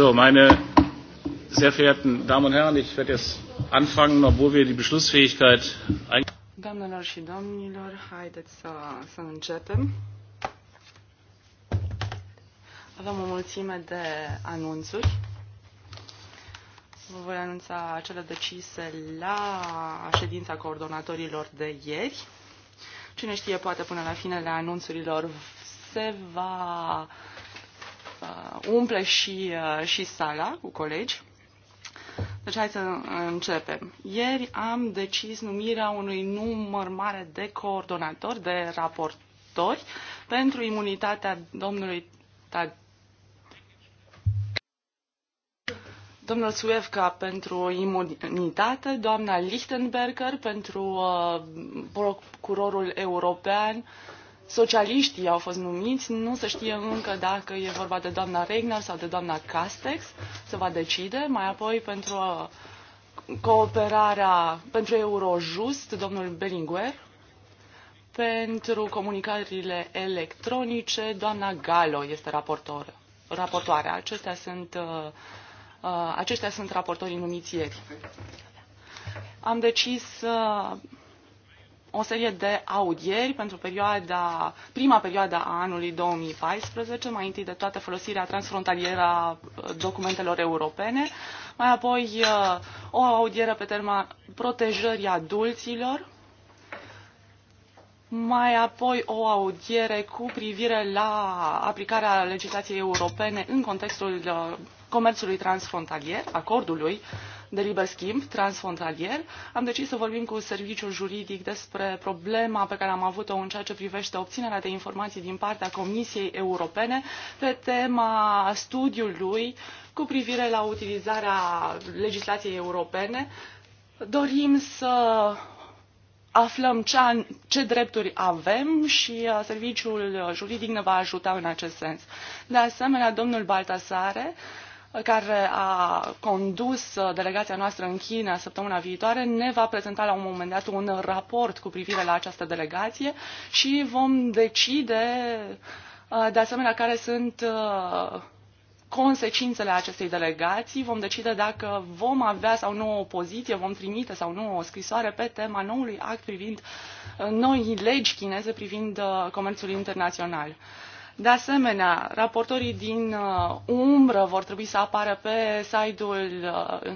So, meine sehr verehrten Damen und Herren, ich werde jetzt anfangen, obwohl wir die Beschlussfähigkeit Doamnelor și domnilor, haideți să, să începem. Avem o mulțime de anunțuri. Vă voi anunța cele decise la ședința coordonatorilor de ieri. Cine știe, poate până la finele anunțurilor se va uh, Uh, umple și, uh, și sala cu colegi. Deci hai să începem. Ieri am decis numirea unui număr mare de coordonatori, de raportori pentru imunitatea domnului Tad domnul Suevka pentru imunitate, doamna Lichtenberger pentru uh, procurorul european, socialiștii au fost numiți, nu se știe încă dacă e vorba de doamna Regner sau de doamna Castex, se va decide, mai apoi pentru uh, cooperarea pentru Eurojust, domnul Belinguer, pentru comunicările electronice, doamna Galo este raportor, raportoarea. Acestea sunt, uh, uh sunt raportorii numiți ieri. Am decis uh, o serie de audieri pentru perioada, prima perioadă a anului 2014, mai întâi de toate folosirea transfrontalieră a uh, documentelor europene, mai apoi uh, o audieră pe tema protejării adulților, mai apoi o audiere cu privire la aplicarea legislației europene în contextul uh, comerțului transfrontalier, acordului de liber schimb transfrontalier, am decis să vorbim cu serviciul juridic despre problema pe care am avut-o în ceea ce privește obținerea de informații din partea Comisiei Europene pe tema studiului cu privire la utilizarea legislației europene. Dorim să aflăm ce, ce drepturi avem și uh, serviciul juridic ne va ajuta în acest sens. De asemenea, domnul Baltasare uh, care a condus uh, delegația noastră în China săptămâna viitoare, ne va prezenta la un moment dat un raport cu privire la această delegație și vom decide uh, de asemenea care sunt uh, consecințele acestei delegații, vom decide dacă vom avea sau nu o poziție, vom trimite sau nu o scrisoare pe tema noului act privind noi legi chineze privind comerțul internațional. De asemenea, raportorii din uh, umbră vor trebui să apară pe site-ul uh,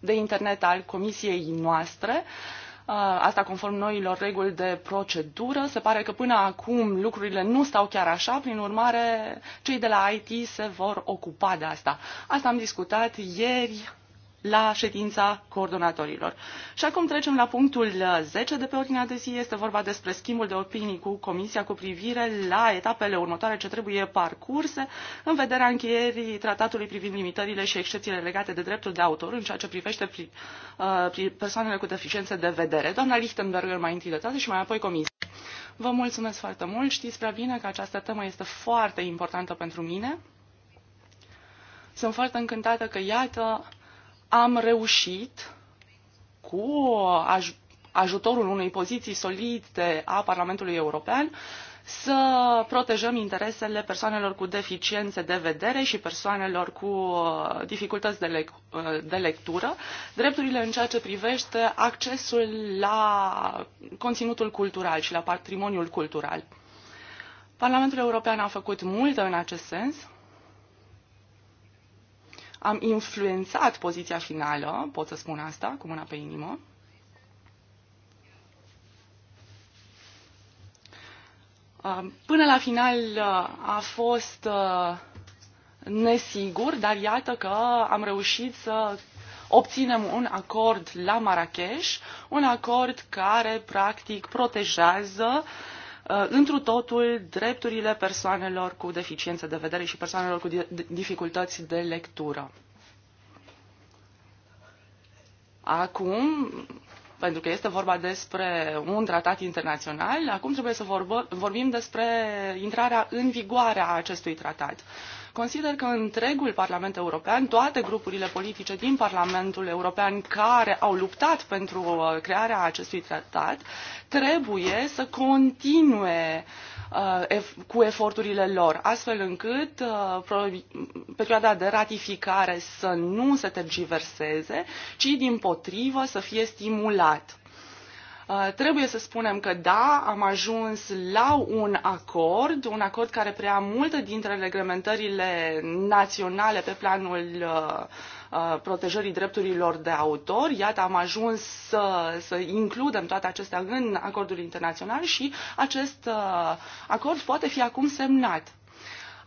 de internet al comisiei noastre uh, asta conform noilor reguli de procedură. Se pare că până acum lucrurile nu stau chiar așa, prin urmare cei de la IT se vor ocupa de asta. Asta am discutat ieri la ședința coordonatorilor. Și acum trecem la punctul 10 uh, de pe ordinea de zi. Este vorba despre schimbul de opinii cu Comisia cu privire la etapele următoare ce trebuie parcurse în vederea încheierii tratatului privind limitările și excepțiile legate de dreptul de autor în ceea ce privește pri, uh, pri, persoanele cu deficiențe de vedere. Doamna Lichtenberger mai întâi de toate și mai apoi Comisia. Vă mulțumesc foarte mult. Știți prea bine că această temă este foarte importantă pentru mine. Sunt foarte încântată că, iată, am reușit cu aj- ajutorul unei poziții solide a Parlamentului European să protejăm interesele persoanelor cu deficiențe de vedere și persoanelor cu uh, dificultăți de, lec- uh, de lectură, drepturile în ceea ce privește accesul la conținutul cultural și la patrimoniul cultural. Parlamentul European a făcut multe în acest sens am influențat poziția finală, pot să spun asta, cu mâna pe inimă. Uh, până la final uh, a fost uh, nesigur, dar iată că am reușit să obținem un acord la Marrakesh, un acord care practic protejează uh, Uh, întru totul drepturile persoanelor cu deficiențe de vedere și persoanelor cu dificultăți de lectură. Acum, pentru că este vorba despre un tratat internațional, acum trebuie să vorbă, vorbim despre intrarea în vigoare a acestui tratat. Consider că întregul Parlament European, toate grupurile politice din Parlamentul European care au luptat pentru uh, crearea acestui tratat, trebuie să continue uh, cu eforturile lor, astfel încât uh, perioada de ratificare să nu se tergiverseze, ci din potrivă să fie stimulat. Uh, trebuie să spunem că da, am ajuns la un acord, un acord care prea multe dintre reglementările naționale pe planul uh, uh, protejării drepturilor de autor. Iată, am ajuns să, să includem toate acestea în acordul internațional și acest acord poate fi acum semnat.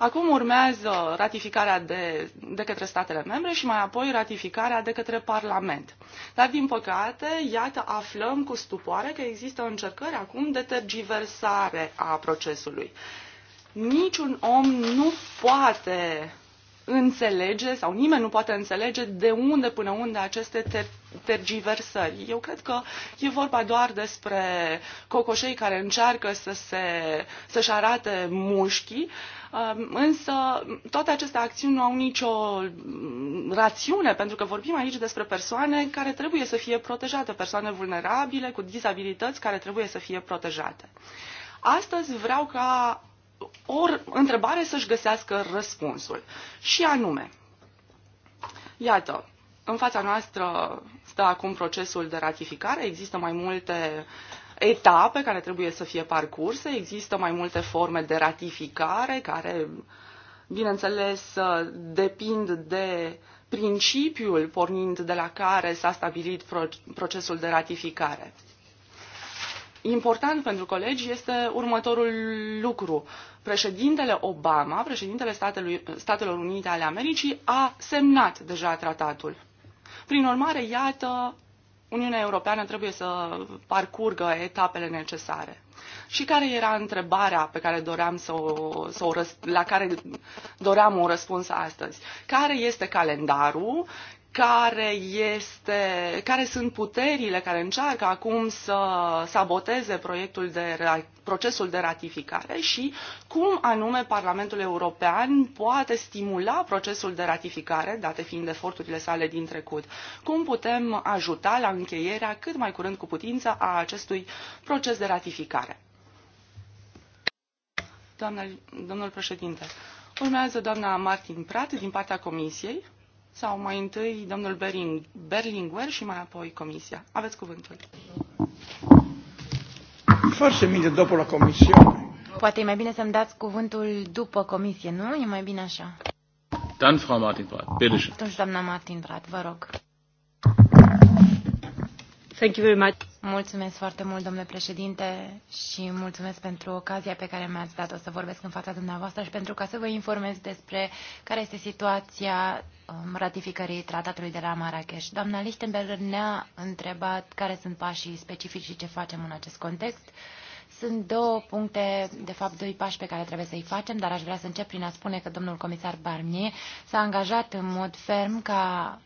Acum urmează ratificarea de, de către statele membre și mai apoi ratificarea de către Parlament. Dar, din păcate, iată, aflăm cu stupoare că există încercări acum de tergiversare a procesului. Niciun om nu poate înțelege sau nimeni nu poate înțelege de unde până unde aceste ter- tergiversări. Eu cred că e vorba doar despre cocoșei care încearcă să se, să-și arate mușchii, um, însă toate aceste acțiuni nu au nicio rațiune, pentru că vorbim aici despre persoane care trebuie să fie protejate, persoane vulnerabile cu dizabilități care trebuie să fie protejate. Astăzi vreau ca o întrebare să-și găsească răspunsul. Și anume, iată, în fața noastră stă acum procesul de ratificare, există mai multe etape care trebuie să fie parcurse, există mai multe forme de ratificare care, bineînțeles, depind de principiul pornind de la care s-a stabilit procesul de ratificare important pentru colegi este următorul lucru. Președintele Obama, președintele Statelui, Statelor Unite ale Americii, a semnat deja tratatul. Prin urmare, iată, Uniunea Europeană trebuie să parcurgă etapele necesare. Și care era întrebarea pe care doream să o, să o, la care doream un răspuns astăzi? Care este calendarul? care, este, care sunt puterile care încearcă acum să saboteze proiectul de, procesul de ratificare și cum anume Parlamentul European poate stimula procesul de ratificare, date fiind eforturile sale din trecut. Cum putem ajuta la încheierea cât mai curând cu putință a acestui proces de ratificare? Doamne, domnul președinte, urmează doamna Martin Prat din partea Comisiei sau mai întâi domnul Bering, Berlinguer și mai apoi Comisia. Aveți cuvântul. Forse la Poate e mai bine să-mi dați cuvântul după Comisie, nu? E mai bine așa. Dan, Frau Martin Brat, bitte schön. Atunci, doamna Martin Brat, vă rog. Mulțumesc foarte mult, domnule președinte, și mulțumesc pentru ocazia pe care mi-ați dat-o să vorbesc în fața dumneavoastră și pentru ca să vă informez despre care este situația um, ratificării tratatului de la Marrakech. Doamna Lichtenberg ne-a întrebat care sunt pașii specifici și ce facem în acest context. Sunt două puncte, de fapt doi pași pe care trebuie să-i facem, dar aș vrea să încep prin a spune că domnul comisar Barnier s-a angajat în mod ferm ca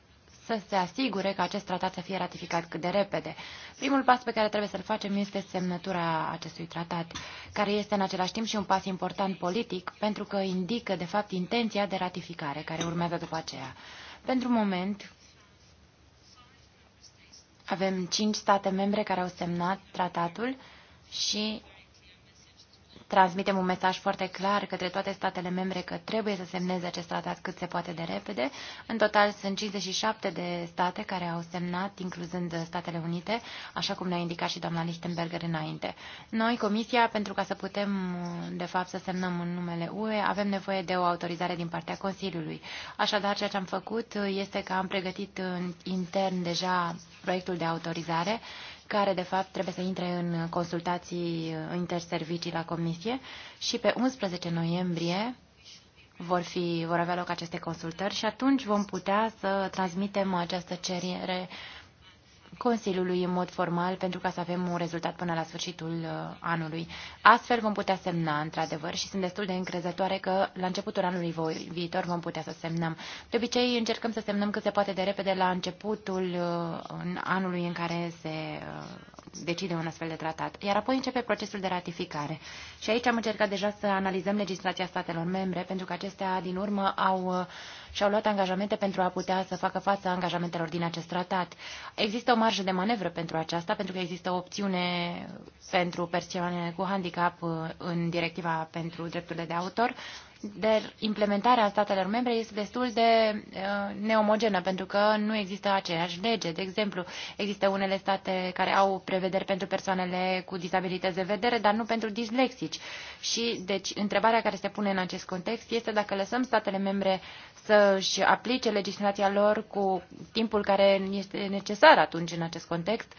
să se asigure că acest tratat să fie ratificat cât de repede. Primul pas pe care trebuie să-l facem este semnătura acestui tratat, care este în același timp și un pas important politic, pentru că indică, de fapt, intenția de ratificare care urmează după aceea. Pentru moment, avem cinci state membre care au semnat tratatul și transmitem un mesaj foarte clar către toate statele membre că trebuie să semneze acest tratat cât se poate de repede. În total sunt 57 de state care au semnat, incluzând Statele Unite, așa cum ne-a indicat și doamna Lichtenberger înainte. Noi, Comisia, pentru ca să putem, de fapt, să semnăm în numele UE, avem nevoie de o autorizare din partea Consiliului. Așadar, ceea ce am făcut este că am pregătit intern deja proiectul de autorizare care de fapt trebuie să intre în consultații interservicii la comisie și pe 11 noiembrie vor, fi, vor avea loc aceste consultări și atunci vom putea să transmitem această cerere Consiliului în mod formal pentru ca să avem un rezultat până la sfârșitul uh, anului. Astfel vom putea semna, într-adevăr, și sunt destul de încrezătoare că la începutul anului viitor vom putea să semnăm. De obicei încercăm să semnăm cât se poate de repede la începutul uh, anului în care se uh, decide un astfel de tratat. Iar apoi începe procesul de ratificare. Și aici am încercat deja să analizăm legislația statelor membre, pentru că acestea, din urmă, au, uh, și-au luat angajamente pentru a putea să facă față angajamentelor din acest tratat. Există o marjă de manevră pentru aceasta, pentru că există o opțiune pentru persoane cu handicap uh, în directiva pentru drepturile de autor, de implementare a statelor membre este destul de uh, neomogenă, pentru că nu există aceeași lege. De exemplu, există unele state care au prevederi pentru persoanele cu disabilități de vedere, dar nu pentru dislexici. Și, deci, întrebarea care se pune în acest context este dacă lăsăm statele membre să-și aplice legislația lor cu timpul care este necesar atunci în acest context,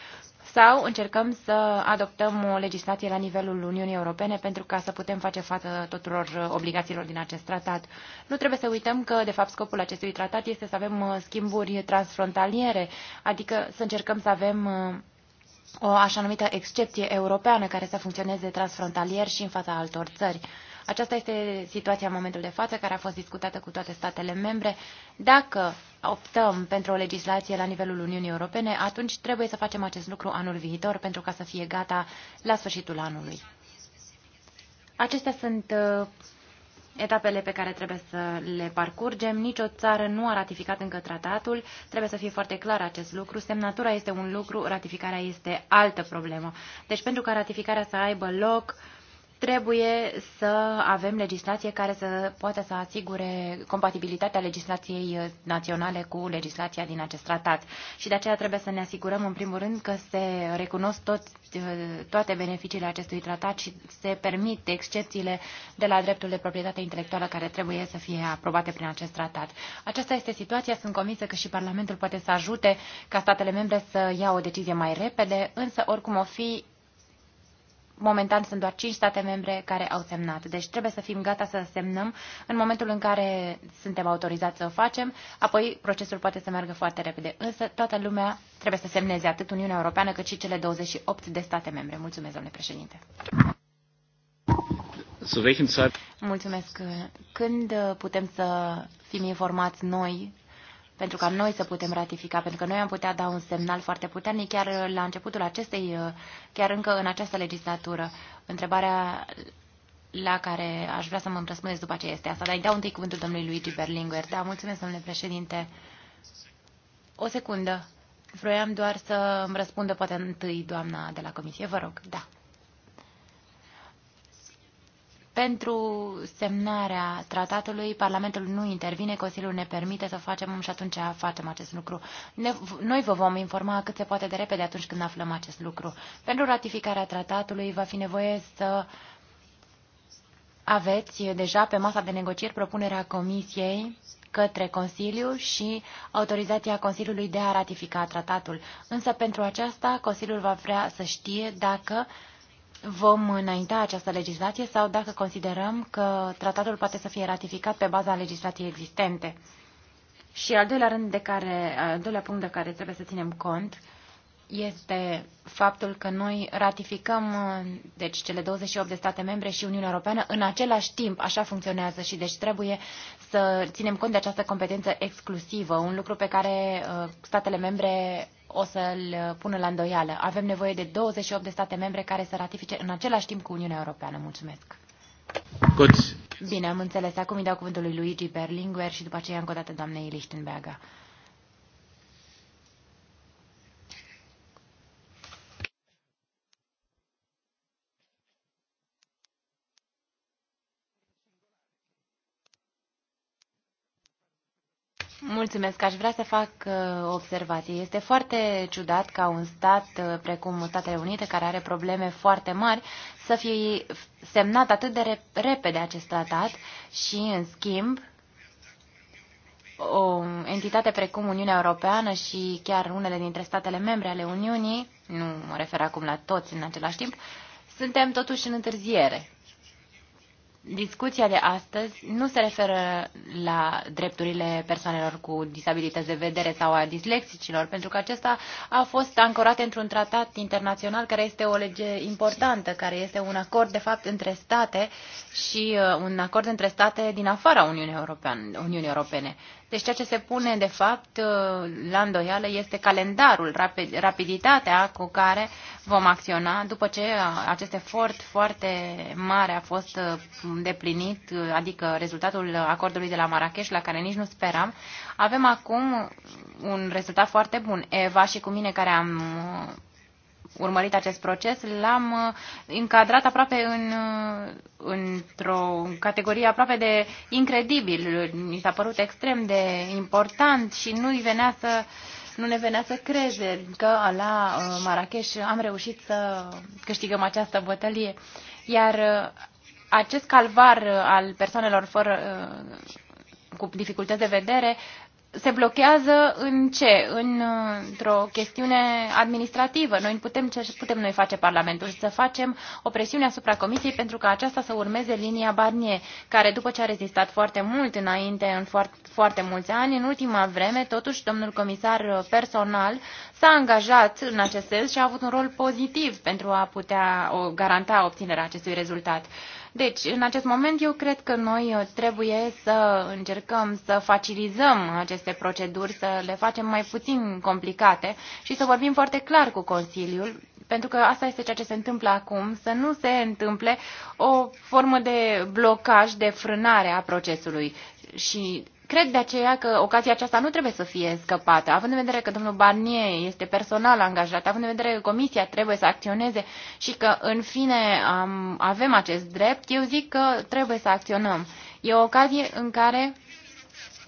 sau încercăm să adoptăm o legislație la nivelul Uniunii Europene pentru ca să putem face față tuturor uh, obligațiilor din acest tratat. Nu trebuie să uităm că, de fapt, scopul acestui tratat este să avem uh, schimburi transfrontaliere, adică să încercăm să avem uh, o așa numită excepție europeană care să funcționeze transfrontalier și în fața altor țări. Aceasta este situația în momentul de față, care a fost discutată cu toate statele membre. Dacă optăm pentru o legislație la nivelul Uniunii Europene, atunci trebuie să facem acest lucru anul viitor pentru ca să fie gata la sfârșitul anului. Acestea sunt uh, etapele pe care trebuie să le parcurgem. Nici o țară nu a ratificat încă tratatul. Trebuie să fie foarte clar acest lucru. Semnatura este un lucru, ratificarea este altă problemă. Deci pentru ca ratificarea să aibă loc, uh, trebuie să avem legislație care să poată să asigure compatibilitatea legislației naționale cu legislația din acest tratat. Și de aceea trebuie să ne asigurăm, în primul rând, că se recunosc tot, toate beneficiile acestui tratat și se permit excepțiile de la dreptul de proprietate intelectuală care trebuie să fie aprobate prin acest tratat. Aceasta este situația. Sunt convinsă că și Parlamentul poate să ajute ca statele membre să ia o decizie mai repede, însă, oricum o fi, momentan sunt doar 5 state membre care au semnat. Deci trebuie să fim gata să semnăm în momentul în care suntem autorizați să o facem, apoi procesul poate să meargă foarte repede. Însă toată lumea trebuie să semneze atât Uniunea Europeană cât și cele 28 de state membre. Mulțumesc, domnule președinte. Mulțumesc. Când putem să fim informați noi pentru ca noi să putem ratifica, pentru că noi am putea da un semnal foarte puternic chiar uh, la începutul acestei, uh, chiar încă în această legislatură. Întrebarea la care aș vrea să mă răspundeți după aceea este asta, dar îi dau întâi cuvântul domnului Luigi Berlinguer. Da, mulțumesc, domnule președinte. O secundă. Vroiam doar să îmi răspundă poate întâi doamna de la comisie. Vă rog, da. Pentru semnarea tratatului, Parlamentul nu intervine, Consiliul ne permite să facem și atunci facem acest lucru. Ne, noi vă vom informa cât se poate de repede atunci când aflăm acest lucru. Pentru ratificarea tratatului va fi nevoie să aveți deja pe masa de negocieri propunerea Comisiei către Consiliu și autorizația Consiliului de a ratifica tratatul. Însă pentru aceasta, Consiliul va vrea să știe dacă uh, vom înainta această legislație sau dacă considerăm că tratatul poate să fie ratificat pe baza legislației existente. Și al doilea, rând de care, al doilea punct de care trebuie să ținem cont este faptul că noi ratificăm deci, cele 28 de state membre și Uniunea Europeană în același timp, așa funcționează și deci trebuie să ținem cont de această competență exclusivă, un lucru pe care uh, statele membre o să-l pună la îndoială. Avem nevoie de 28 de state membre care să ratifice în același timp cu Uniunea Europeană. Mulțumesc! Good. Bine, am înțeles. Acum îi dau cuvântul lui Luigi Berlinguer și după aceea încă o dată doamnei Lichtenberger. Mulțumesc. Aș vrea să fac o uh, observație. Este foarte ciudat ca un stat uh, precum Statele Unite, care are probleme foarte mari, să fie semnat atât de repede acest tratat și, în schimb, o entitate precum Uniunea Europeană și chiar unele dintre statele membre ale Uniunii, nu mă refer acum la toți în același timp, suntem totuși în întârziere. Discuția de astăzi nu se referă la drepturile persoanelor cu disabilități de vedere sau a dislexicilor, pentru că acesta a fost ancorat într-un tratat internațional care este o lege importantă, care este un acord, de fapt, între state și uh, un acord între state din afara Uniunii Europene. Deci ceea ce se pune, de fapt, uh, la îndoială este calendarul, rapiditatea cu care vom acționa după ce uh, acest efort foarte mare a fost uh, deplinit, adică rezultatul acordului de la Marrakesh, la care nici nu speram. Avem acum un rezultat foarte bun. Eva și cu mine, care am urmărit acest proces, l-am uh, încadrat aproape în, uh, într-o categorie aproape de incredibil. Mi s-a părut extrem de important și nu-i venea să nu ne venea să creze că la uh, Marrakesh am reușit să câștigăm această bătălie. Iar acest calvar al persoanelor fără, cu dificultăți de vedere se blochează în ce? În, într-o chestiune administrativă. Noi putem, ce putem noi face Parlamentul? Să facem o presiune asupra Comisiei pentru ca aceasta să urmeze linia Barnier, care după ce a rezistat foarte mult înainte, în foarte, foarte mulți ani, în ultima vreme, totuși, domnul comisar personal s-a angajat în acest sens și a avut un rol pozitiv pentru a putea o, garanta obținerea acestui rezultat. Deci, în acest moment, eu cred că noi uh, trebuie să încercăm să facilizăm aceste proceduri, să le facem mai puțin complicate și să vorbim foarte clar cu Consiliul, pentru că asta este ceea ce se întâmplă acum, să nu se întâmple o formă de blocaj, de frânare a procesului. Și Cred de aceea că ocazia aceasta nu trebuie să fie scăpată, având în vedere că domnul Barnier este personal angajat, având în vedere că comisia trebuie să acționeze și că, în fine, am, avem acest drept, eu zic că trebuie să acționăm. E o ocazie în care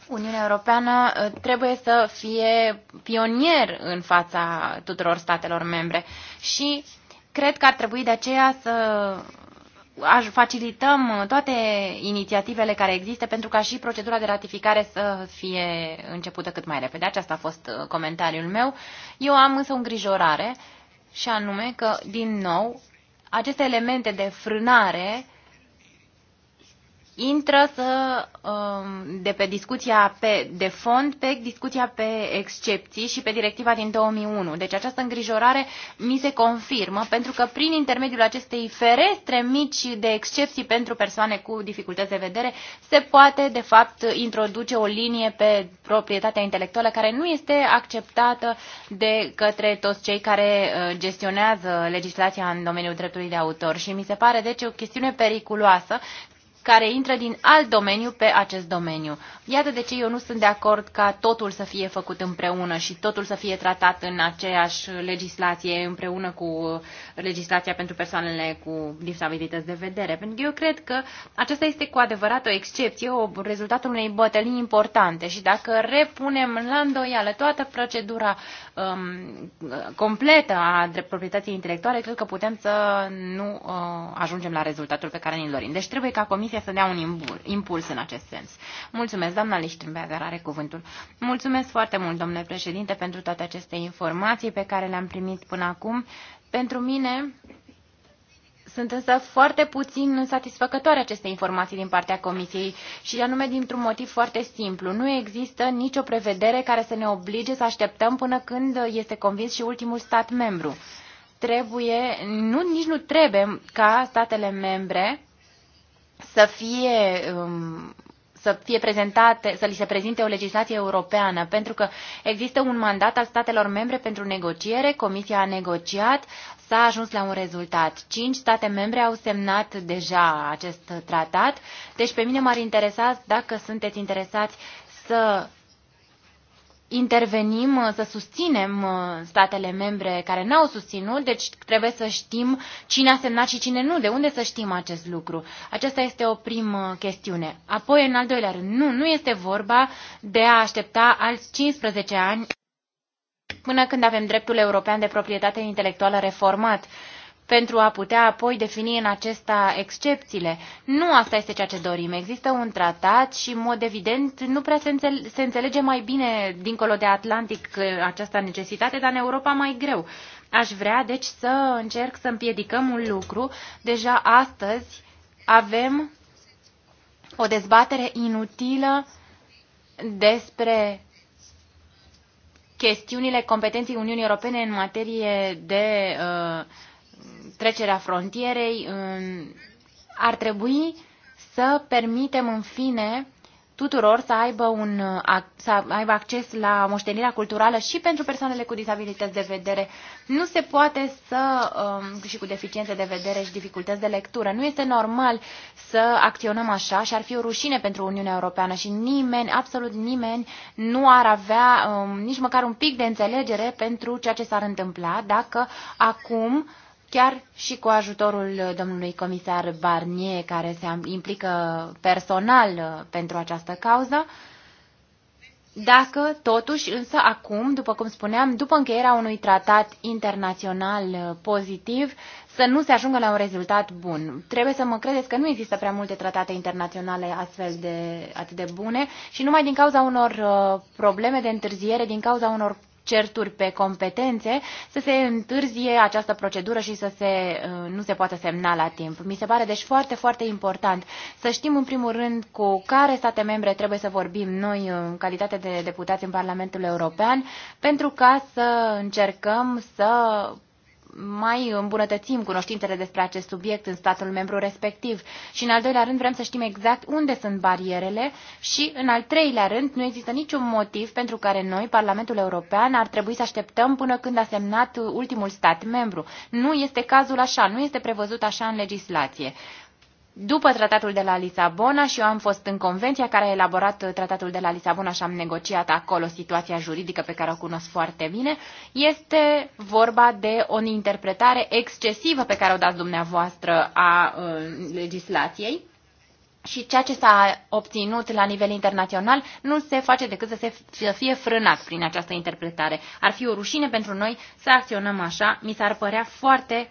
Uniunea Europeană uh, trebuie să fie pionier în fața tuturor statelor membre și cred că ar trebui de aceea să aș facilităm uh, toate inițiativele care există pentru ca și procedura de ratificare să fie începută cât mai repede. Aceasta a fost uh, comentariul meu. Eu am însă o îngrijorare și anume că, din nou, aceste elemente de frânare uh, intră să, um, de pe discuția pe, de fond pe discuția pe excepții și pe directiva din 2001. Deci această îngrijorare mi se confirmă pentru că prin intermediul acestei ferestre mici de excepții pentru persoane cu dificultăți de vedere se poate de fapt introduce o linie pe proprietatea intelectuală care nu este acceptată de către toți cei care uh, gestionează legislația în domeniul dreptului de autor și mi se pare deci o chestiune periculoasă care intră din alt domeniu pe acest domeniu. Iată de ce eu nu sunt de acord ca totul să fie făcut împreună și totul să fie tratat în aceeași legislație împreună cu uh, legislația pentru persoanele cu disabilități de vedere. Pentru că eu cred că aceasta este cu adevărat o excepție, o rezultatul unei bătălii importante și dacă repunem la îndoială toată procedura um, completă a proprietății intelectuale, cred că putem să nu uh, ajungem la rezultatul pe care ni-l dorim. Deci trebuie ca Comisia Comisia să dea un impuls în acest sens. Mulțumesc, doamna Lichtenberger are cuvântul. Mulțumesc foarte mult, domnule președinte, pentru toate aceste informații pe care le-am primit până acum. Pentru mine sunt însă foarte puțin satisfăcătoare aceste informații din partea Comisiei și anume dintr-un motiv foarte simplu. Nu există nicio prevedere care să ne oblige să așteptăm până când este convins și ultimul stat membru. Trebuie, nu, nici nu trebuie ca statele membre să fie um, să fie prezentate, să li se prezinte o legislație europeană, pentru că există un mandat al statelor membre pentru negociere, Comisia a negociat, s-a ajuns la un rezultat. Cinci state membre au semnat deja acest tratat, deci pe mine m-ar interesa dacă sunteți interesați să intervenim, uh, să susținem uh, statele membre care n-au susținut, deci trebuie să știm cine a semnat și cine nu, de unde să știm acest lucru. Aceasta este o primă chestiune. Apoi, în al doilea rând, nu, nu este vorba de a aștepta alți 15 ani până când avem dreptul european de proprietate intelectuală reformat pentru a putea apoi defini în acesta excepțiile. Nu asta este ceea ce dorim. Există un tratat și, în mod evident, nu prea se, se înțelege mai bine dincolo de Atlantic uh, această necesitate, dar în Europa mai greu. Aș vrea, deci, să încerc să împiedicăm un lucru. Deja astăzi avem o dezbatere inutilă despre chestiunile competenței Uniunii Europene în materie de uh, trecerea frontierei, ar trebui să permitem în fine tuturor să aibă, un, să aibă acces la moștenirea culturală și pentru persoanele cu dizabilități de vedere. Nu se poate să, um, și cu deficiențe de vedere și dificultăți de lectură, nu este normal să acționăm așa și ar fi o rușine pentru Uniunea Europeană și nimeni, absolut nimeni, nu ar avea um, nici măcar un pic de înțelegere pentru ceea ce s-ar întâmpla dacă acum chiar și cu ajutorul domnului comisar Barnier, care se implică personal uh, pentru această cauză, dacă, totuși, însă acum, după cum spuneam, după încheierea unui tratat internațional uh, pozitiv, să nu se ajungă la un rezultat bun. Trebuie să mă credeți că nu există prea multe tratate internaționale astfel de atât de bune și numai din cauza unor uh, probleme de întârziere, din cauza unor certuri pe competențe, să se întârzie această procedură și să se, uh, nu se poată semna la timp. Mi se pare deci foarte, foarte important să știm în primul rând cu care state membre trebuie să vorbim noi uh, în calitate de deputați în Parlamentul European pentru ca să încercăm să mai îmbunătățim cunoștințele despre acest subiect în statul membru respectiv. Și în al doilea rând vrem să știm exact unde sunt barierele și în al treilea rând nu există niciun motiv pentru care noi, Parlamentul European, ar trebui să așteptăm până când a semnat ultimul stat membru. Nu este cazul așa, nu este prevăzut așa în legislație după tratatul de la Lisabona și eu am fost în convenția care a elaborat uh, tratatul de la Lisabona și am negociat acolo situația juridică pe care o cunosc foarte bine, este vorba de o interpretare excesivă pe care o dați dumneavoastră a uh, legislației și ceea ce s-a obținut la nivel internațional nu se face decât să, se, să fie frânat prin această interpretare. Ar fi o rușine pentru noi să acționăm așa, mi s-ar părea foarte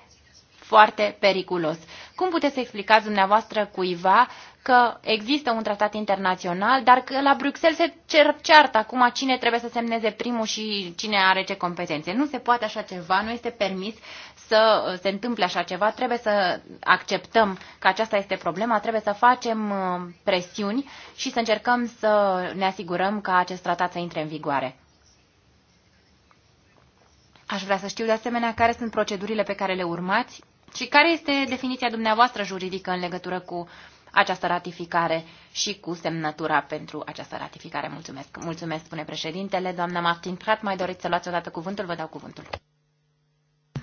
foarte periculos. Cum puteți să explicați dumneavoastră cuiva că există un tratat internațional, dar că la Bruxelles se cer, ceartă acum cine trebuie să semneze primul și cine are ce competențe. Nu se poate așa ceva, nu este permis să se întâmple așa ceva, trebuie să acceptăm că aceasta este problema, trebuie să facem uh, presiuni și să încercăm să ne asigurăm ca acest tratat să intre în vigoare. Aș vrea să știu de asemenea care sunt procedurile pe care le urmați și care este definiția dumneavoastră juridică în legătură cu această ratificare și cu semnătura pentru această ratificare? Mulțumesc. Mulțumesc, spune președintele. Doamna Martin Prat, mai doriți să luați odată cuvântul? Vă dau cuvântul.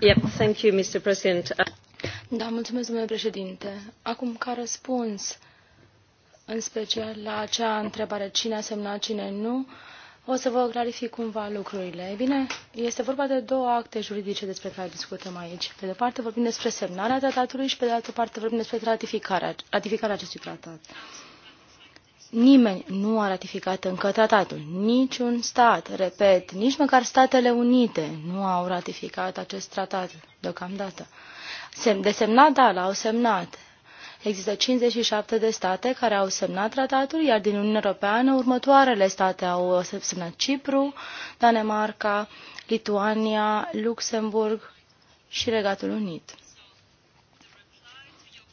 Yep, thank you, Mr. President. Da, mulțumesc, domnule președinte. Acum, ca răspuns, în special la acea întrebare cine a semnat, cine nu, uh, o să vă clarific cumva lucrurile. E bine, este vorba de două acte juridice despre care discutăm aici. Pe de parte vorbim despre semnarea tratatului și pe de altă parte vorbim despre ratificarea, ratificarea acestui tratat. Nimeni nu a ratificat încă tratatul. Niciun stat, repet, nici măcar Statele Unite nu au ratificat acest tratat deocamdată. Desemnat, da, l-au semnat. Există 57 de state care au semnat tratatul, iar din Uniunea Europeană următoarele state au semnat Cipru, Danemarca, Lituania, Luxemburg și Regatul Unit.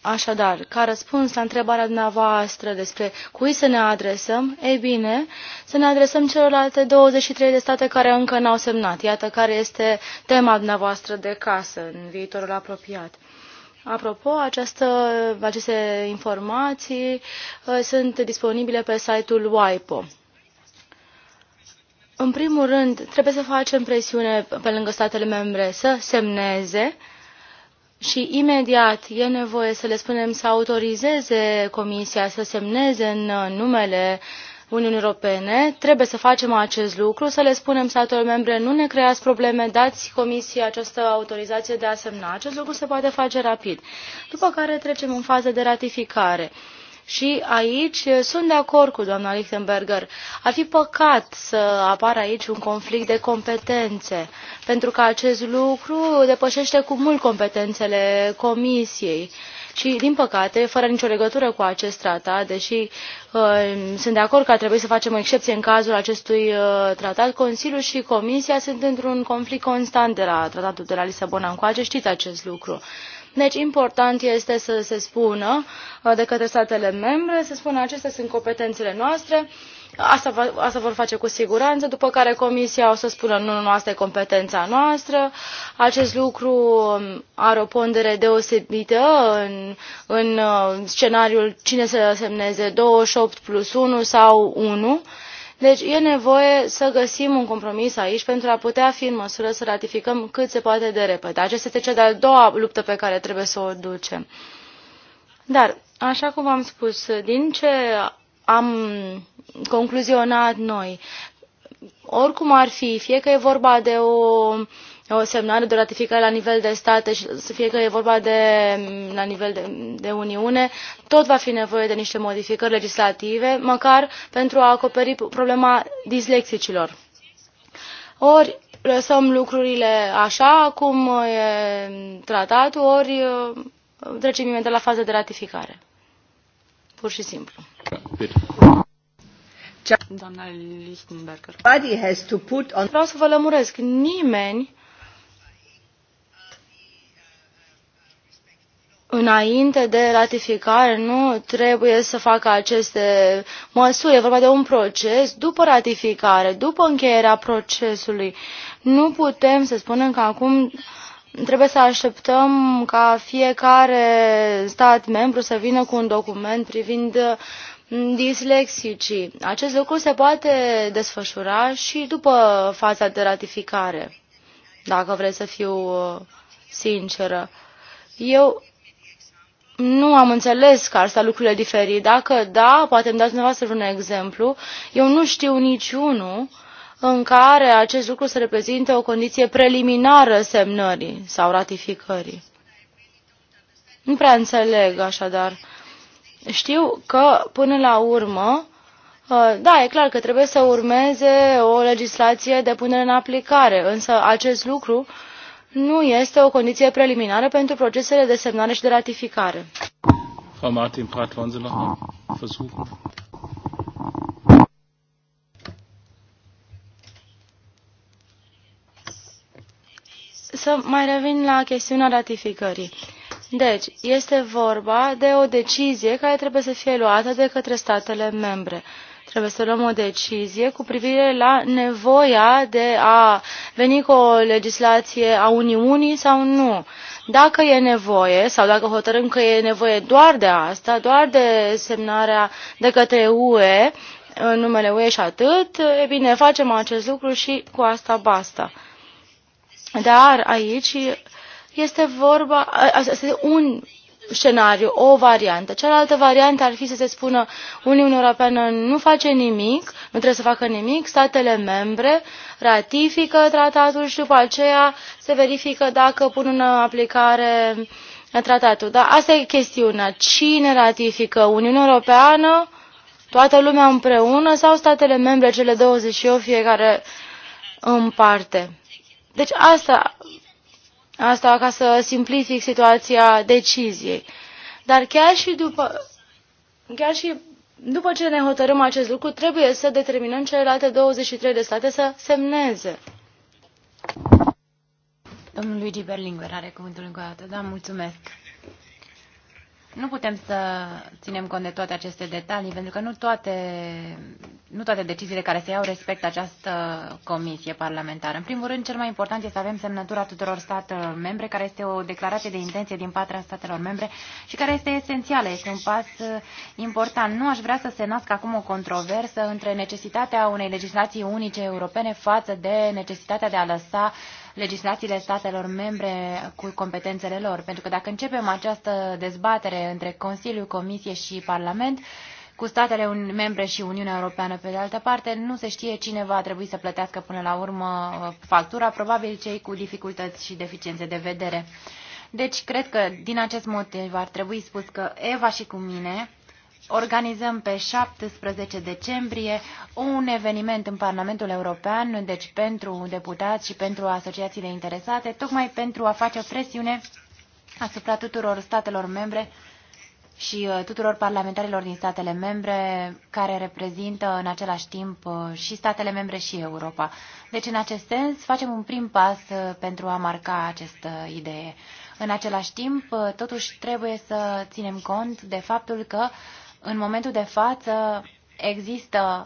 Așadar, ca răspuns la întrebarea dumneavoastră despre cui să ne adresăm, ei bine, să ne adresăm celorlalte 23 de state care încă n-au semnat. Iată care este tema dumneavoastră de casă în viitorul apropiat. Apropo, această, aceste informații uh, sunt disponibile pe site-ul WIPO. În primul rând, trebuie să facem presiune pe lângă statele membre să semneze și imediat e nevoie să le spunem să autorizeze Comisia să semneze în numele uh, Uniunii Europene. Trebuie să facem acest lucru, să le spunem statelor membre, nu ne creați probleme, dați Comisiei această autorizație de a semna. Acest lucru se poate face rapid. După care trecem în fază de ratificare. Și aici sunt de acord cu doamna Lichtenberger. Ar fi păcat să apară aici un conflict de competențe, pentru că acest lucru depășește cu mult competențele comisiei și din păcate, fără nicio legătură cu acest tratat, deși uh, sunt de acord că trebuie să facem o excepție în cazul acestui uh, tratat, Consiliul și Comisia sunt într-un conflict constant de la tratatul de la Lisabona încoace, știți acest lucru. Deci important este să se spună uh, de către statele membre, să spună acestea sunt competențele noastre, Asta, vor face cu siguranță, după care Comisia o să spună nu, nu, asta e competența noastră. Acest lucru um, are o pondere deosebită în, în uh, scenariul cine să semneze 28 plus 1 sau 1. Deci e nevoie să găsim un compromis aici pentru a putea fi în măsură să ratificăm cât se poate de repede. Aceasta este cea de-a doua luptă pe care trebuie să o ducem. Dar, așa cum am spus, din ce am concluzionat noi. Oricum ar fi, fie că e vorba de o, o semnare de ratificare la nivel de state și fie că e vorba de, la nivel de, de Uniune, tot va fi nevoie de niște modificări legislative, măcar pentru a acoperi problema dislexicilor. Ori lăsăm lucrurile așa cum e tratat, ori trecem imediat la faza de ratificare. Pur și simplu. Da, Doamna Lichtenberger. Has to put on... Vreau să vă lămuresc. Nimeni înainte de ratificare nu trebuie să facă aceste măsuri. E vorba de un proces după ratificare, după încheierea procesului. Nu putem să spunem că acum trebuie să așteptăm ca fiecare stat membru să vină cu un document privind dislexicii. Acest lucru se poate desfășura și după faza de ratificare, dacă vreți să fiu uh, sinceră. Eu nu am înțeles că ar sta lucrurile diferit. Dacă da, poate îmi dați dumneavoastră un exemplu. Eu nu știu niciunul în care acest lucru să reprezinte o condiție preliminară semnării sau ratificării. Nu prea înțeleg așadar știu că, până la urmă, uh, da, e clar că trebuie să urmeze o legislație de punere în aplicare, însă acest lucru nu este o condiție preliminară pentru procesele de semnare și de ratificare. Frau Martin Prat, wollen Sie noch mal versuchen? Să mai revin la chestiunea ratificării. Deci, este vorba de o decizie care trebuie să fie luată de către statele membre. Trebuie să luăm o decizie cu privire la nevoia de a veni cu o legislație a Uniunii sau nu. Dacă e nevoie sau dacă hotărâm că e nevoie doar de asta, doar de semnarea de către UE, în numele UE și atât, e bine, facem acest lucru și cu asta basta. Dar aici este vorba, asta este un scenariu, o variantă. Cealaltă variantă ar fi să se spună Uniunea Europeană nu face nimic, nu trebuie să facă nimic, statele membre ratifică tratatul și după aceea se verifică dacă pun în aplicare tratatul. Dar asta e chestiunea. Cine ratifică? Uniunea Europeană? Toată lumea împreună sau statele membre, cele 28, fiecare în parte? Deci asta Asta ca să simplific situația deciziei. Dar chiar și după, chiar și după ce ne hotărâm acest lucru, trebuie să determinăm celelalte 23 de state să semneze. Domnul Luigi Berlinguer are cuvântul încă o dată. Da, mulțumesc. Nu putem să ținem cont de toate aceste detalii, pentru că nu toate, nu toate deciziile care se iau respectă această comisie parlamentară. În primul rând, cel mai important este să avem semnătura tuturor statelor membre, care este o declarație de intenție din patra statelor membre și care este esențială, este un pas important. Nu aș vrea să se nască acum o controversă între necesitatea unei legislații unice europene față de necesitatea de a lăsa uh, legislațiile statelor membre cu competențele lor. Pentru că dacă începem această dezbatere între Consiliu, Comisie și Parlament, cu statele membre și Uniunea Europeană pe de altă parte, nu se știe cine va trebui să plătească până la urmă uh, factura, probabil cei cu dificultăți și deficiențe de vedere. Deci, cred că din acest motiv ar trebui spus că Eva și cu mine organizăm pe 17 decembrie un eveniment în Parlamentul European, deci pentru deputați și pentru asociațiile interesate, tocmai pentru a face o presiune asupra tuturor statelor membre și uh, tuturor parlamentarilor din statele membre care reprezintă în același timp uh, și statele membre și Europa. Deci, în acest sens, facem un prim pas uh, pentru a marca această idee. În același timp, totuși, trebuie să ținem cont de faptul că uh, în momentul de față există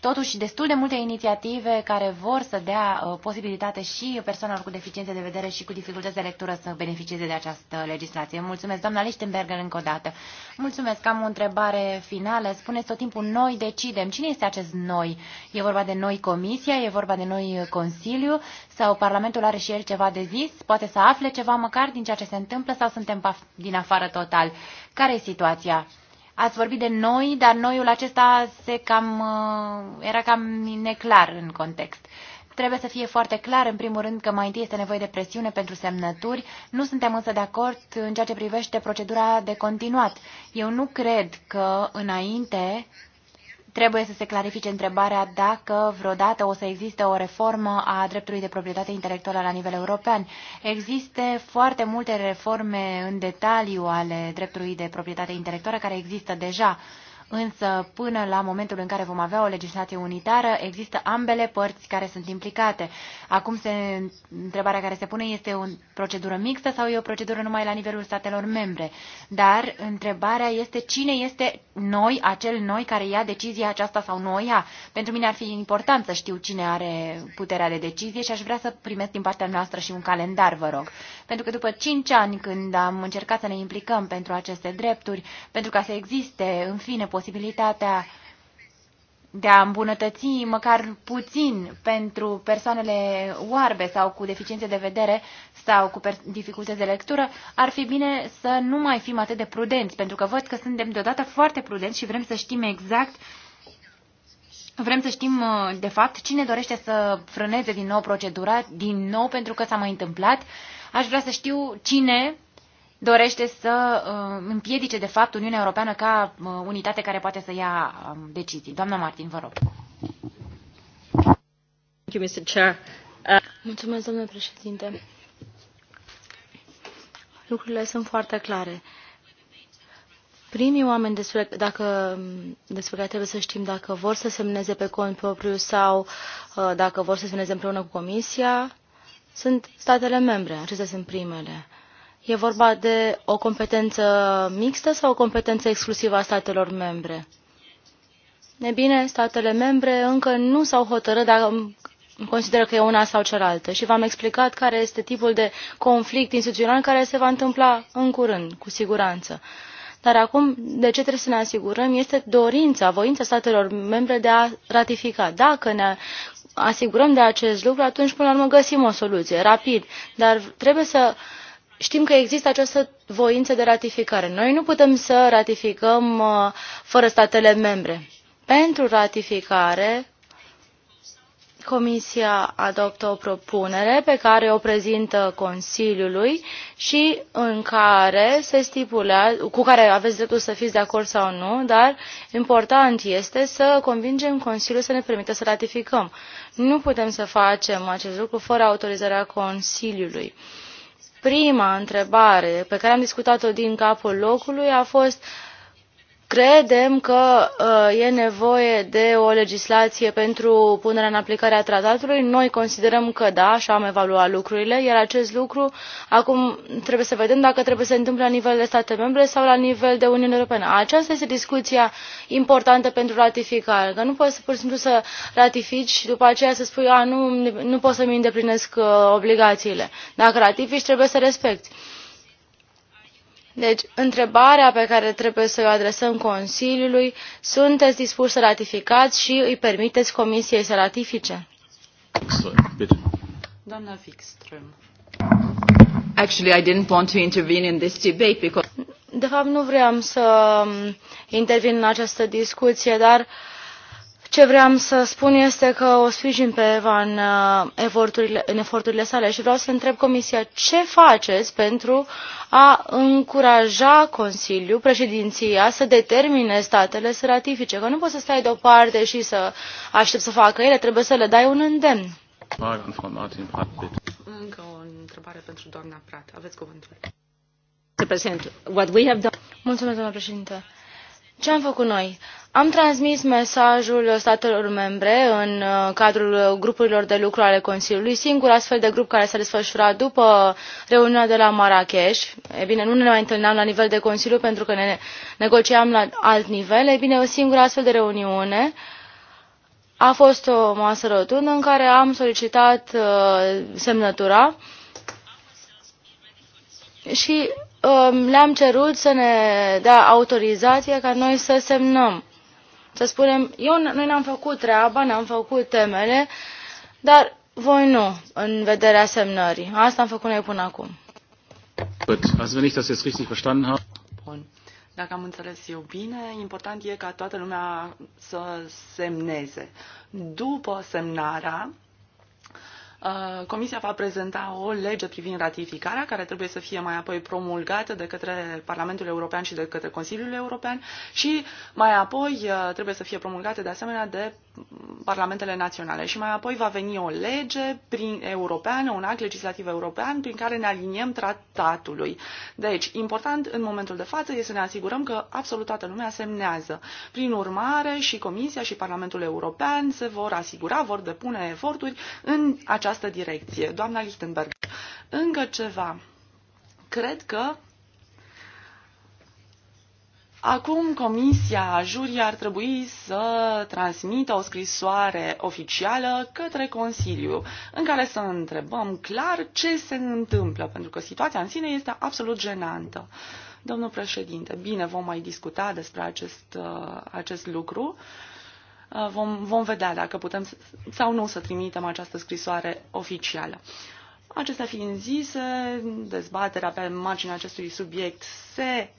totuși destul de multe inițiative care vor să dea uh, posibilitate și persoanelor cu deficiențe de vedere și cu dificultăți de lectură să beneficieze de această legislație. Mulțumesc, doamna Lichtenberger, încă o dată. Mulțumesc, am o întrebare finală. Spuneți tot timpul, noi decidem. Cine este acest noi? E vorba de noi comisia, e vorba de noi consiliu sau Parlamentul are și el ceva de zis? Poate să afle ceva măcar din ceea ce se întâmplă sau suntem din afară total? Care e situația? Ați vorbit de noi, dar noiul acesta se cam, uh, era cam neclar în context. Trebuie să fie foarte clar, în primul rând, că mai întâi este nevoie de presiune pentru semnături. Nu suntem însă de acord în ceea ce privește procedura de continuat. Eu nu cred că înainte Trebuie să se clarifice întrebarea dacă vreodată o să existe o reformă a dreptului de proprietate intelectuală la nivel european. Există foarte multe reforme în detaliu ale dreptului de proprietate intelectuală care există deja însă până la momentul în care vom avea o legislație unitară, există ambele părți care sunt implicate. Acum se, întrebarea care se pune este o procedură mixtă sau e o procedură numai la nivelul statelor membre. Dar întrebarea este cine este noi, acel noi care ia decizia aceasta sau nu o ia. Pentru mine ar fi important să știu cine are puterea de decizie și aș vrea să primesc din partea noastră și un calendar, vă rog. Pentru că după cinci ani când am încercat să ne implicăm pentru aceste drepturi, pentru ca să existe, în fine, posibilitatea de a îmbunătăți măcar puțin pentru persoanele oarbe sau cu deficiențe de vedere sau cu dificultăți de lectură, ar fi bine să nu mai fim atât de prudenți, pentru că văd că suntem deodată foarte prudenți și vrem să știm exact Vrem să știm, uh, de fapt, cine dorește să frâneze din nou procedura, din nou pentru că s-a mai întâmplat. Aș vrea să știu cine dorește să uh, împiedice, de fapt, Uniunea Europeană ca uh, unitate care poate să ia um, decizii. Doamna Martin, vă rog. Uh, Mulțumesc, domnule președinte. Lucrurile sunt foarte clare. Primii oameni despre, dacă, despre care trebuie să știm dacă vor să semneze pe cont propriu sau dacă vor să semneze împreună cu Comisia sunt statele membre. Acestea sunt primele. E vorba de o competență mixtă sau o competență exclusivă a statelor membre? E bine, statele membre încă nu s-au hotărât dacă consideră că e una sau cealaltă și v-am explicat care este tipul de conflict instituțional care se va întâmpla în curând, cu siguranță. Dar acum, de ce trebuie să ne asigurăm este dorința, voința statelor membre de a ratifica. Dacă ne asigurăm de acest lucru, atunci până la urmă găsim o soluție, rapid. Dar trebuie să uh, știm că există această voință de ratificare. Noi nu putem să ratificăm uh, fără statele membre. Pentru ratificare, Comisia adoptă o propunere pe care o prezintă Consiliului și în care se stipulează, cu care aveți dreptul să fiți de acord sau nu, dar important este să convingem Consiliul să ne permită să ratificăm. Nu putem să facem acest lucru fără autorizarea Consiliului. Prima întrebare pe care am discutat-o din capul locului a fost Credem că uh, e nevoie de o legislație pentru punerea în aplicare a tratatului. Noi considerăm că da, așa am evaluat lucrurile, iar acest lucru acum trebuie să vedem dacă trebuie să se întâmple la nivel de state membre sau la nivel de Uniune Europeană. Aceasta este discuția importantă pentru ratificare, că nu poți pur și simplu să ratifici și după aceea să spui, a, nu, nu pot să îmi îndeplinesc uh, obligațiile. Dacă ratifici, trebuie să respecti. Deci, întrebarea pe care trebuie să o adresăm Consiliului, sunteți dispuși să ratificați și îi permiteți Comisiei să ratifice? Doamna Wikström. Actually, I didn't want to intervene in this debate because... De fapt, nu vreau să intervin în această discuție, dar uh, ce vreau să spun este că o sprijin pe Eva în uh, eforturile, în eforturile sale și vreau să întreb Comisia ce faceți pentru a încuraja Consiliul, președinția, să determine statele să ratifice, că nu poți să stai deoparte și să aștept să facă ele, trebuie să le dai un îndemn. Încă o întrebare pentru doamna Prat. Aveți cuvântul. Mulțumesc, doamna președinte ce am făcut noi? Am transmis mesajul statelor membre în uh, cadrul grupurilor de lucru ale Consiliului, singur astfel de grup care s-a desfășurat după reuniunea de la Marrakech. E bine, nu ne mai întâlneam la nivel de Consiliu pentru că ne negociam la alt nivel. E bine, o singură astfel de reuniune a fost o masă rotundă în care am solicitat uh, semnătura și le-am um, cerut să ne dea autorizație ca noi să semnăm. Să spunem, eu, noi ne-am făcut treaba, ne-am făcut temele, dar voi nu, în vederea semnării. Asta am făcut noi până acum. Bun. Dacă am înțeles eu bine, important e ca toată lumea să semneze. După semnarea, Uh, Comisia va prezenta o lege privind ratificarea, care trebuie să fie mai apoi promulgată de către Parlamentul European și de către Consiliul European și mai apoi uh, trebuie să fie promulgată de asemenea de parlamentele naționale și mai apoi va veni o lege prin europeană, un act legislativ european prin care ne aliniem tratatului. Deci, important în momentul de față este să ne asigurăm că absolut toată lumea semnează. Prin urmare, și Comisia și Parlamentul European se vor asigura, vor depune eforturi în această direcție. Doamna Lichtenberg, încă ceva. Cred că Acum Comisia Jurii ar trebui să transmită o scrisoare oficială către Consiliu, în care să întrebăm clar ce se întâmplă, pentru că situația în sine este absolut jenantă. Domnul președinte, bine, vom mai discuta despre acest, uh, acest lucru. Uh, vom, vom vedea dacă putem sau nu să trimitem această scrisoare oficială. Acestea fiind zise, dezbaterea pe marginea acestui subiect se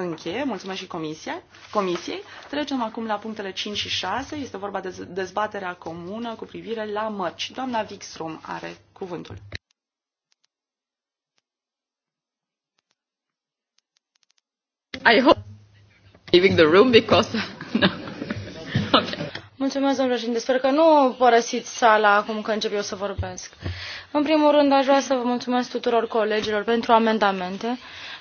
încheie. Mulțumesc și comisia, comisiei. Trecem acum la punctele 5 și 6. Este vorba de dezbaterea comună cu privire la mărci. Doamna Wikström are cuvântul. I hope leaving the room because no. okay. Mulțumesc, domnule președinte. Sper că nu părăsiți sala acum că încep eu să vorbesc. În primul rând, aș vrea să vă mulțumesc tuturor colegilor pentru amendamente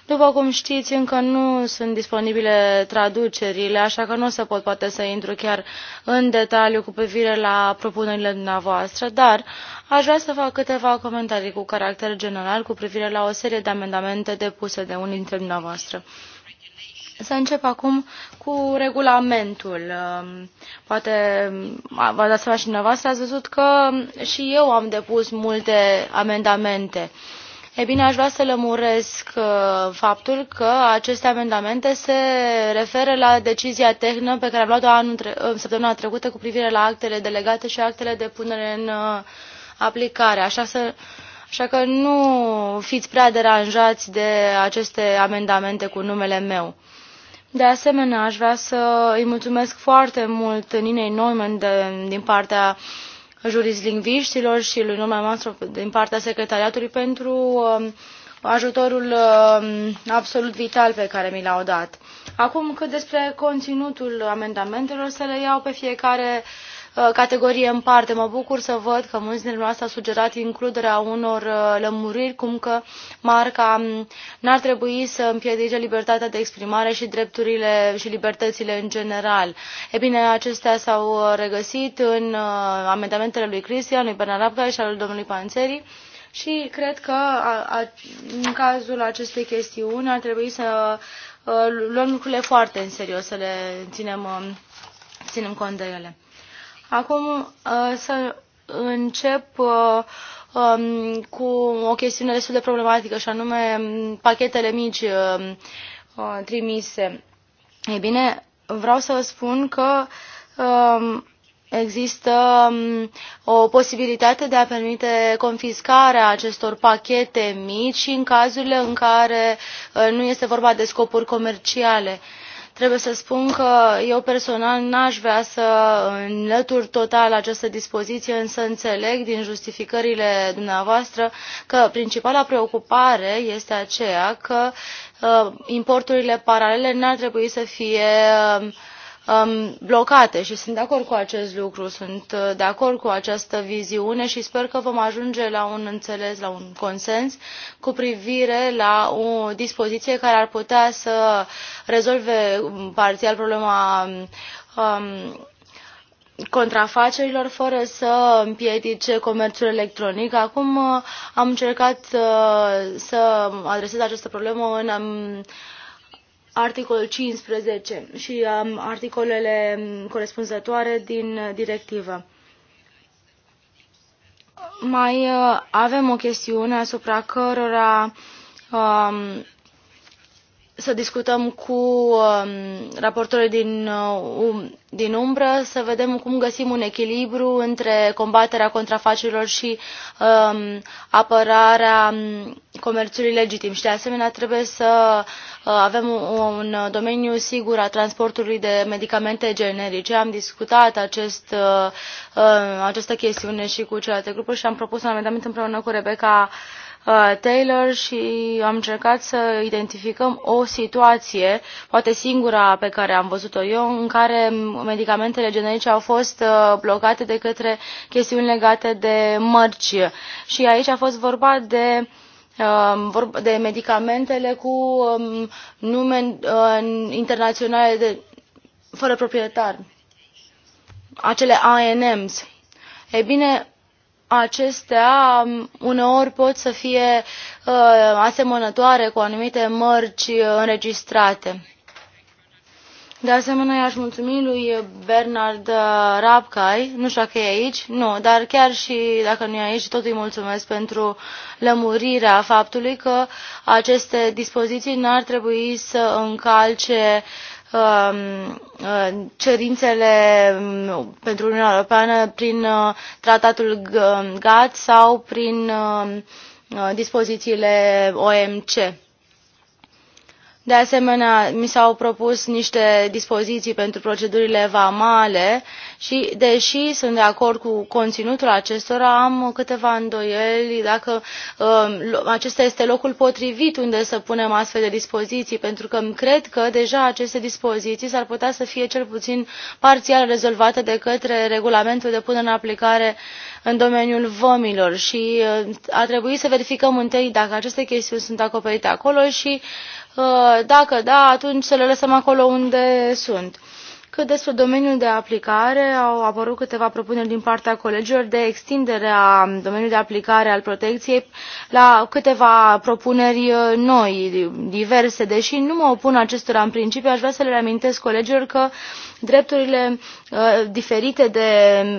după cum știți, încă nu sunt disponibile traducerile, așa că nu o să pot poate să intru chiar în detaliu cu privire la propunerile dumneavoastră, dar aș vrea să fac câteva comentarii cu caracter general cu privire la o serie de amendamente depuse de unii dintre dumneavoastră. Să încep acum cu regulamentul. Um, poate um, vă dați seama și dumneavoastră, ați văzut că și eu am depus multe amendamente ei bine aș vrea să lămuresc uh, faptul că aceste amendamente se referă la decizia tehnă pe care am luat o uh, săptămâna trecută cu privire la actele delegate și actele de punere în uh, aplicare așa, să, așa că nu fiți prea deranjați de aceste amendamente cu numele meu. De asemenea, aș vrea să îi mulțumesc foarte mult Ninei Neumann de, din partea uh, jurislingviștilor și lui numai Manstrop din partea secretariatului pentru um, ajutorul um, absolut vital pe care mi l-au dat. Acum cât despre conținutul amendamentelor, să le iau pe fiecare uh, Uh, categorie în parte. Mă bucur să văd că mulți dintre noastre au sugerat includerea unor uh, lămuriri, cum că marca um, n-ar trebui să împiedice libertatea de exprimare și drepturile și libertățile în general. E bine, acestea s-au uh, regăsit în amendamentele lui Cristian, lui Bernarabca și al domnului Panțeri. Și cred că a, a, în cazul acestei chestiuni ar trebui să a, luăm lucrurile foarte în serios, să le ținem, um, ținem cont de ele. Acum uh, să încep uh, um, cu o chestiune destul de problematică, și anume um, pachetele mici um, uh, trimise. Ei bine, vreau să vă spun că există o posibilitate de a permite confiscarea acestor pachete mici în cazurile în care nu este vorba de scopuri comerciale. Trebuie să spun că eu personal n-aș vrea să înlătur total această dispoziție, însă înțeleg din justificările dumneavoastră că principala preocupare este aceea că uh, importurile paralele n-ar trebui să fie uh, Um, blocate și sunt de acord cu acest lucru, sunt uh, de acord cu această viziune și sper că vom ajunge la un înțeles, la un consens cu privire la o dispoziție care ar putea să rezolve um, parțial problema um, contrafacerilor fără să împiedice comerțul electronic. Acum uh, am încercat uh, să adresez această problemă în articolul 15 și um, articolele um, corespunzătoare din directivă. Mai uh, avem o chestiune asupra cărora um, să discutăm cu um, raportorii din, uh, um, din umbră, să vedem cum găsim un echilibru între combaterea contrafacerilor și um, apărarea um, comerțului legitim. Și de asemenea trebuie să uh, avem un domeniu sigur a transportului de medicamente generice. Am discutat acest, uh, uh, această chestiune și cu celelalte grupuri și am propus un amendament împreună cu Rebecca uh, Uh, Taylor și am încercat să identificăm o situație, poate singura pe care am văzut-o eu, în care medicamentele generice au fost uh, blocate de către chestiuni legate de mărci. Și aici a fost vorba de um, de medicamentele cu um, nume uh, internaționale de, fără proprietar, acele ANMs. Ei bine, acestea um, uneori pot să fie uh, asemănătoare cu anumite mărci uh, înregistrate. De asemenea, i-aș mulțumi lui Bernard uh, Rapcai, nu știu dacă e aici, nu, dar chiar și dacă nu e aici, tot îi mulțumesc pentru lămurirea faptului că aceste dispoziții n-ar trebui să încalce uh, Um, uh, cerințele um, pentru Uniunea Europeană prin uh, tratatul GATT um, sau prin uh, dispozițiile OMC de asemenea mi s au propus niște dispoziții pentru procedurile vamale și deși sunt de acord cu conținutul acestora am câteva îndoieli dacă uh, acesta este locul potrivit unde să punem astfel de dispoziții pentru că cred că deja aceste dispoziții s ar putea să fie cel puțin parțial rezolvate de către regulamentul de punere în aplicare în domeniul vămilor și uh, a trebuit să verificăm întâi dacă aceste chestiuni sunt acoperite acolo și uh, dacă da, atunci să le lăsăm acolo unde sunt că despre domeniul de aplicare au apărut câteva propuneri din partea colegilor de extindere a domeniului de aplicare al protecției la câteva propuneri uh, noi, diverse. Deși nu mă opun acestora în principiu, aș vrea să le reamintesc colegilor că drepturile uh, diferite de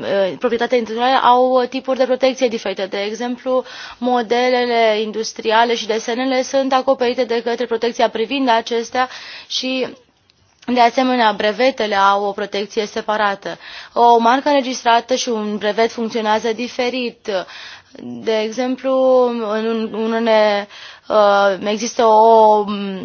uh, proprietate intelectuală au tipuri de protecție diferite. De exemplu, modelele industriale și desenele sunt acoperite de către protecția privind acestea și de asemenea, brevetele au o protecție separată. O marcă înregistrată și un brevet funcționează diferit. De exemplu, în unele uh, există o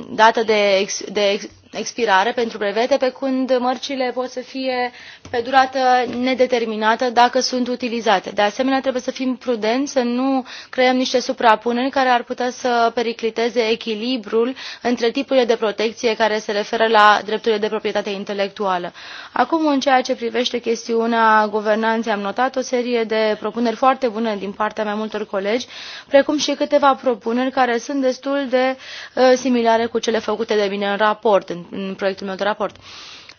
dată de, ex, de ex, expirare pentru brevete, pe când mărcile pot să fie pe durată nedeterminată dacă sunt utilizate. De asemenea, trebuie să fim prudenți, să nu creăm niște suprapuneri care ar putea să pericliteze echilibrul între tipurile de protecție care se referă la drepturile de proprietate intelectuală. Acum, în ceea ce privește chestiunea guvernanței, am notat o serie de propuneri foarte bune din partea mai multor colegi, precum și câteva propuneri care sunt destul de uh, similare cu cele făcute de mine în raport în, proiectul meu de raport.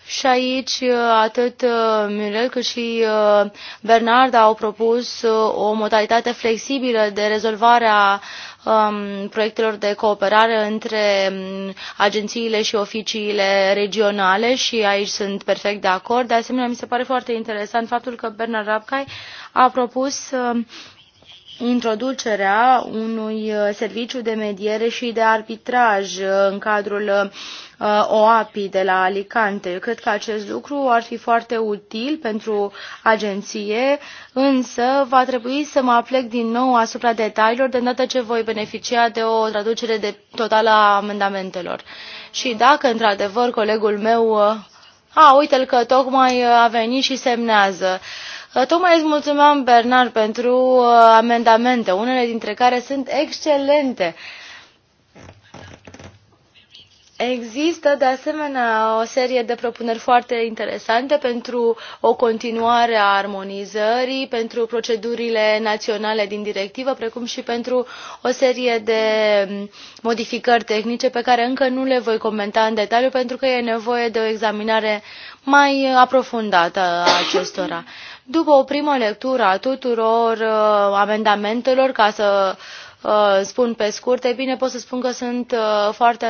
Și aici uh, atât uh, Mirel cât și uh, Bernard au propus o modalitate flexibilă de rezolvare a um, proiectelor de cooperare între um, agențiile și oficiile regionale și aici sunt perfect de acord. De asemenea, mi se pare foarte interesant faptul că Bernard Rapkay a propus um, introducerea unui serviciu de mediere și de arbitraj în cadrul uh, Uh, o API de la Alicante. Eu cred că acest lucru ar fi foarte util pentru agenție, însă va trebui să mă aplec din nou asupra detaliilor de îndată ce voi beneficia de o traducere de totală a amendamentelor. Și dacă, într-adevăr, colegul meu... Uh, a, uite-l că tocmai uh, a venit și semnează. Tocmai îți mulțumeam, Bernard, pentru amendamente, unele dintre care sunt excelente. Uh, Există, de asemenea, o serie de propuneri foarte interesante pentru o continuare a armonizării, pentru procedurile naționale din directivă, precum și pentru o serie de modificări tehnice pe care încă nu le voi comenta în detaliu, pentru că e nevoie de o examinare mai aprofundată a acestora. După o primă lectură a tuturor uh, amendamentelor, ca să uh, Uh, spun pe scurt ei bine pot să spun că sunt uh, foarte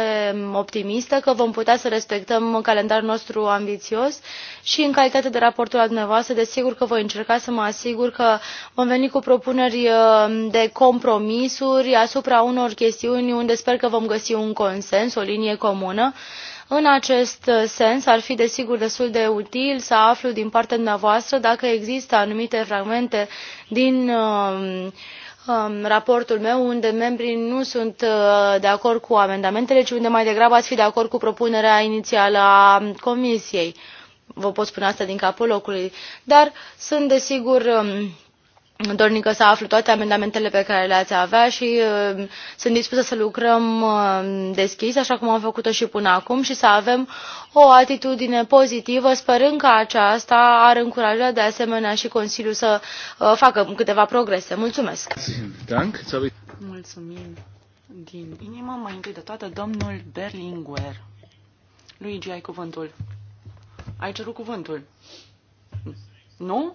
optimistă că vom putea să respectăm calendarul nostru ambițios și în calitate de raportor al dumneavoastră desigur că voi încerca să mă asigur că vom veni cu propuneri uh, de compromisuri asupra unor chestiuni unde sper că vom găsi un consens o linie comună în acest sens ar fi desigur destul de util să aflu din partea dumneavoastră dacă există anumite fragmente din uh, Um, raportul meu unde membrii nu sunt uh, de acord cu amendamentele, ci unde mai degrabă ați fi de acord cu propunerea inițială a Comisiei. Vă pot spune asta din capul locului. Dar sunt desigur um, dornică să aflu toate amendamentele pe care le ați avea și uh, sunt dispusă să lucrăm uh, deschis, așa cum am făcut-o și până acum, și să avem o atitudine pozitivă, sperând că aceasta ar încuraja de asemenea și Consiliul să uh, facă câteva progrese. Mulțumesc! Mulțumim din inimă. Mai întâi de toate, domnul Berlinguer. Luigi, ai cuvântul. Ai cerut cuvântul. Nu?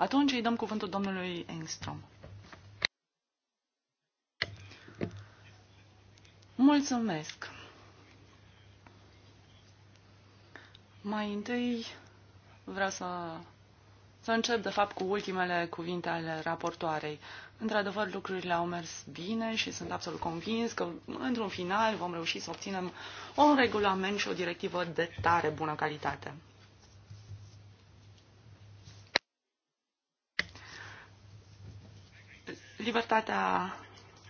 Atunci îi dăm cuvântul domnului Engstrom. Mulțumesc! Mai întâi vreau să, să încep, de fapt, cu ultimele cuvinte ale raportoarei. Într-adevăr, lucrurile au mers bine și sunt absolut convins că, într-un final, vom reuși să obținem un regulament și o directivă de tare bună calitate. libertatea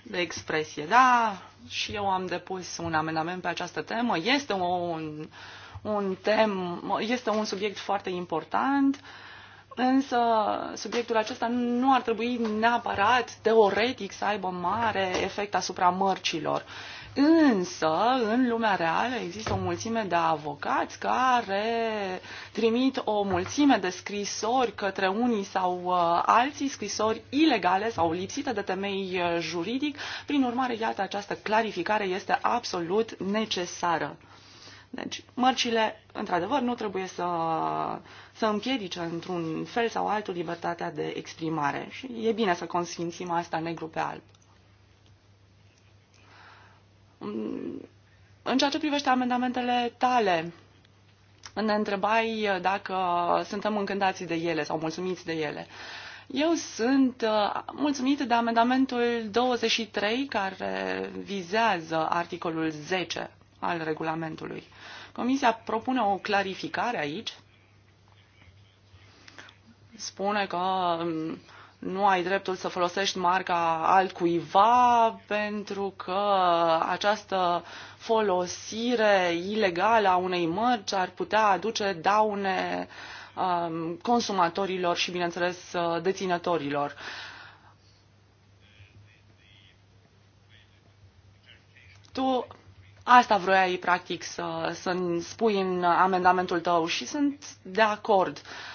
de expresie. Da, și eu am depus un amendament pe această temă. Este un, un, tem, este un subiect foarte important, însă subiectul acesta nu ar trebui neapărat teoretic să aibă mare efect asupra mărcilor. Uh, Însă, în lumea reală există o mulțime de avocați care trimit o mulțime de scrisori către unii sau uh, alții, scrisori ilegale sau lipsite de temei uh, juridic. Prin urmare, iată, această clarificare este absolut necesară. Deci, mărcile, într-adevăr, nu trebuie să, să împiedice într-un fel sau altul libertatea de exprimare și e bine să consfințim asta negru pe alb. În ceea ce privește amendamentele tale, ne întrebai dacă suntem încântați de ele sau mulțumiți de ele. Eu sunt uh, mulțumită de amendamentul 23 care vizează articolul 10 al regulamentului. Comisia propune o clarificare aici. Spune că um, nu ai dreptul să folosești marca altcuiva pentru că această folosire ilegală a unei mărci ar putea aduce daune um, consumatorilor și, bineînțeles, uh, deținătorilor. Tu asta vroiai, practic, să, să spui în amendamentul tău și sunt de acord. Uh,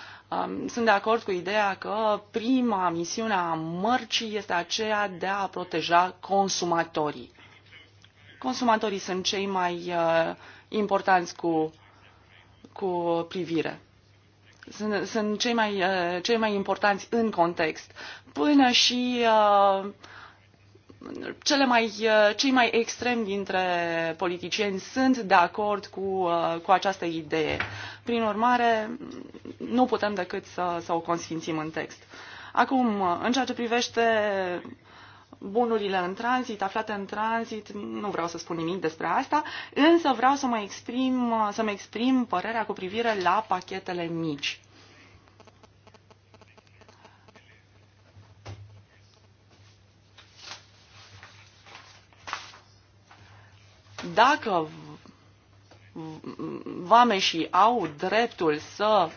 sunt de acord cu ideea că prima misiune a mărcii este aceea de a proteja consumatorii. Consumatorii sunt cei mai uh, importanți cu, cu privire. Sunt, sunt cei, mai, uh, cei mai importanți în context. Până și uh, cele mai, eh, cei mai extremi dintre politicieni sunt de acord cu, eh, cu această idee. Prin urmare, nu putem decât să, să o consfințim în text. Acum, în ceea ce privește bunurile în tranzit, aflate în tranzit, nu vreau să spun nimic despre asta, însă vreau să mă exprim, să mi exprim părerea cu privire la pachetele mici. Dacă vameșii au dreptul să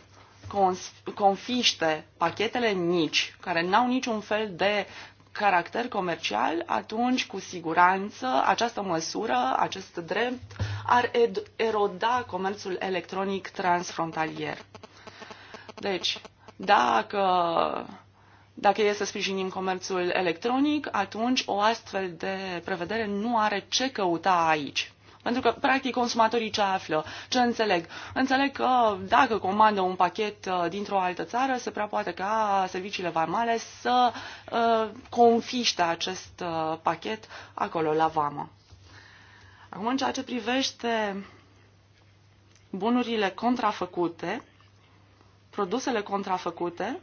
confiște pachetele mici, care n-au niciun fel de caracter comercial, atunci, cu siguranță, această măsură, acest drept, ar eroda comerțul electronic transfrontalier. Deci, dacă dacă e să sprijinim comerțul electronic, atunci o astfel de prevedere nu are ce căuta aici. Pentru că, practic, consumatorii ce află, ce înțeleg? Înțeleg că dacă comandă un pachet uh, dintr-o altă țară, se prea poate ca serviciile vamale să uh, confiște acest uh, pachet acolo, la vamă. Acum, în ceea ce privește bunurile contrafăcute, produsele contrafăcute,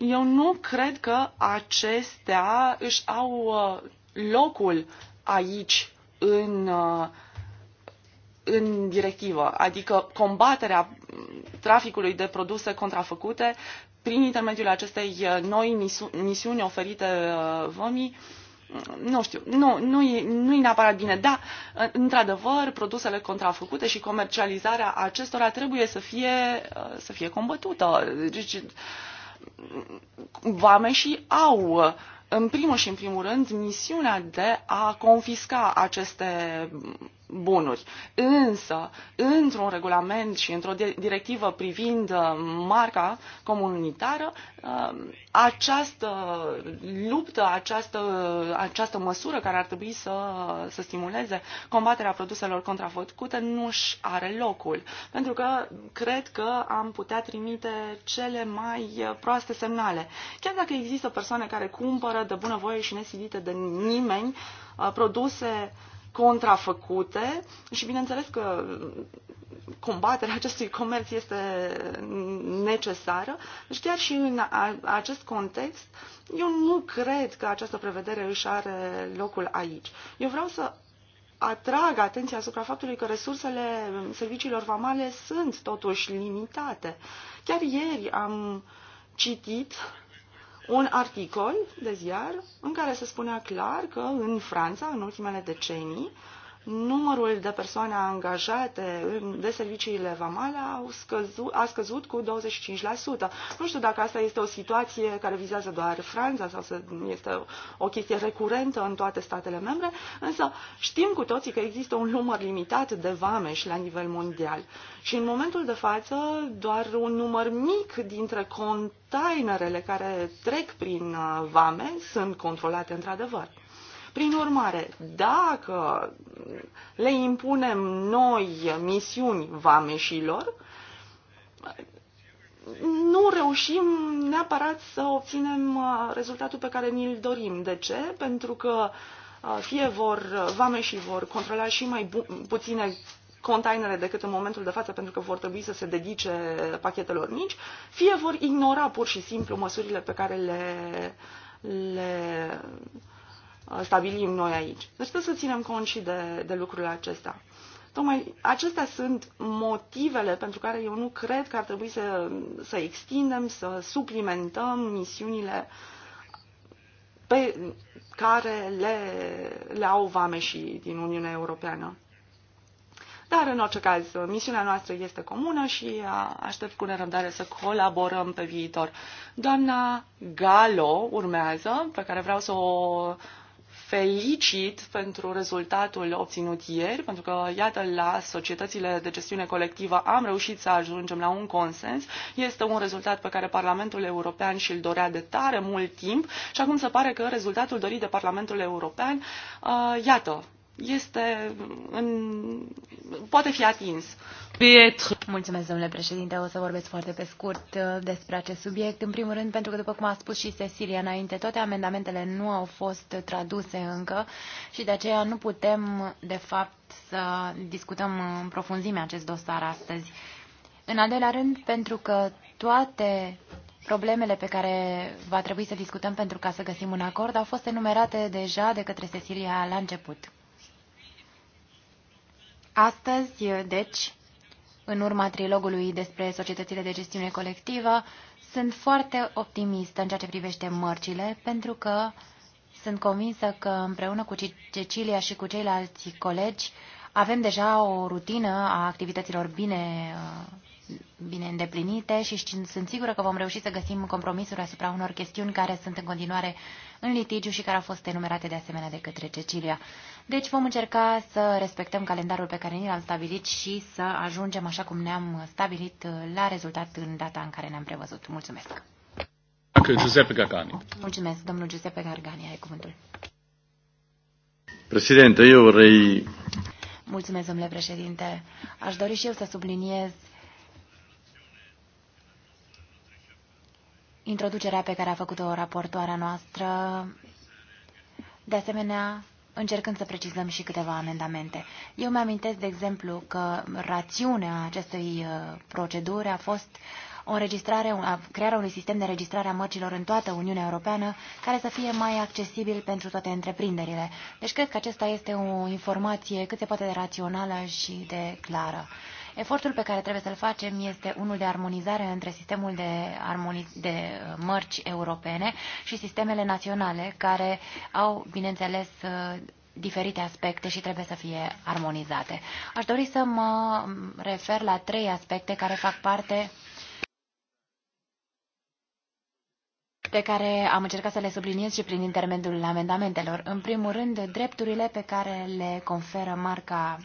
eu nu cred că acestea își au uh, locul aici în, uh, în directivă, adică combaterea traficului de produse contrafăcute prin intermediul acestei uh, noi misiuni oferite vămii mm, nu știu, nu, nu, e, nu e neapărat bine. Da, într-adevăr, produsele contrafăcute și comercializarea acestora trebuie să fie, să fie combătută. Deci, vameșii au în primul și în primul rând misiunea de a confisca aceste bunuri. Însă, într-un regulament și într-o directivă privind uh, marca comunitară, uh, această luptă, această, această măsură care ar trebui să, să stimuleze combaterea produselor contrafăcute nu își are locul. Pentru că cred că am putea trimite cele mai uh, proaste semnale. Chiar dacă există persoane care cumpără de bunăvoie și nesidite de nimeni produse contrafăcute și bineînțeles că combaterea acestui comerț este necesară. Deci chiar și în acest context, eu nu cred că această prevedere își are locul aici. Eu vreau să atrag atenția asupra faptului că resursele serviciilor vamale sunt totuși limitate. Chiar ieri am citit un articol de ziar în care se spunea clar că în Franța, în ultimele decenii, numărul de persoane angajate de serviciile vamale au scăzut, a scăzut cu 25%. Nu știu dacă asta este o situație care vizează doar Franța sau să este o chestie recurentă în toate statele membre, însă știm cu toții că există un număr limitat de vame și la nivel mondial. Și în momentul de față, doar un număr mic dintre containerele care trec prin uh, vame sunt controlate într-adevăr. Prin urmare, dacă le impunem noi misiuni vameșilor, nu reușim neapărat să obținem uh, rezultatul pe care ni-l dorim. De ce? Pentru că uh, fie vor uh, vameșii vor controla și mai puține containere decât în momentul de față pentru că vor trebui să se dedice pachetelor mici, fie vor ignora pur și simplu măsurile pe care le, le stabilim noi aici. Deci trebuie să ținem cont și de, de lucrurile acestea. Tocmai acestea sunt motivele pentru care eu nu cred că ar trebui să, să extindem, să suplimentăm misiunile pe care le, le au și din Uniunea Europeană. Dar, în orice caz, misiunea noastră este comună și aștept cu nerăbdare să colaborăm pe viitor. Doamna Galo urmează, pe care vreau să o felicit pentru rezultatul obținut ieri, pentru că, iată, la societățile de gestiune colectivă am reușit să ajungem la un consens. Este un rezultat pe care Parlamentul European și-l dorea de tare mult timp și acum se pare că rezultatul dorit de Parlamentul European, uh, iată, este în, poate fi atins. Pietru. Mulțumesc, domnule președinte. O să vorbesc foarte pe scurt uh, despre acest subiect. În primul rând, pentru că, după cum a spus și Cecilia înainte, toate amendamentele nu au fost traduse încă și de aceea nu putem, de fapt, să discutăm în profunzime acest dosar astăzi. În al doilea rând, pentru că toate Problemele pe care va trebui să discutăm pentru ca să găsim un acord au fost enumerate deja de către Cecilia la început. Astăzi, deci, în urma trilogului despre societățile de gestiune colectivă, sunt foarte optimistă în ceea ce privește mărcile, pentru că sunt convinsă că împreună cu Cecilia și cu ceilalți colegi avem deja o rutină a activităților bine uh, bine îndeplinite și sunt sigură că vom reuși să găsim compromisuri asupra unor chestiuni care sunt în continuare în litigiu și care au fost enumerate de asemenea de către Cecilia. Deci vom încerca să respectăm calendarul pe care ni l-am stabilit și să ajungem așa cum ne-am stabilit uh, la rezultat în data în care ne-am prevăzut. Mulțumesc! Giuseppe Gargani. Mulțumesc, domnul Giuseppe Gargani, are cuvântul. Președinte, eu vrei... Mulțumesc, domnule președinte. Aș dori și eu să subliniez introducerea pe care a făcut-o raportoarea noastră, de asemenea, încercând să precizăm și câteva amendamente. Eu mi-amintesc, de exemplu, că rațiunea acestei uh, proceduri a fost o înregistrare, crearea unui sistem de înregistrare a mărcilor în toată Uniunea Europeană, care să fie mai accesibil pentru toate întreprinderile. Deci cred că acesta este o informație cât se poate de rațională și de clară. Efortul pe care trebuie să-l facem este unul de armonizare între sistemul de, armoniz- de uh, mărci europene și sistemele naționale, care au, bineînțeles, uh, diferite aspecte și trebuie să fie armonizate. Aș dori să mă refer la trei aspecte care fac parte pe care am încercat să le subliniez și prin intermediul amendamentelor. În primul rând, drepturile pe care le conferă marca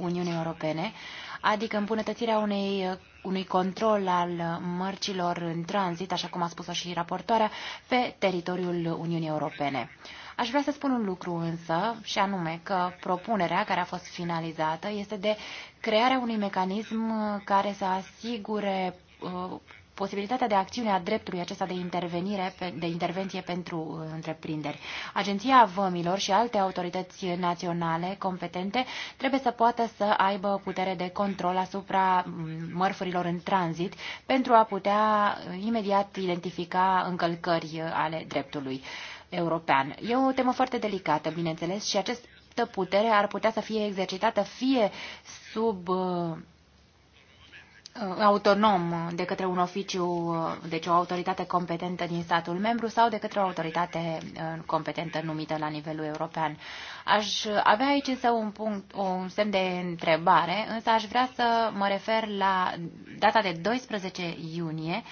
Uniunii Europene, adică îmbunătățirea unei, unui control al mărcilor în tranzit, așa cum a spus-o și raportoarea, pe teritoriul Uniunii Europene. Aș vrea să spun un lucru însă, și anume că propunerea care a fost finalizată este de crearea unui mecanism care să asigure uh, posibilitatea de acțiune a dreptului acesta de, intervenire, de intervenție pentru uh, întreprinderi. Agenția Vămilor și alte autorități naționale competente trebuie să poată să aibă putere de control asupra mm, mărfurilor în tranzit pentru a putea uh, imediat identifica încălcări uh, ale dreptului european. E o temă foarte delicată, bineînțeles, și acest această putere ar putea să fie exercitată fie sub Uh, autonom de către un oficiu, uh, deci o autoritate competentă din statul membru sau de către o autoritate uh, competentă numită la nivelul european. Aș avea aici însă un punct, un semn de întrebare, însă aș vrea să mă refer la data de 12 iunie,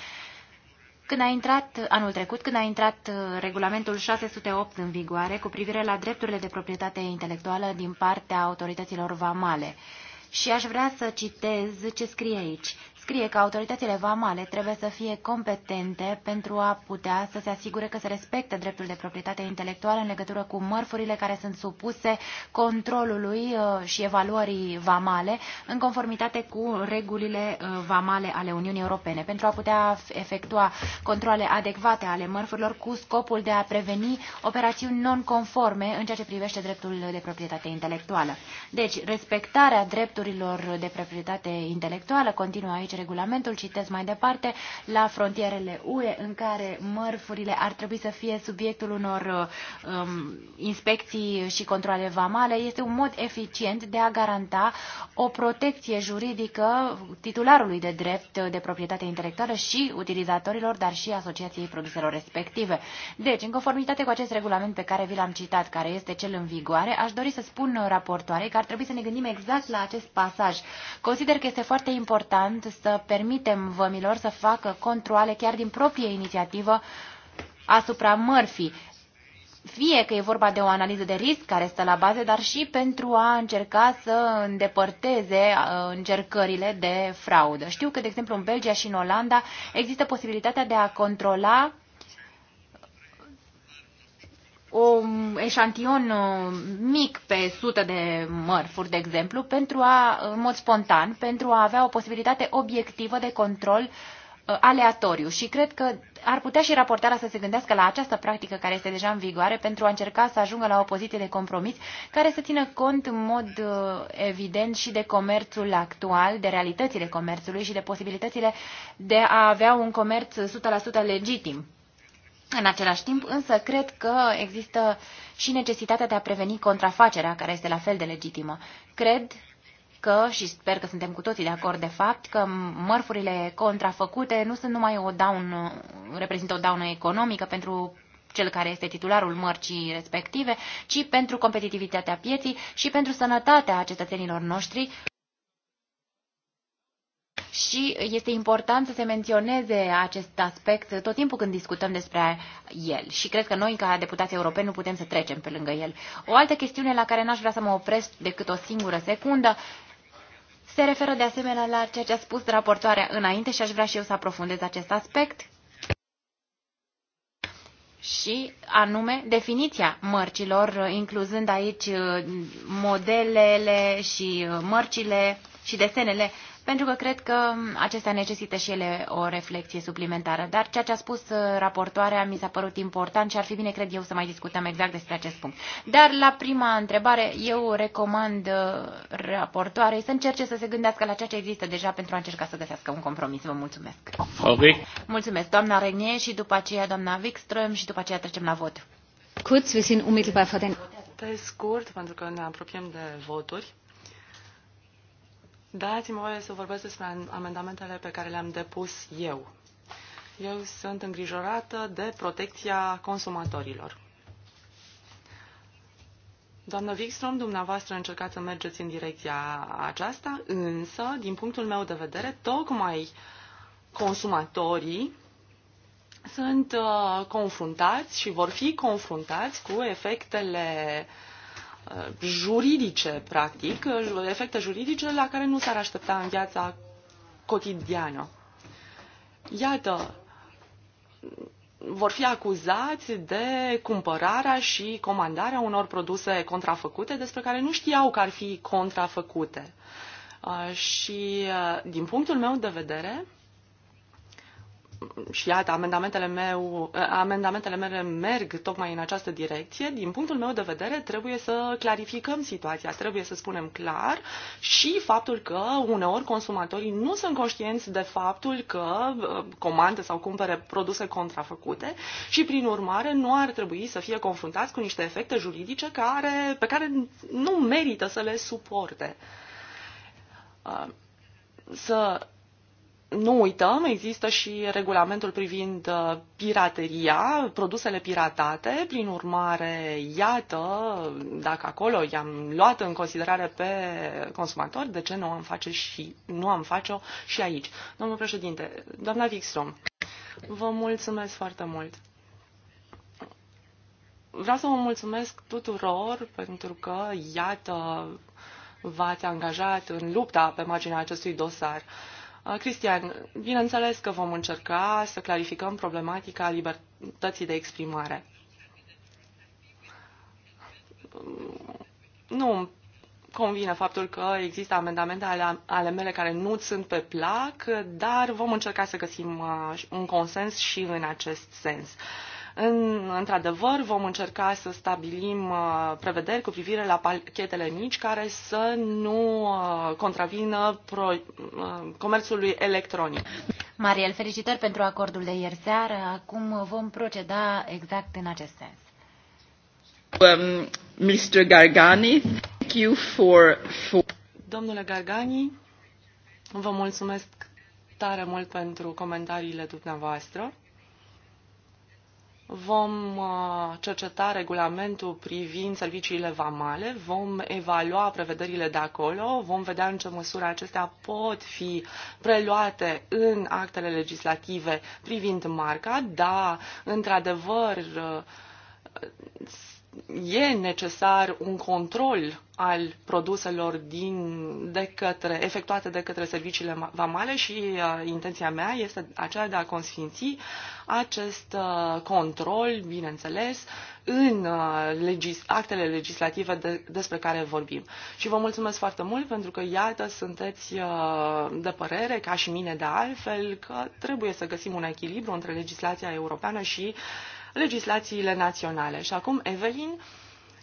când a intrat, anul trecut, când a intrat regulamentul 608 în vigoare cu privire la drepturile de proprietate intelectuală din partea autorităților vamale. Uh, și aș vrea să citez ce scrie aici scrie că autoritățile vamale trebuie să fie competente pentru a putea să se asigure că se respectă dreptul de proprietate intelectuală în legătură cu mărfurile care sunt supuse controlului uh, și evaluării vamale în conformitate cu regulile uh, vamale ale Uniunii Europene pentru a putea efectua controle adecvate ale mărfurilor cu scopul de a preveni operațiuni non-conforme în ceea ce privește dreptul de proprietate intelectuală. Deci, respectarea drepturilor de proprietate intelectuală continuă aici regulamentul, citesc mai departe, la frontierele UE, în care mărfurile ar trebui să fie subiectul unor um, inspecții și controle vamale, este un mod eficient de a garanta o protecție juridică titularului de drept de proprietate intelectuală și utilizatorilor, dar și asociației produselor respective. Deci, în conformitate cu acest regulament pe care vi l-am citat, care este cel în vigoare, aș dori să spun raportoare că ar trebui să ne gândim exact la acest pasaj. Consider că este foarte important să să permitem vămilor să facă controle chiar din proprie inițiativă asupra mărfii fie că e vorba de o analiză de risc care stă la bază, dar și pentru a încerca să îndepărteze uh, încercările de fraudă. Știu că, de exemplu, în Belgia și în Olanda există posibilitatea de a controla un eșantion uh, mic pe sută de mărfuri, de exemplu, pentru a, în mod spontan, pentru a avea o posibilitate obiectivă de control uh, aleatoriu și cred că ar putea și raportarea să se gândească la această practică care este deja în vigoare pentru a încerca să ajungă la o poziție de compromis care să țină cont în mod uh, evident și de comerțul actual, de realitățile comerțului și de posibilitățile de a avea un comerț 100% legitim. În același timp, însă, cred că există și necesitatea de a preveni contrafacerea, care este la fel de legitimă. Cred că, și sper că suntem cu toții de acord de fapt, că mărfurile contrafăcute nu sunt numai o daună, reprezintă o daună economică pentru cel care este titularul mărcii respective, ci pentru competitivitatea pieții și pentru sănătatea cetățenilor noștri, și este important să se menționeze acest aspect tot timpul când discutăm despre el și cred că noi, ca deputați europeni, nu putem să trecem pe lângă el. O altă chestiune la care n-aș vrea să mă opresc decât o singură secundă se referă de asemenea la ceea ce a spus raportoarea înainte și aș vrea și eu să aprofundez acest aspect și anume definiția mărcilor, incluzând aici modelele și mărcile și desenele pentru că cred că acestea necesită și ele o reflexie suplimentară. Dar ceea ce a spus uh, raportoarea mi s-a părut important și ar fi bine, cred eu, să mai discutăm exact despre acest punct. Dar la prima întrebare, eu recomand uh, raportoarei să încerce să se gândească la ceea ce există deja pentru a încerca să găsească un compromis. Vă mulțumesc. Okay. Mulțumesc, doamna Regnie și după aceea doamna Wikström și după aceea trecem la vot. Kurz, vă sind unmittelbar Pe scurt, pentru că ne apropiem de voturi. Dați-mi voie să vorbesc despre amendamentele pe care le-am depus eu. Eu sunt îngrijorată de protecția consumatorilor. Doamnă Wikström, dumneavoastră încercați să mergeți în direcția aceasta, însă, din punctul meu de vedere, tocmai consumatorii sunt uh, confruntați și vor fi confruntați cu efectele uh, juridice, practic, efecte juridice la care nu s-ar aștepta în viața cotidiană. Iată, vor fi acuzați de cumpărarea și comandarea unor produse contrafăcute despre care nu știau că ar fi contrafăcute. Uh, și uh, din punctul meu de vedere, și iată, amendamentele, meu, eh, amendamentele mele merg tocmai în această direcție, din punctul meu de vedere trebuie să clarificăm situația, trebuie să spunem clar și faptul că uneori consumatorii nu sunt conștienți de faptul că eh, comandă sau cumpere produse contrafăcute și prin urmare nu ar trebui să fie confruntați cu niște efecte juridice care, pe care nu merită să le suporte. Eh, să nu uităm, există și regulamentul privind uh, pirateria, produsele piratate, prin urmare, iată, dacă acolo i-am luat în considerare pe consumatori, de ce nu am face și nu am face-o și aici. Domnul președinte, doamna Vixrom, vă mulțumesc foarte mult. Vreau să vă mulțumesc tuturor pentru că, iată, v-ați angajat în lupta pe marginea acestui dosar. Uh, Uh, Cristian, bineînțeles că vom încerca să clarificăm problematica libertății de exprimare. Nu îmi convine faptul că există amendamente ale, ale mele care nu sunt pe plac, dar vom încerca să găsim uh, un consens și în acest sens. Uh, în, într-adevăr, vom încerca să stabilim uh, prevederi cu privire la pachetele mici care să nu uh, contravină pro, uh, comerțului electronic. Mariel, felicitări pentru acordul de ieri seară. Acum vom proceda exact în acest sens. Um, Mr. Gargani, thank you for, for... Domnule Gargani, vă mulțumesc tare mult pentru comentariile dumneavoastră vom uh, cerceta regulamentul privind serviciile vamale, vom evalua prevederile de acolo, vom vedea în ce măsură acestea pot fi preluate în actele legislative privind marca, da, într-adevăr, uh, e necesar un control al produselor din, de către, efectuate de către serviciile vamale și uh, intenția mea este aceea de a consfinți acest uh, control, bineînțeles, în uh, legis, actele legislative de, despre care vorbim. Și vă mulțumesc foarte mult pentru că, iată, sunteți uh, de părere, ca și mine de altfel, că trebuie să găsim un echilibru între legislația europeană și uh, legislațiile naționale. Și acum, Evelyn,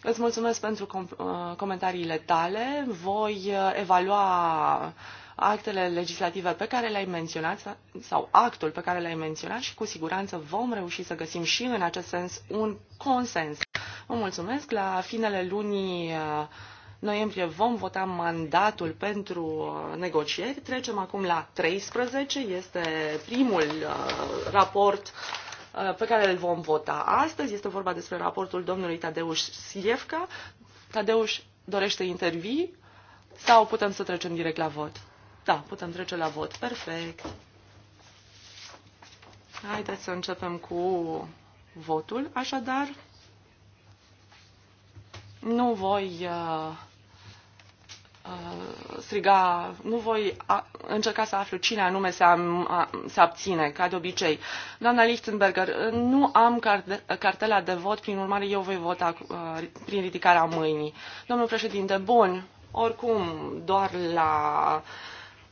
îți mulțumesc pentru com- uh, comentariile tale. Voi uh, evalua actele legislative pe care le-ai menționat sau actul pe care l-ai menționat și cu siguranță vom reuși să găsim și în acest sens un consens. Vă mulțumesc. La finele lunii uh, noiembrie vom vota mandatul pentru negocieri. Trecem acum la 13. Este primul raport Uh, pe care îl vom vota astăzi. Este vorba despre raportul domnului Tadeuș Siefka. Tadeuș dorește intervii sau putem să trecem direct la vot? Da, putem trece la vot. Perfect. Haideți să începem cu votul, așadar. Nu voi uh, Uh, striga, nu voi încerca să aflu cine anume se, am, a, se abține, ca de obicei. Doamna Lichtenberger, uh, nu am carte, cartela de vot, prin urmare eu voi vota a, uh, prin ridicarea mâinii. Domnul președinte, bun, oricum, doar la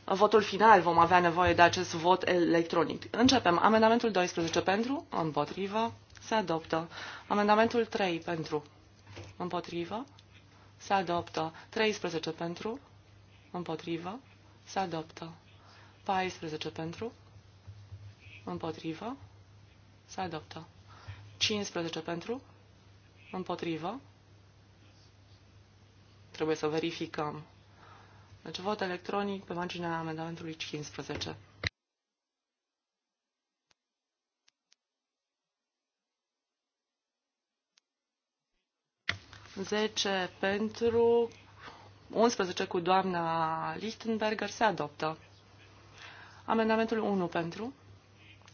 votul final vom avea nevoie de acest vot electronic. Începem. Amendamentul 12 pentru, împotrivă, se adoptă. Amendamentul 3 pentru, împotrivă, se adoptă. 13 pentru, împotrivă, se adoptă. 14 pentru, împotrivă, se adoptă. 15 pentru, împotrivă, trebuie să verificăm. Deci vot electronic pe marginea amendamentului 15. 10 pentru, 11 cu doamna Lichtenberger se adoptă. Amendamentul 1 pentru,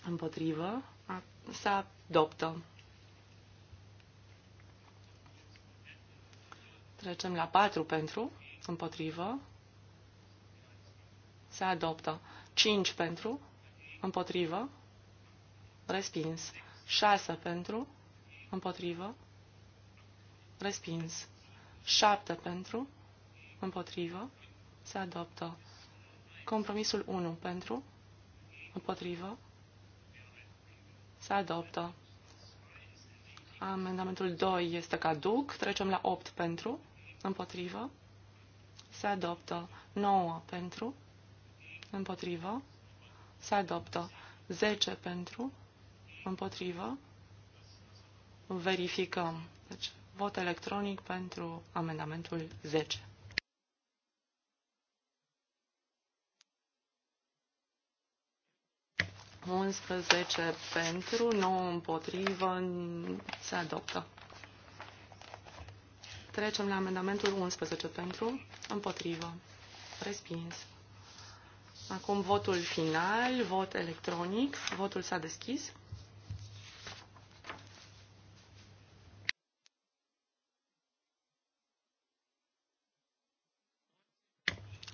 împotrivă, se adoptă. Trecem la 4 pentru, împotrivă, se adoptă. 5 pentru, împotrivă, respins. 6 pentru, împotrivă, Respins. 7 pentru. Împotrivă. Se adoptă. Compromisul 1 pentru. Împotrivă. Se adoptă. Amendamentul 2 este caduc. Trecem la 8 pentru. Împotrivă. Se adoptă. 9 pentru. Împotrivă. Se adoptă. 10 pentru. Împotrivă. Verificăm. Deci vot electronic pentru amendamentul 10. Unsprezece pentru, nouă împotrivă, se adoptă. Trecem la amendamentul 11 pentru, împotrivă, respins. Acum votul final, vot electronic, votul s-a deschis.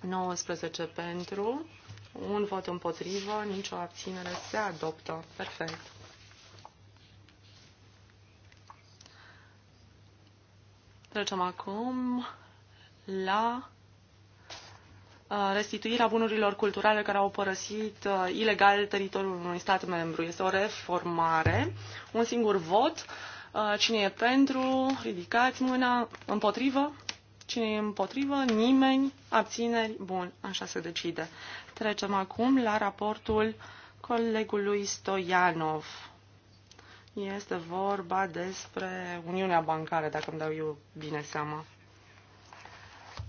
19 pentru, un vot împotrivă, nicio abținere se adoptă. Perfect. Trecem acum la uh, restituirea bunurilor culturale care au părăsit uh, ilegal teritoriul unui stat membru. Este o reformare, un singur vot. Uh, cine e pentru? Ridicați mâna. Împotrivă? Cine e împotrivă? Nimeni. Abțineri? Bun, așa se decide. Trecem acum la raportul colegului Stoianov. Este vorba despre Uniunea Bancară, dacă îmi dau eu bine seama.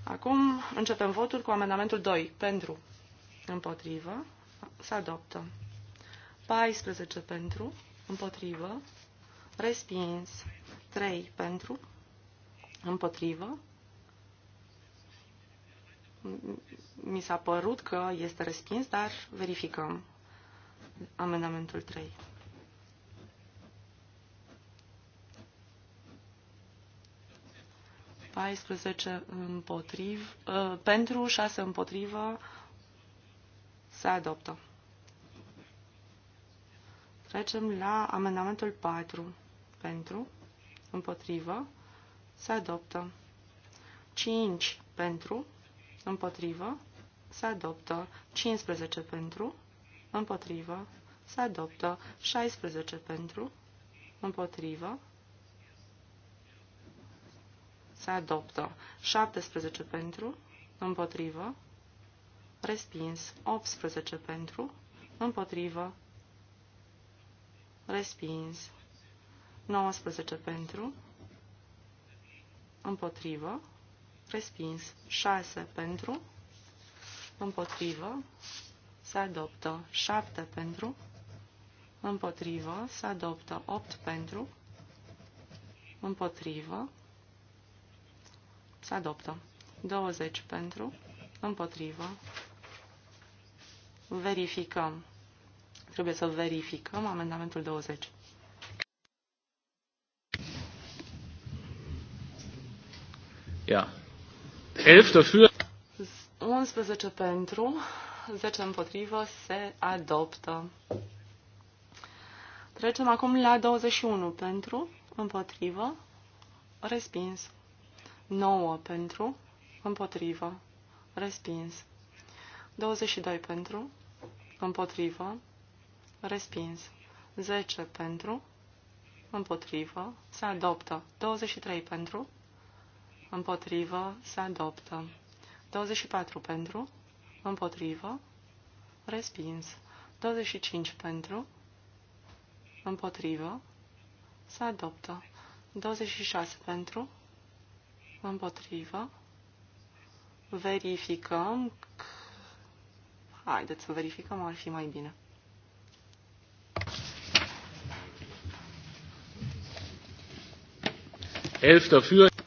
Acum începem votul cu amendamentul 2. Pentru. Împotrivă. Se adoptă. 14 pentru. Împotrivă. Respins. 3 pentru. Împotrivă. Mi s-a părut că este respins, dar verificăm amendamentul 3. paisprezece împotriv, ă, pentru 6 împotrivă se adoptă. Trecem la amendamentul 4. Pentru, împotrivă, se adoptă. 5 pentru, împotrivă, se adoptă 15 pentru, împotrivă, se adoptă 16 pentru, împotrivă, se adoptă 17 pentru, împotrivă, respins 18 pentru, împotrivă, respins 19 pentru, împotrivă, Respins. 6 pentru. Împotrivă. Se adoptă. 7 pentru. Împotrivă. Se adoptă. 8 pentru. Împotrivă. Se adoptă. 20 pentru. Împotrivă. Verificăm. Trebuie să verificăm amendamentul 20. Yeah. 11 dafür. 11 pentru, 10 împotrivă, se adoptă. Trecem acum la 21 pentru, împotrivă, respins. 9 pentru, împotrivă, respins. 22 pentru, împotrivă, respins. 10 pentru, împotrivă, se adoptă. 23 pentru, împotrivă, se adoptă. 24 pentru, împotrivă, respins. 25 pentru, împotrivă, se adoptă. 26 pentru, împotrivă, verificăm, haideți să verificăm, ar fi mai bine. Elf dafür.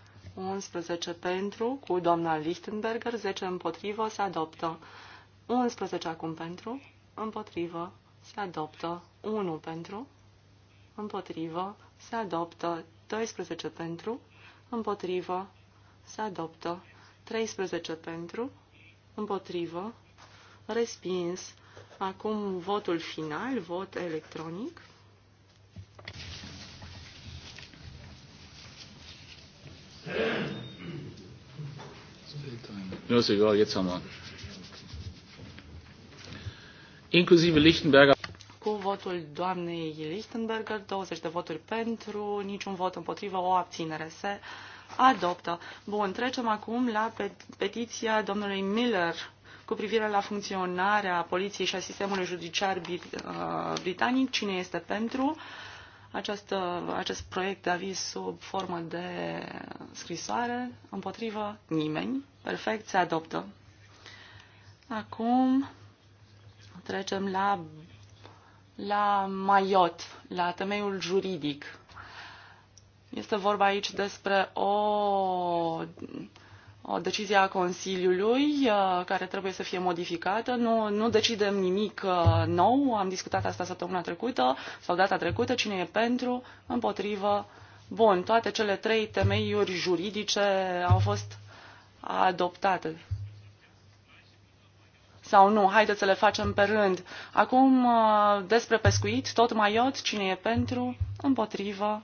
11 pentru, cu doamna Lichtenberger, 10 împotrivă, se adoptă. 11 acum pentru, împotrivă, se adoptă. 1 pentru, împotrivă, se adoptă. 12 pentru, împotrivă, se adoptă. 13 pentru, împotrivă, respins. Acum votul final, vot electronic. Mir ist jetzt haben wir. Inclusive Lichtenberger. Cu votul doamnei Lichtenberger, 20 de voturi pentru, niciun vot împotrivă, o abținere. Se adoptă. Bun, trecem acum la petiția domnului Miller cu privire la funcționarea poliției și a sistemului judiciar uh, britanic. Cine este pentru? această, uh, acest proiect de aviz sub formă de scrisoare, împotrivă nimeni, perfect, se adoptă. Acum trecem la, la maiot, la temeiul juridic. Este vorba aici despre o o decizie a Consiliului uh, care trebuie să fie modificată. Nu, nu decidem nimic uh, nou, am discutat asta săptămâna trecută sau data trecută, cine e pentru, împotrivă. Bun, toate cele trei temeiuri juridice au fost adoptate. Sau nu, haideți să le facem pe rând. Acum, uh, despre pescuit, tot mai iot, cine e pentru, împotrivă,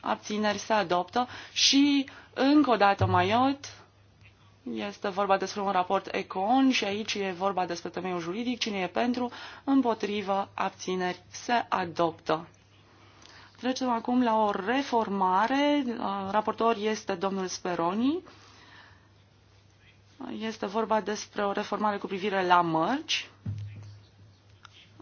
abțineri se adoptă și, încă o dată, iot, este vorba despre un raport ECON și aici e vorba despre temeiul juridic. Cine e pentru, împotrivă, abțineri, se adoptă. Trecem acum la o reformare. Raportor este domnul Speroni. Este vorba despre o reformare cu privire la mărci.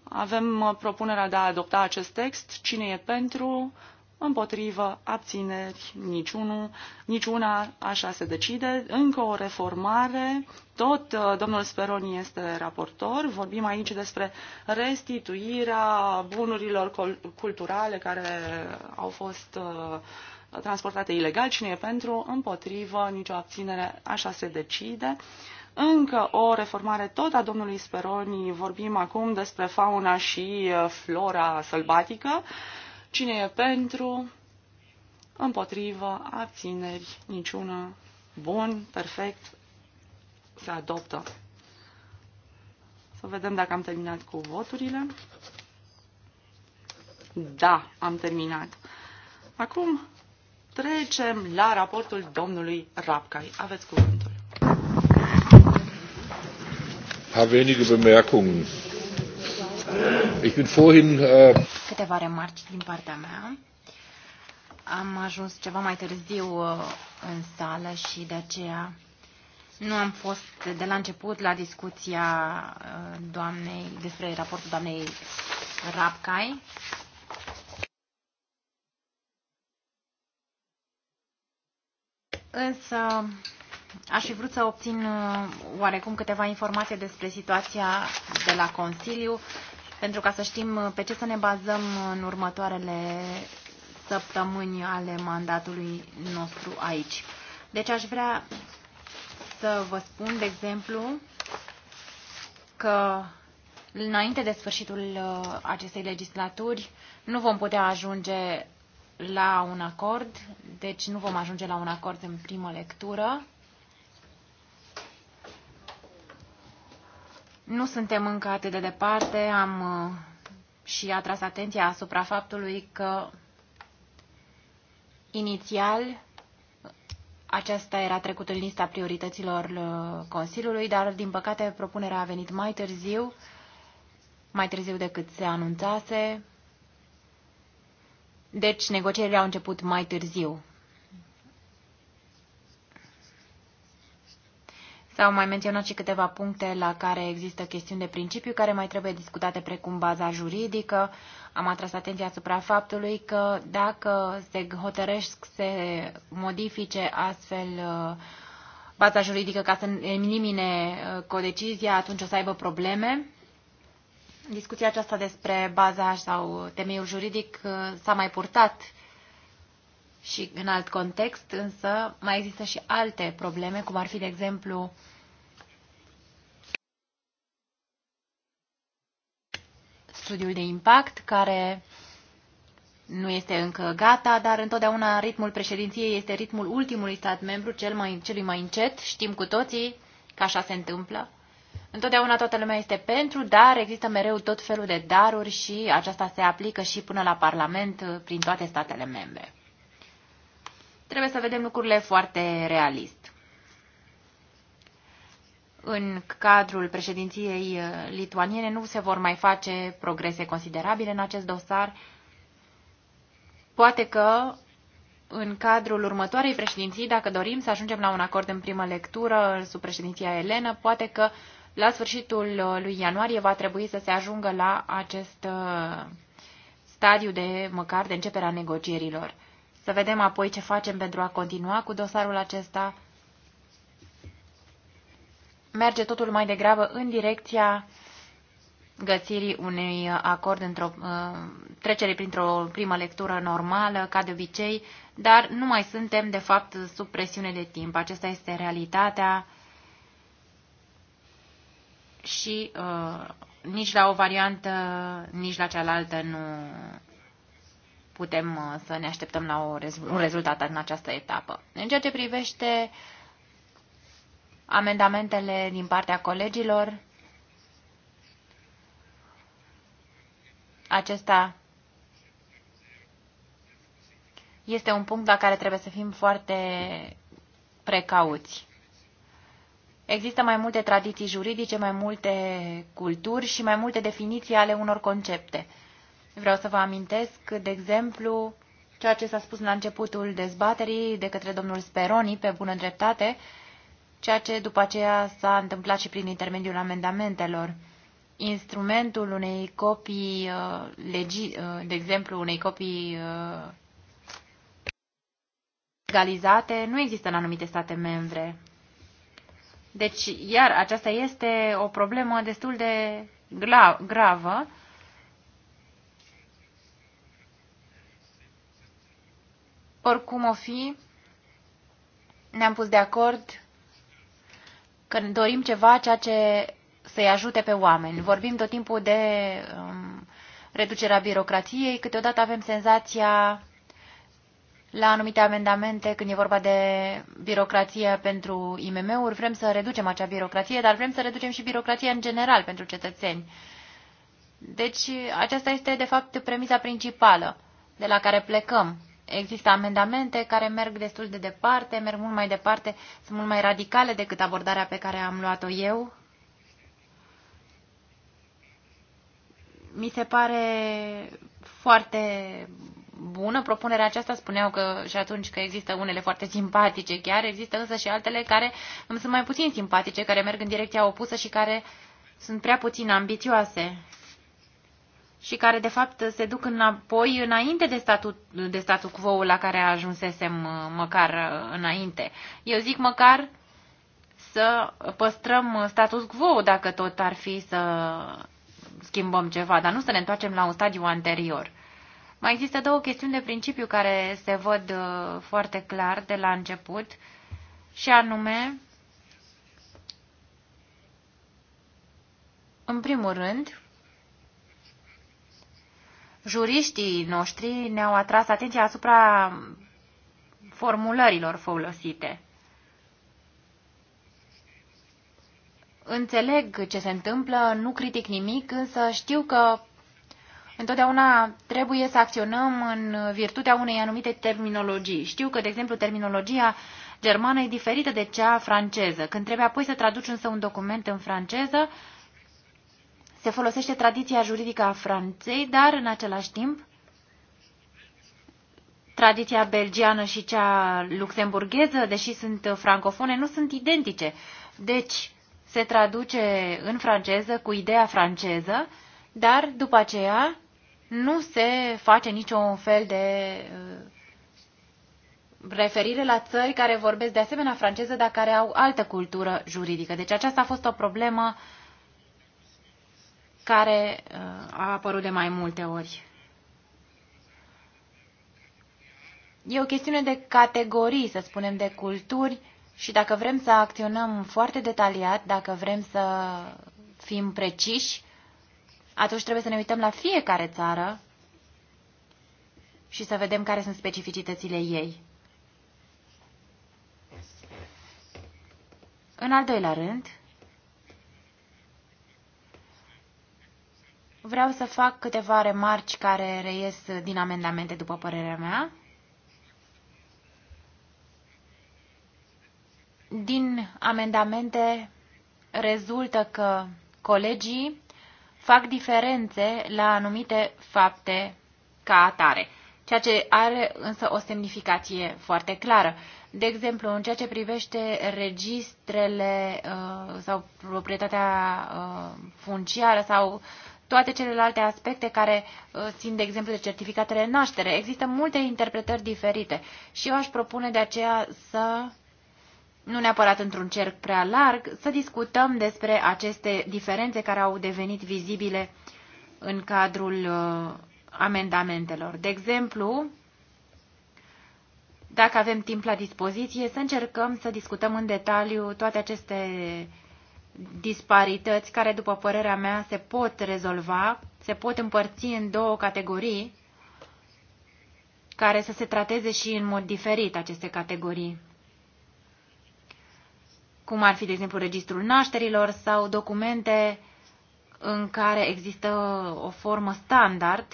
Avem propunerea de a adopta acest text. Cine e pentru? împotrivă, abțineri, niciunul, niciuna, așa se decide. Încă o reformare, tot uh, domnul Speroni este raportor, vorbim aici despre restituirea bunurilor culturale care au fost uh, transportate ilegal, cine e pentru, împotrivă, nicio abținere, așa se decide încă o reformare tot a domnului Speroni. Vorbim acum despre fauna și uh, flora sălbatică. Cine e pentru? Împotrivă, abțineri, niciuna. Bun, perfect, se adoptă. Să vedem dacă am terminat cu voturile. Da, am terminat. Acum trecem la raportul domnului Rapcai. Aveți cuvântul. Ha wenige Bemerkungen. Ich bin vorhin, äh, Câteva remarci din partea mea. Am ajuns ceva mai târziu uh, în sală și de aceea nu am fost de la început la discuția uh, doamnei, despre raportul doamnei Rapcai. Însă aș fi vrut să obțin uh, oarecum câteva informații despre situația de la Consiliu pentru ca să știm uh, pe ce să ne bazăm în următoarele săptămâni ale mandatului nostru aici. Deci aș vrea să vă spun, de exemplu, că înainte de sfârșitul uh, acestei legislaturi nu vom putea ajunge la un acord, deci nu vom ajunge la un acord în primă lectură Nu suntem încă atât de departe, am uh, și atras atenția asupra faptului că inițial aceasta era trecut în lista priorităților uh, Consiliului, dar din păcate propunerea a venit mai târziu, mai târziu decât se anunțase. Deci negocierile au început mai târziu. S-au mai menționat și câteva puncte la care există chestiuni de principiu care mai trebuie discutate, precum baza juridică. Am atras atenția asupra faptului că dacă se hotărăște să se modifice astfel uh, baza juridică ca să elimine uh, codecizia, atunci o să aibă probleme. Discuția aceasta despre baza sau temeiul juridic uh, s-a mai purtat și în alt context, însă mai există și alte probleme, cum ar fi, de exemplu, studiul de impact, care nu este încă gata, dar întotdeauna ritmul președinției este ritmul ultimului stat membru, cel mai, celui mai încet. Știm cu toții că așa se întâmplă. Întotdeauna toată lumea este pentru, dar există mereu tot felul de daruri și aceasta se aplică și până la Parlament prin toate statele membre. Trebuie să vedem lucrurile foarte realist în cadrul președinției uh, lituaniene nu se vor mai face progrese considerabile în acest dosar. Poate că în cadrul următoarei președinții, dacă dorim să ajungem la un acord în primă lectură sub președinția elenă, poate că la sfârșitul uh, lui ianuarie va trebui să se ajungă la acest uh, stadiu de măcar de începerea negocierilor. Să vedem apoi ce facem pentru a continua cu dosarul acesta merge totul mai degrabă în direcția găsirii unui acord într-o uh, trecere printr-o primă lectură normală, ca de obicei, dar nu mai suntem, de fapt, sub presiune de timp. Acesta este realitatea și uh, nici la o variantă, nici la cealaltă nu putem uh, să ne așteptăm la o, un rezultat în această etapă. În ceea ce privește uh, amendamentele din partea colegilor. Acesta este un punct la care trebuie să fim foarte precauți. Există mai multe tradiții juridice, mai multe culturi și mai multe definiții ale unor concepte. Vreau să vă amintesc, de exemplu, ceea ce s-a spus la începutul dezbaterii de către domnul Speroni, pe bună dreptate, ceea ce după aceea s-a întâmplat și prin intermediul amendamentelor. Instrumentul unei copii, uh, legi, uh, de exemplu, unei copii legalizate uh, nu există în anumite state membre. Deci, iar aceasta este o problemă destul de gravă. Oricum o fi, ne-am pus de acord că dorim ceva ceea ce să-i ajute pe oameni. Vorbim tot timpul de um, reducerea birocratiei, câteodată avem senzația la anumite amendamente, când e vorba de birocrație pentru IMM-uri, vrem să reducem acea birocrație, dar vrem să reducem și birocrația în general pentru cetățeni. Deci aceasta este, de fapt, premisa principală de la care plecăm există amendamente care merg destul de departe, merg mult mai departe, sunt mult mai radicale decât abordarea pe care am luat-o eu. Mi se pare foarte bună propunerea aceasta, spuneau că și atunci că există unele foarte simpatice chiar, există însă și altele care sunt mai puțin simpatice, care merg în direcția opusă și care sunt prea puțin ambițioase și care de fapt se duc înapoi înainte de statul, de statul quo la care ajunsesem uh, măcar uh, înainte. Eu zic măcar să păstrăm uh, status quo dacă tot ar fi să schimbăm ceva, dar nu să ne întoarcem la un stadiu anterior. Mai există două chestiuni de principiu care se văd foarte clar de la început și anume, în primul rând, juriștii noștri ne-au atras atenția asupra formulărilor folosite. Înțeleg ce se întâmplă, nu critic nimic, însă știu că întotdeauna trebuie să acționăm în virtutea unei anumite terminologii. Știu că, de exemplu, terminologia germană e diferită de cea franceză. Când trebuie apoi să traduci însă un document în franceză, se folosește tradiția juridică a Franței, dar în același timp tradiția belgiană și cea luxemburgheză, deși sunt francofone, nu sunt identice. Deci se traduce în franceză cu ideea franceză, dar după aceea nu se face niciun fel de uh, referire la țări care vorbesc de asemenea franceză, dar care au altă cultură juridică. Deci aceasta a fost o problemă uh, care uh, a apărut de mai multe ori. E o chestiune de categorii, să spunem, de culturi și dacă vrem să acționăm foarte detaliat, dacă vrem să fim preciși, atunci trebuie să ne uităm la fiecare țară și să vedem care sunt specificitățile ei. În al doilea rând, Vreau să fac câteva remarci care reies din amendamente, după părerea mea. Din amendamente rezultă că colegii fac diferențe la anumite fapte ca atare, ceea ce are însă o semnificație foarte clară. De exemplu, în ceea ce privește registrele uh, sau proprietatea uh, funciară sau uh, toate celelalte aspecte care uh, țin, de exemplu, de certificatele naștere. Există multe interpretări diferite și eu aș propune de aceea să nu neapărat într-un cerc prea larg, să discutăm despre aceste diferențe care au devenit vizibile în cadrul uh, amendamentelor. De exemplu, dacă avem timp la dispoziție, să încercăm să discutăm în detaliu toate aceste disparități care, după părerea mea, se pot rezolva, se pot împărți în două categorii care să se trateze și în mod diferit aceste categorii cum ar fi, de exemplu, registrul nașterilor sau documente în care există o formă standard,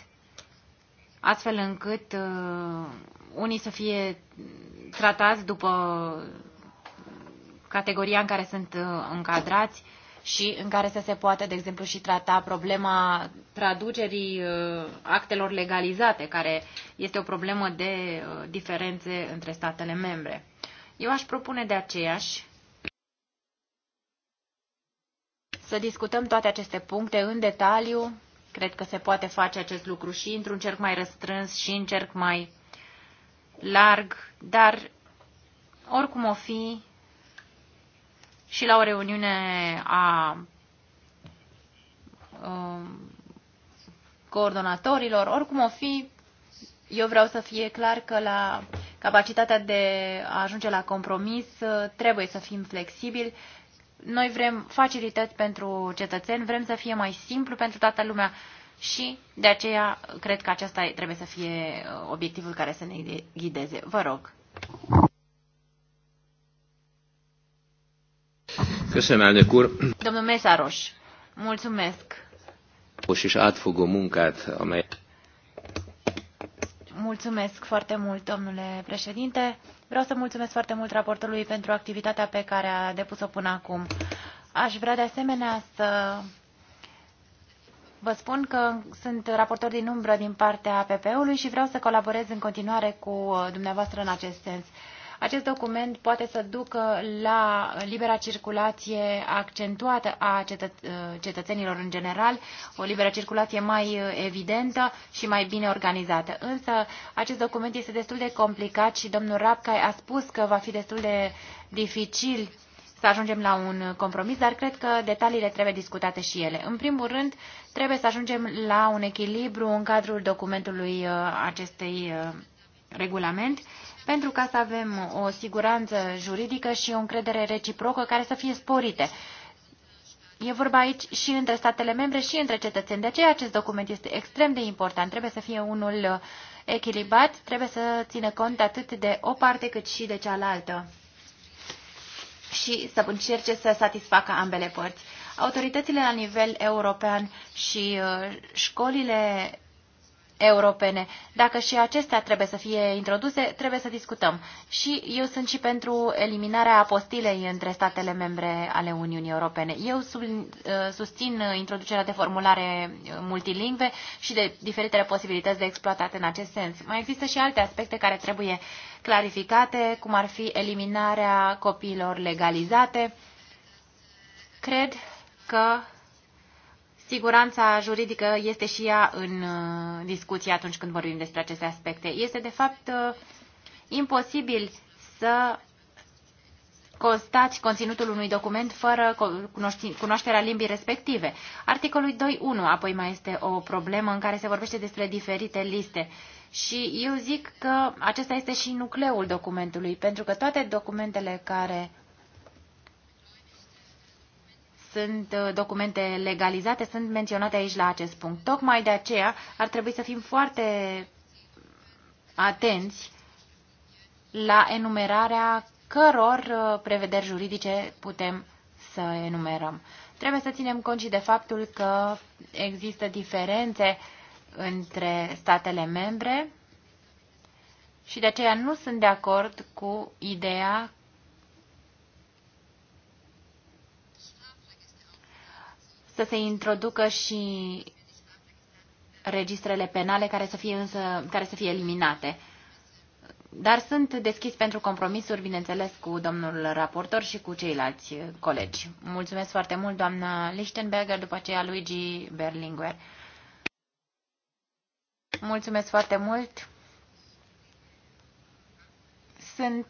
astfel încât uh, unii să fie tratați după categoria în care sunt uh, încadrați și în care să se poată, de exemplu, și trata problema traducerii uh, actelor legalizate, care este o problemă de uh, diferențe între statele membre. Eu aș propune de aceeași să discutăm toate aceste puncte în detaliu. Cred că se poate face acest lucru și într-un cerc mai răstrâns și în cerc mai larg, dar oricum o fi, și la o reuniune a um, coordonatorilor, oricum o fi, eu vreau să fie clar că la capacitatea de a ajunge la compromis uh, trebuie să fim flexibili. Noi vrem facilități pentru cetățeni, vrem să fie mai simplu pentru toată lumea și de aceea cred că acesta trebuie să fie uh, obiectivul care să ne ghideze. Vă rog. Domnul Mészáros, mulțumesc. Most is átfogó Mulțumesc foarte mult, domnule președinte. Vreau să mulțumesc foarte mult raportorului pentru activitatea pe care a depus-o până acum. Aș vrea de asemenea să Vă spun că sunt raportor din umbră din partea APP-ului și vreau să colaborez în continuare cu dumneavoastră în acest sens. Acest document poate să ducă la libera circulație accentuată a cetă uh, cetățenilor în general, o liberă circulație mai uh, evidentă și mai bine organizată. Însă acest document este destul de complicat și domnul Rapcai a spus că va fi destul de dificil să ajungem la un compromis, dar cred că detaliile trebuie discutate și ele. În primul rând, trebuie să ajungem la un echilibru în cadrul documentului uh, acestei regulament pentru ca să avem o siguranță juridică și o încredere reciprocă care să fie sporite. E vorba aici și între statele membre și între cetățeni. De aceea acest document este extrem de important. Trebuie să fie unul uh, echilibrat, trebuie să țină cont atât de o parte cât și de cealaltă și să încerce să satisfacă ambele părți. Autoritățile la nivel european și uh, școlile europene. Dacă și acestea trebuie să fie introduse, trebuie să discutăm. Și eu sunt și pentru eliminarea apostilei între statele membre ale Uniunii Europene. Eu sub, uh, susțin introducerea de formulare multilingve și de diferitele posibilități de exploatate în acest sens. Mai există și alte aspecte care trebuie clarificate, cum ar fi eliminarea copiilor legalizate. Cred că Siguranța juridică este și ea în uh, discuție atunci când vorbim despre aceste aspecte. Este, de fapt, uh, imposibil să constați conținutul unui document fără cunoașterea limbii respective. Articolul 2.1 apoi mai este o problemă în care se vorbește despre diferite liste. Și eu zic că acesta este și nucleul documentului, pentru că toate documentele care sunt uh, documente legalizate, sunt menționate aici la acest punct. Tocmai de aceea ar trebui să fim foarte atenți la enumerarea căror uh, prevederi juridice putem să enumerăm. Trebuie să ținem cont și de faptul că există diferențe între statele membre și de aceea nu sunt de acord cu ideea să se introducă și registrele penale care să fie, însă, care să fie eliminate. Dar sunt deschis pentru compromisuri, bineînțeles, cu domnul raportor și cu ceilalți colegi. Mulțumesc foarte mult, doamna Lichtenberger, după aceea Luigi Berlinguer. Mulțumesc foarte mult. Sunt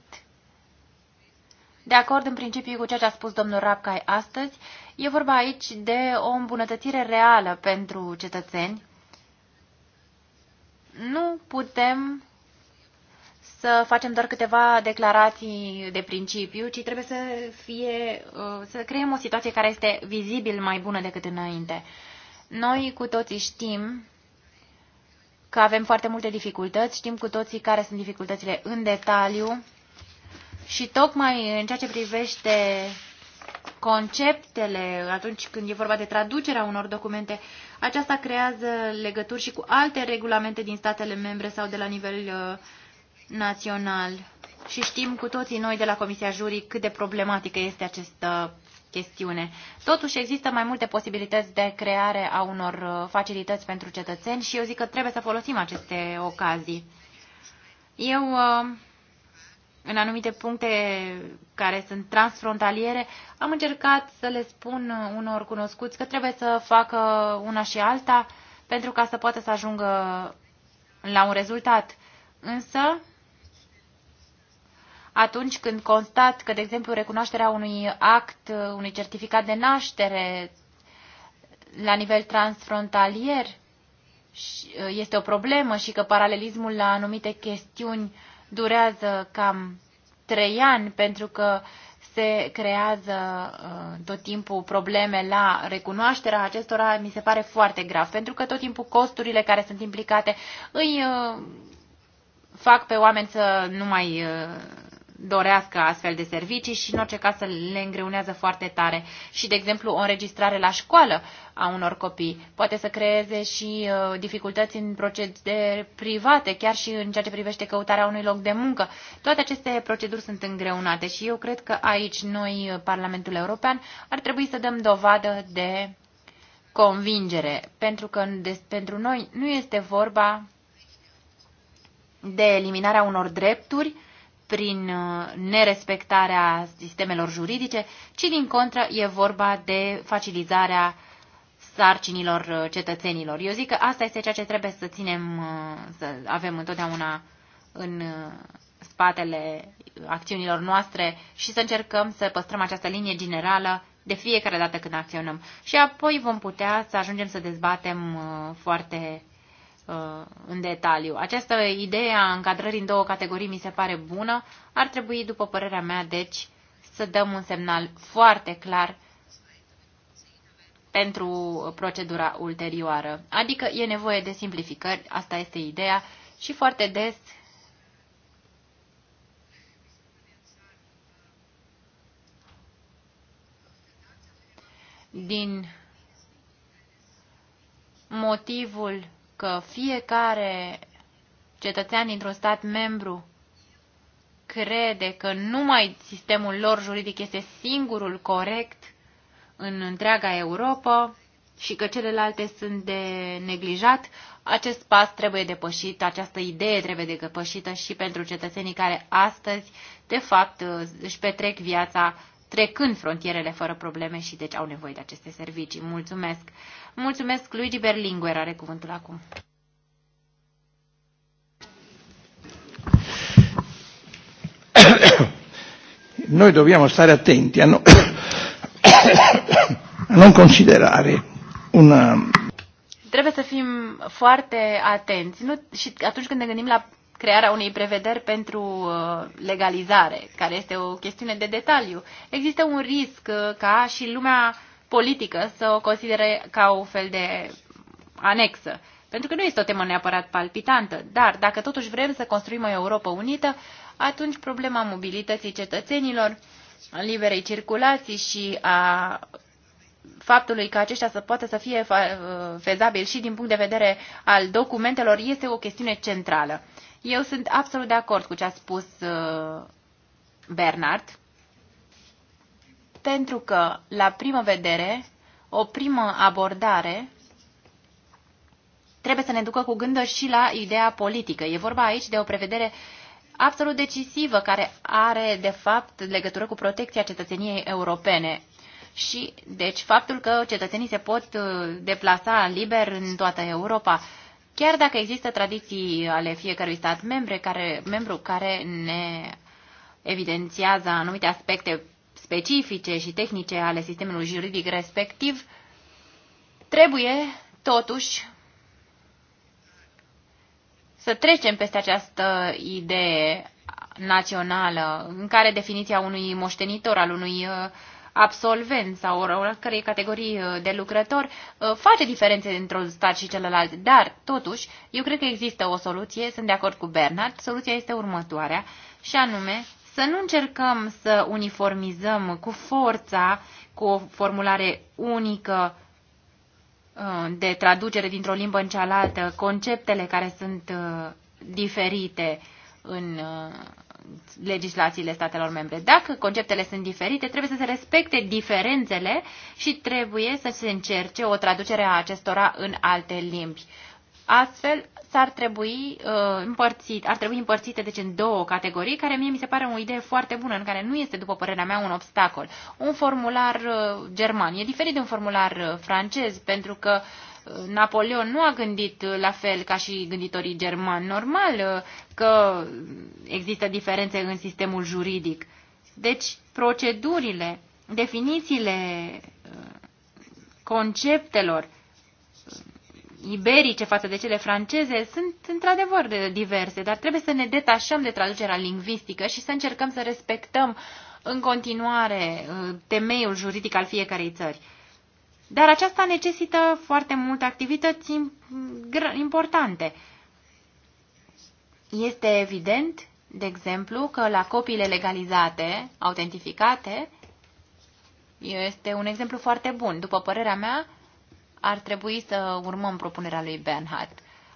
de acord în principiu cu ceea ce a spus domnul Rapcai astăzi. E vorba aici de o îmbunătățire reală pentru cetățeni. Nu putem să facem doar câteva declarații de principiu, ci trebuie să, fie, uh, să creăm o situație care este vizibil mai bună decât înainte. Noi cu toții știm că avem foarte multe dificultăți, știm cu toții care sunt dificultățile în detaliu și tocmai în ceea ce privește conceptele, atunci când e vorba de traducerea unor documente, aceasta creează legături și cu alte regulamente din statele membre sau de la nivel uh, național. Și știm cu toții noi de la Comisia Jurii cât de problematică este această chestiune. Totuși există mai multe posibilități de creare a unor uh, facilități pentru cetățeni și eu zic că trebuie să folosim aceste ocazii. Eu uh, în anumite puncte care sunt transfrontaliere, am încercat să le spun unor cunoscuți că trebuie să facă una și alta pentru ca să poată să ajungă la un rezultat. Însă, atunci când constat că, de exemplu, recunoașterea unui act, unui certificat de naștere la nivel transfrontalier este o problemă și că paralelismul la anumite chestiuni durează cam trei ani pentru că se creează uh, tot timpul probleme la recunoașterea acestora, mi se pare foarte grav, pentru că tot timpul costurile care sunt implicate îi uh, fac pe oameni să nu mai uh, dorească astfel de servicii și în orice caz să le îngreunează foarte tare. Și, de exemplu, o înregistrare la școală a unor copii poate să creeze și uh, dificultăți în proceduri private, chiar și în ceea ce privește căutarea unui loc de muncă. Toate aceste proceduri sunt îngreunate și eu cred că aici noi, uh, Parlamentul European, ar trebui să dăm dovadă de convingere, pentru că de, pentru noi nu este vorba de eliminarea unor drepturi, prin uh, nerespectarea sistemelor juridice, ci din contră e vorba de facilitarea sarcinilor uh, cetățenilor. Eu zic că asta este ceea ce trebuie să ținem, uh, să avem întotdeauna în spatele acțiunilor noastre și să încercăm să păstrăm această linie generală de fiecare dată când acționăm. Și apoi vom putea să ajungem să dezbatem foarte Uh, în detaliu. Această idee a încadrării în două categorii mi se pare bună. Ar trebui, după părerea mea, deci, să dăm un semnal foarte clar pentru procedura ulterioară. Adică e nevoie de simplificări, asta este ideea, și foarte des din motivul că fiecare cetățean dintr-un stat membru crede că numai sistemul lor juridic este singurul corect în întreaga Europa și că celelalte sunt de neglijat, acest pas trebuie depășit, această idee trebuie depășită și pentru cetățenii care astăzi, de fapt, își petrec viața trecând frontierele fără probleme și deci au nevoie de aceste servicii. Mulțumesc! Mulțumesc, Luigi Berlinguer are cuvântul acum. Noi dobbiamo stare attenti a, no, a non considerare una... Um, Trebuie să fim foarte atenți nu, și atunci când ne gândim la crearea unei prevederi pentru uh, legalizare, care este o chestiune de detaliu. Există un risc uh, ca și lumea politică să o considere ca un fel de anexă. Pentru că nu este o temă neapărat palpitantă, dar dacă totuși vrem să construim o Europa unită, atunci problema mobilității cetățenilor, liberei circulații și a faptului că aceștia să poată să fie uh, fezabil și din punct de vedere al documentelor este o chestiune centrală. Eu sunt absolut de acord cu ce a spus uh, Bernard pentru că, la primă vedere, o primă abordare trebuie să ne ducă cu gândă și la ideea politică. E vorba aici de o prevedere absolut decisivă care are, de fapt, legătură cu protecția cetățeniei europene. Și, deci, faptul că cetățenii se pot uh, deplasa liber în toată Europa, chiar dacă există tradiții ale fiecărui stat membre care, membru care ne evidențiază anumite aspecte specifice și tehnice ale sistemului juridic respectiv, trebuie totuși să trecem peste această idee națională în care definiția unui moștenitor, al unui uh, absolvent sau oricărei categorii uh, de lucrători uh, face diferențe dintr un stat și celălalt, dar totuși eu cred că există o soluție, sunt de acord cu Bernard, soluția este următoarea și anume să nu încercăm să uniformizăm cu forța, cu o formulare unică uh, de traducere dintr-o limbă în cealaltă, conceptele care sunt uh, diferite în uh, legislațiile statelor membre. Dacă conceptele sunt diferite, trebuie să se respecte diferențele și trebuie să se încerce o traducere a acestora în alte limbi. Astfel, acestea ar trebui, uh, împărțit, ar trebui împărțite deci, în două categorii, care mie mi se pare o idee foarte bună, în care nu este, după părerea mea, un obstacol. Un formular uh, german e diferit de un formular uh, francez, pentru că uh, Napoleon nu a gândit uh, la fel ca și gânditorii germani. Normal uh, că există diferențe în sistemul juridic. Deci, procedurile, definițiile conceptelor iberice față de cele franceze sunt într-adevăr diverse, dar trebuie să ne detașăm de traducerea lingvistică și să încercăm să respectăm în continuare uh, temeiul juridic al fiecarei țări. Dar aceasta necesită foarte multe activități importante. Este evident, de exemplu, că la copiile legalizate, autentificate, este un exemplu foarte bun. După părerea mea, ar trebui să urmăm propunerea lui Bernhard,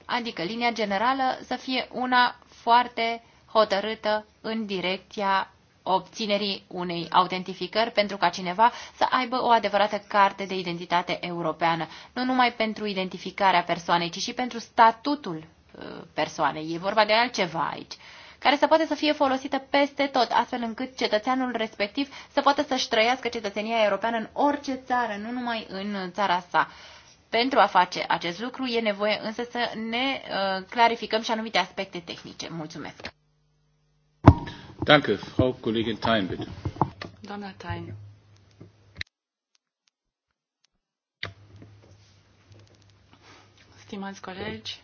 Adică linia generală să fie una foarte hotărâtă în direcția obținerii unei autentificări pentru ca cineva să aibă o adevărată carte de identitate europeană, nu numai pentru identificarea persoanei, ci și pentru statutul uh, persoanei. E vorba de altceva aici care să poată să fie folosită peste tot, astfel încât cetățeanul respectiv să poată să-și trăiască cetățenia europeană în orice țară, nu numai în țara sa. Pentru a face acest lucru e nevoie însă să ne uh, clarificăm și anumite aspecte tehnice. Mulțumesc! Danke, Frau Kollegin Thein, bitte. Doamna Thein. Stimați colegi,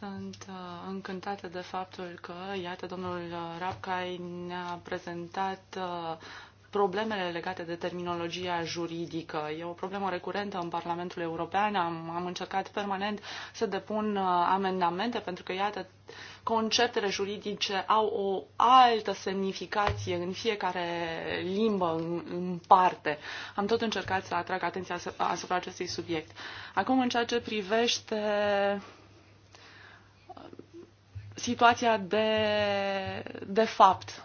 sunt uh, încântată de faptul că, iată, domnul Rapcai ne-a prezentat uh, problemele legate de terminologia juridică. E o problemă recurentă în Parlamentul European. Am, am încercat permanent să depun uh, amendamente pentru că, iată, conceptele juridice au o altă semnificație în fiecare limbă în, în parte. Am tot încercat să atrag atenția asupra acestui subiect. Acum, în ceea ce privește situația de, de fapt.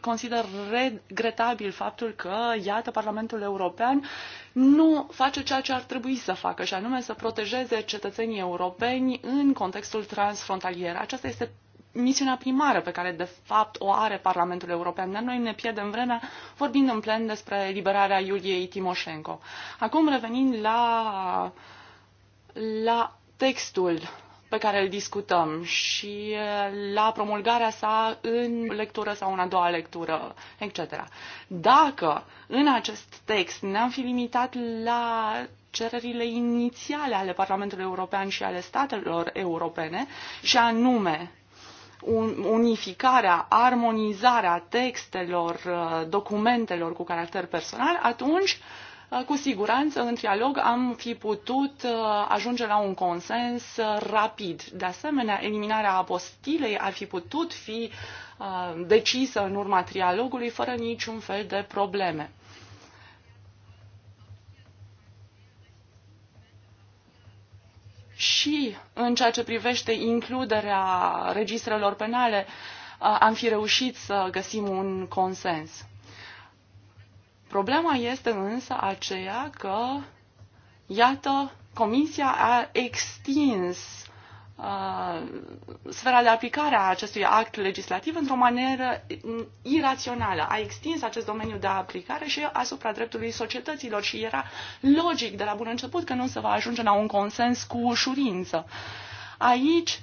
Consider regretabil faptul că, iată, Parlamentul European nu face ceea ce ar trebui să facă, și anume să protejeze cetățenii europeni în contextul transfrontalier. Aceasta este misiunea primară pe care, de fapt, o are Parlamentul European, dar noi ne pierdem vremea vorbind în plen despre liberarea Iuliei Timoșenko. Acum, revenind la, la textul pe care îl discutăm și la promulgarea sa în lectură sau în a doua lectură, etc. Dacă în acest text ne-am fi limitat la cererile inițiale ale Parlamentului European și ale statelor europene, și anume unificarea, armonizarea textelor, documentelor cu caracter personal, atunci uh, Uh, cu siguranță, în trialog am fi putut uh, ajunge la un consens uh, rapid. De asemenea, eliminarea apostilei ar fi putut fi decisă în urma trialogului fără niciun fel de probleme. Și în ceea ce privește includerea registrelor penale, am fi reușit să găsim un consens. Problema este însă aceea că, iată, Comisia a extins uh, sfera de aplicare a acestui act legislativ într-o manieră irațională. A extins acest domeniu de aplicare și asupra dreptului societăților și era logic de la bun început că nu se va ajunge la un consens cu ușurință. Aici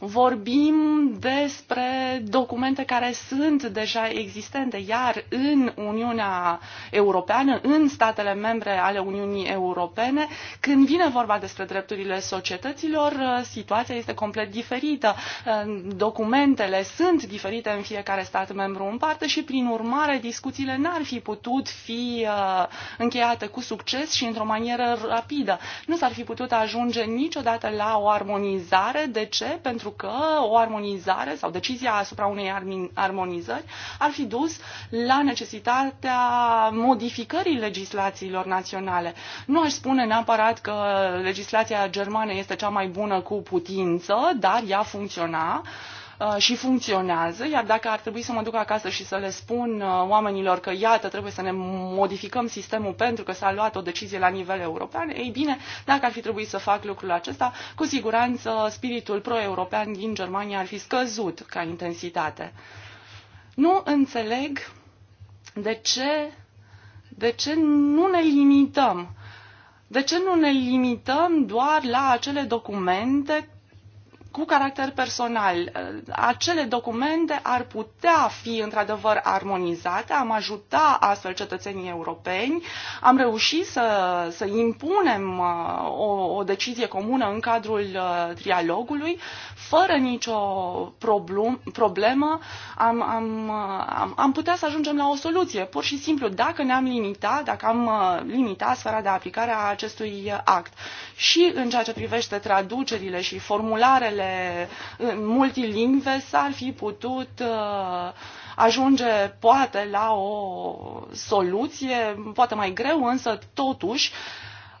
vorbim despre documente care sunt deja existente, iar în Uniunea Europeană, în statele membre ale Uniunii Europene, când vine vorba despre drepturile societăților, uh, situația este complet diferită. Uh, documentele sunt diferite în fiecare stat membru în parte și, prin urmare, discuțiile n-ar fi putut fi uh, încheiate cu succes și într-o manieră rapidă. Nu s-ar fi putut ajunge niciodată la o armonizare. De ce? Pentru pentru că o armonizare sau decizia asupra unei armonizări ar fi dus la necesitatea modificării legislațiilor naționale. Nu aș spune neapărat că legislația germană este cea mai bună cu putință, dar ea funcționa uh, Uh, și funcționează, iar dacă ar trebui să mă duc acasă și să le spun uh, oamenilor că iată, trebuie să ne modificăm sistemul pentru că s-a luat o decizie la nivel european, ei bine, dacă ar fi trebuit să fac lucrul acesta, cu siguranță spiritul pro-european din Germania ar fi scăzut ca intensitate. Nu înțeleg de ce, de ce nu ne limităm. De ce nu ne limităm doar la acele documente cu caracter personal. Uh, acele documente ar putea fi într-adevăr armonizate, am ajuta astfel cetățenii europeni, am reușit să, să impunem uh, o, o decizie comună în cadrul uh, trialogului, fără nicio problem, problemă, am, am, am, am putea să ajungem la o soluție. Pur și simplu, dacă ne-am limitat, dacă am limitat sfera de aplicare a acestui act. Și în ceea ce privește traducerile și formularele limbile multilingve s-ar fi putut uh, ajunge poate la o soluție, poate mai greu, însă totuși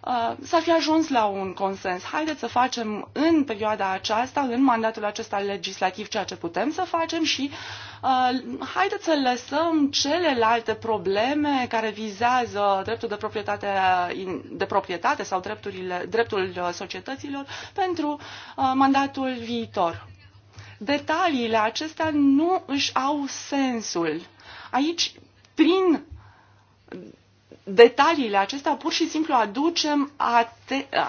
Uh, s a fi ajuns la un consens. Haideți să facem în perioada aceasta, în mandatul acesta legislativ, ceea ce putem să facem și uh, haideți să lăsăm celelalte probleme care vizează dreptul de proprietate, de proprietate sau drepturile, dreptul uh, societăților pentru uh, mandatul viitor. Detaliile acestea nu își au sensul. Aici, prin detaliile acestea pur și simplu aducem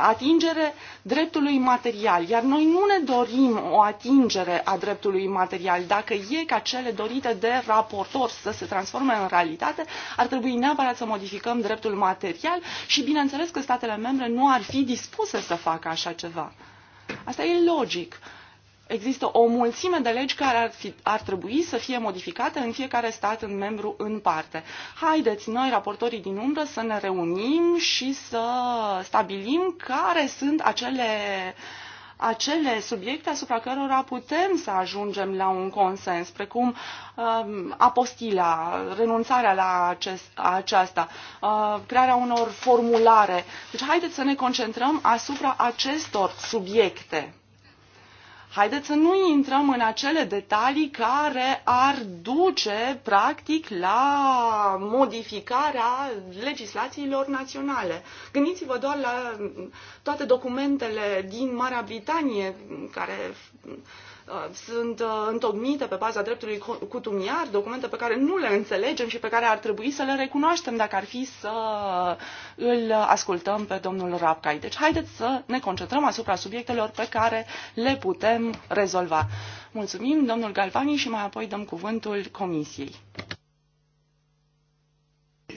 atingere dreptului material, iar noi nu ne dorim o atingere a dreptului material. Dacă e ca cele dorite de raportor să se transforme în realitate, ar trebui neapărat să modificăm dreptul material și bineînțeles că statele membre nu ar fi dispuse să facă așa ceva. Asta e logic. Uh, există o mulțime de legi care ar, fi, ar trebui să fie modificate în fiecare stat în membru în parte. Haideți noi, raportorii din umbră, să ne reunim și să stabilim care sunt acele acele subiecte asupra cărora putem să ajungem la un consens, precum um, apostila, renunțarea la acest, aceasta, uh, crearea unor formulare. Deci haideți să ne concentrăm asupra acestor subiecte haideți să nu intrăm în acele detalii care ar duce, practic, la modificarea legislațiilor naționale. Gândiți-vă doar la toate documentele din Marea Britanie care Uh, sunt uh, întocmite pe baza dreptului cutumiar, documente pe care nu le înțelegem și pe care ar trebui să le recunoaștem dacă ar fi să îl ascultăm pe domnul Rapcai. Deci haideți să ne concentrăm asupra subiectelor pe care le putem rezolva. Mulțumim, domnul Galvani, și mai apoi dăm cuvântul Comisiei.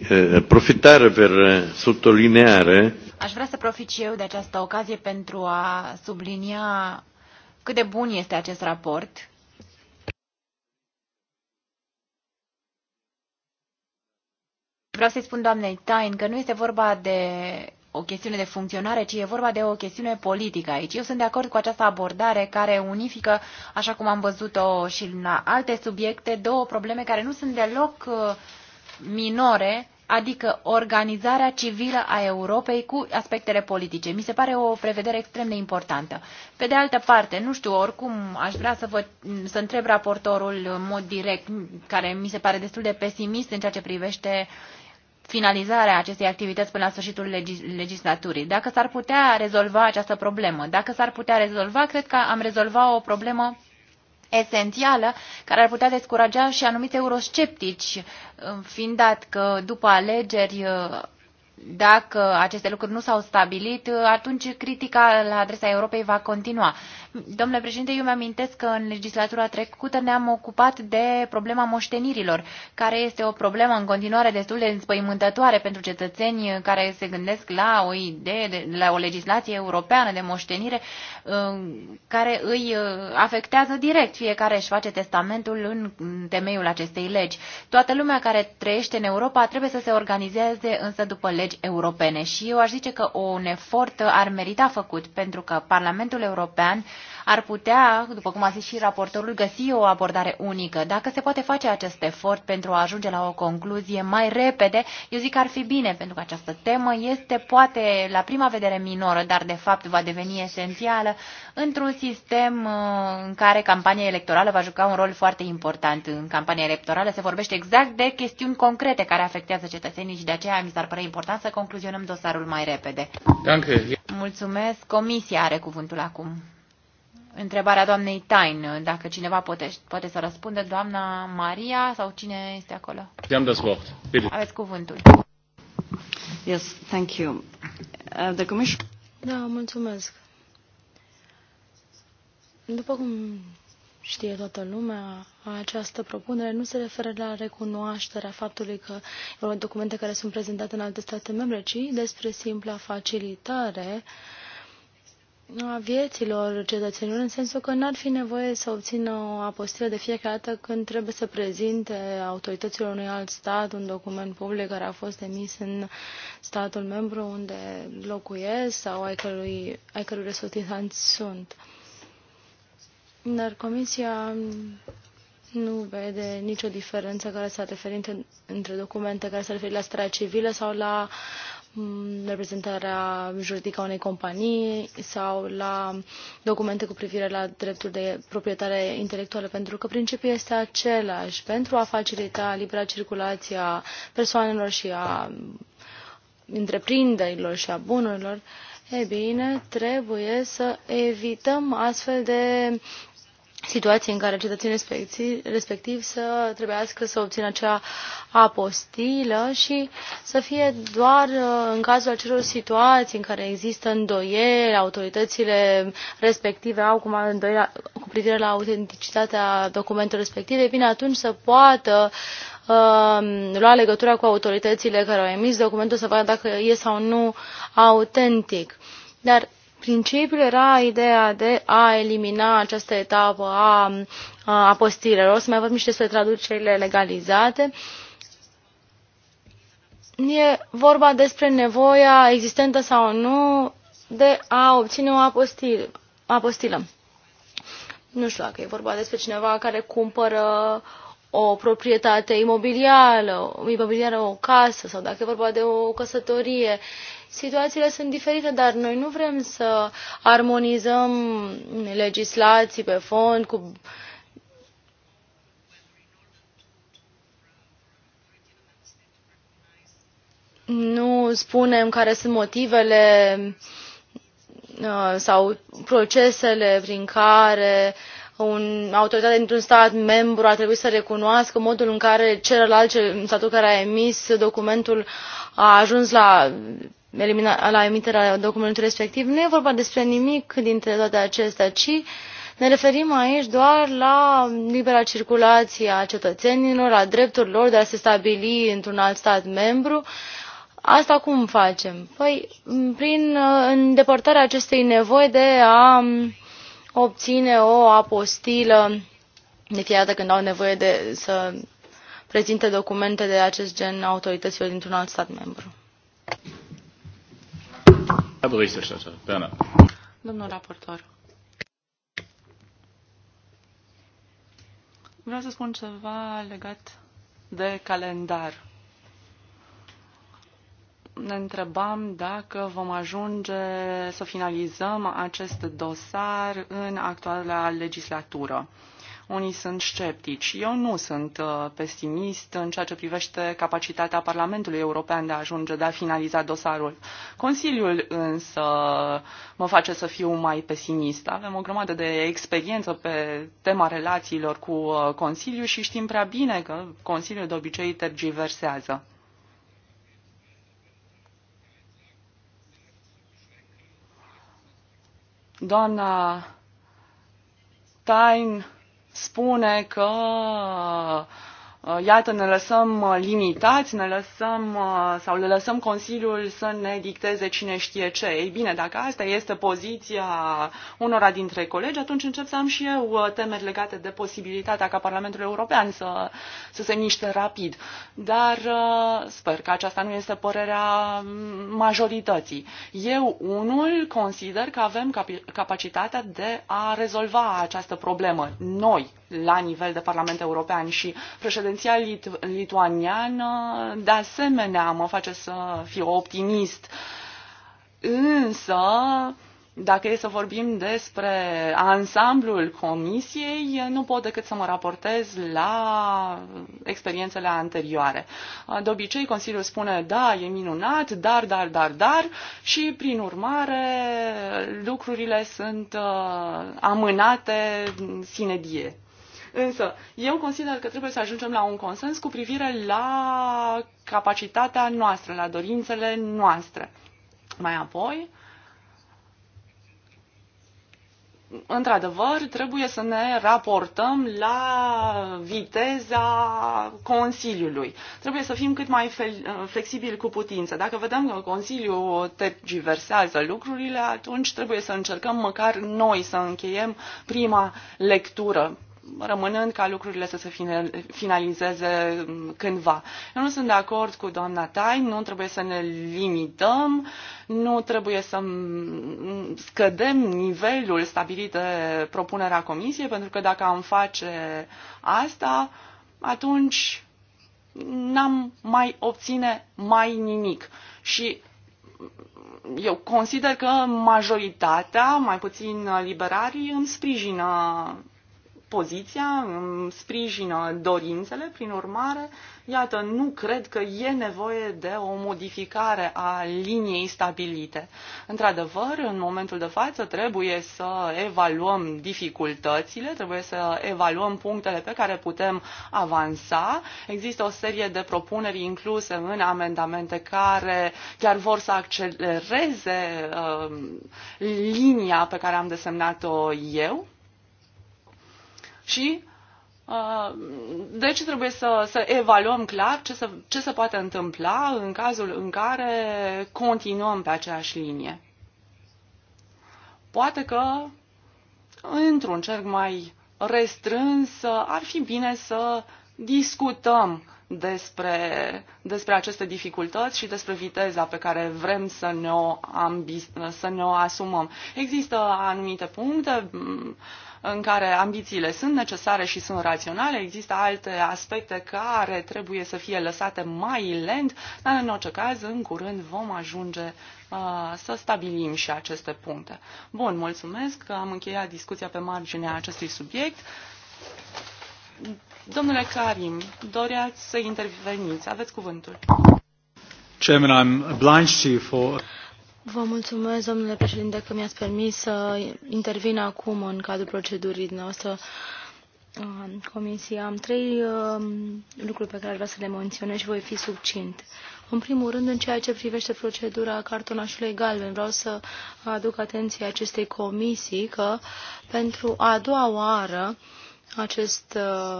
Eh, profitare per eh, sottolineare. Aș vrea să profit și eu de această ocazie pentru a sublinia cât de bun este acest raport. Vreau să-i spun doamnei Tain că nu este vorba de o chestiune de funcționare, ci e vorba de o chestiune politică aici. Eu sunt de acord cu această abordare care unifică, așa cum am văzut-o și la alte subiecte, două probleme care nu sunt deloc uh, minore, adică organizarea civilă a Europei cu aspectele politice. Mi se pare o prevedere extrem de importantă. Pe de altă parte, nu știu, oricum aș vrea să, vă, să întreb raportorul în mod direct, care mi se pare destul de pesimist în ceea ce privește finalizarea acestei activități până la sfârșitul legis legislaturii. Dacă s-ar putea rezolva această problemă, dacă s-ar putea rezolva, cred că am rezolvat o problemă esențială care ar putea descuraja și anumite eurosceptici, fiind dat că după alegeri dacă aceste lucruri nu s-au stabilit, atunci critica la adresa Europei va continua. Domnule președinte, eu mi-amintesc că în legislatura trecută ne-am ocupat de problema moștenirilor, care este o problemă în continuare destul de înspăimântătoare pentru cetățeni care se gândesc la o idee, la o legislație europeană de moștenire, um, care îi uh, afectează direct. Fiecare își face testamentul în temeiul acestei legi. Toată lumea care trăiește în Europa trebuie să se organizeze însă după legi europene și eu aș zice că un efort ar merita făcut pentru că Parlamentul European ar putea, după cum a zis și raportorul, găsi o abordare unică. Dacă se poate face acest efort pentru a ajunge la o concluzie mai repede, eu zic că ar fi bine, pentru că această temă este poate la prima vedere minoră, dar de fapt va deveni esențială într-un sistem uh, în care campania electorală va juca un rol foarte important. În campania electorală se vorbește exact de chestiuni concrete care afectează cetățenii și de aceea mi s-ar părea important să concluzionăm dosarul mai repede. Danke. Mulțumesc. Comisia are cuvântul acum întrebarea doamnei Tain, dacă cineva poate, poate să răspundă, doamna Maria sau cine este acolo? Am das Wort. Bitte. Aveți cuvântul. Yes, thank you. Uh, the commission... Da, mulțumesc. După cum știe toată lumea, această propunere nu se referă la recunoașterea faptului că documente care sunt prezentate în alte state membre, ci despre simpla facilitare uh, a vieților cetățenilor, în sensul că n-ar fi nevoie să obțină o apostilă de fiecare dată când trebuie să prezinte autorităților unui alt stat un document public care a fost emis în statul membru unde locuiesc sau ai cărui, ai cărui resortizanți sunt. Dar Comisia nu vede nicio diferență care s-a referit între documente care s-a referit la starea civilă sau la Mm, reprezentarea juridică a unei companii sau la documente cu privire la dreptul de proprietare intelectuală, pentru că principiul este același pentru a facilita libera circulație a persoanelor și a întreprinderilor și a bunurilor. E bine, trebuie să evităm astfel de situații în care cetățenii respectiv să trebuiască să obțină acea apostilă și să fie doar uh, în cazul acelor situații în care există îndoieli, autoritățile respective au cum îndoiela cu privire la autenticitatea documentelor respective, bine atunci să poată uh, lua legătura cu autoritățile care au emis documentul să vadă dacă e sau nu autentic. Dar Principiul era ideea de a elimina această etapă a, a apostilelor. O să mai văd despre traducerile legalizate. E vorba despre nevoia existentă sau nu de a obține o apostil, apostilă. Nu știu dacă e vorba despre cineva care cumpără o proprietate imobiliară, imobiliară, o casă sau dacă e vorba de o căsătorie. Situațiile sunt diferite, dar noi nu vrem să armonizăm legislații pe fond cu nu spunem care sunt motivele uh, sau procesele prin care uh, un autoritate dintr un stat membru ar trebui să recunoască modul în care celălalt statul care a emis documentul a ajuns la, emiterea documentului respectiv. Nu e vorba despre nimic dintre toate acestea, ci ne referim aici doar la libera circulație a cetățenilor, a dreptul lor de a se stabili într-un alt stat membru, Asta cum facem? Păi, prin uh, îndepărtarea acestei nevoi de a obține o apostilă de fiecare dată când au nevoie de să prezinte documente de acest gen autorităților dintr-un alt stat membru. Domnul raportor. Vreau să spun ceva legat de calendar ne întrebam dacă vom ajunge să finalizăm acest dosar în actuala legislatură. Unii sunt sceptici. Eu nu sunt uh, pesimist în ceea ce privește capacitatea Parlamentului European de a ajunge, de a finaliza dosarul. Consiliul însă mă face să fiu mai pesimist. Avem o grămadă de experiență pe tema relațiilor cu uh, Consiliul și știm prea bine că Consiliul de obicei tergiversează. Doamna Tain spune că Uh, iată, ne lăsăm uh, limitați, ne lăsăm uh, sau le lăsăm Consiliul să ne dicteze cine știe ce. Ei bine, dacă asta este poziția unora dintre colegi, atunci încep să am și eu temeri legate de posibilitatea ca Parlamentul European să, să se miște rapid. Dar sper că aceasta nu este părerea majorității. Eu, unul, consider că avem capacitatea de a rezolva această problemă. Noi, la nivel de Parlament European și președinția lit- lituaniană de asemenea mă face să fiu optimist. Însă, dacă e să vorbim despre ansamblul comisiei, nu pot decât să mă raportez la experiențele anterioare. De obicei, Consiliul spune, da, e minunat, dar, dar, dar, dar, și, prin urmare, lucrurile sunt uh, amânate sine die. Însă, eu consider că trebuie să ajungem la un consens cu privire la capacitatea noastră, la dorințele noastre. Mai apoi, într-adevăr, trebuie să ne raportăm la viteza Consiliului. Trebuie să fim cât mai flexibili cu putință. Dacă vedem că Consiliul tergiversează lucrurile, atunci trebuie să încercăm măcar noi să încheiem prima lectură rămânând ca lucrurile să se finalizeze mm, cândva. Eu nu sunt de acord cu doamna Tai, nu trebuie să ne limităm, nu trebuie să mm, scădem nivelul stabilit de propunerea comisiei, pentru că dacă am face asta, atunci n-am mai obține mai nimic. Și eu consider că majoritatea, mai puțin liberarii, îmi sprijină poziția, îmi sprijină dorințele, prin urmare, iată, nu cred că e nevoie de o modificare a liniei stabilite. Într-adevăr, în momentul de față trebuie să evaluăm dificultățile, trebuie să evaluăm punctele pe care putem avansa. Există o serie de propuneri incluse în amendamente care chiar vor să accelereze uh, linia pe care am desemnat-o eu și uh, deci trebuie să, să evaluăm clar ce se, ce se poate întâmpla în cazul în care continuăm pe aceeași linie. Poate că într-un cerc mai restrâns ar fi bine să discutăm despre, despre aceste dificultăți și despre viteza pe care vrem să ne o, ambi, să ne o asumăm. Există anumite puncte în care ambițiile sunt necesare și sunt raționale, există alte aspecte care trebuie să fie lăsate mai lent, dar în orice caz, în curând vom ajunge uh, să stabilim și aceste puncte. Bun, mulțumesc că am încheiat discuția pe marginea acestui subiect. Domnule Karim, doreați să interveniți. Aveți cuvântul. Chairman, I'm obliged to you for... Vă mulțumesc, domnule președinte, că mi-ați permis să intervin acum în cadrul procedurii noastre în comisie. Am trei uh, lucruri pe care vreau să le menționez și voi fi subcint. În primul rând, în ceea ce privește procedura cartonașului galben, vreau să aduc atenția acestei comisii că pentru a doua oară uh, acest,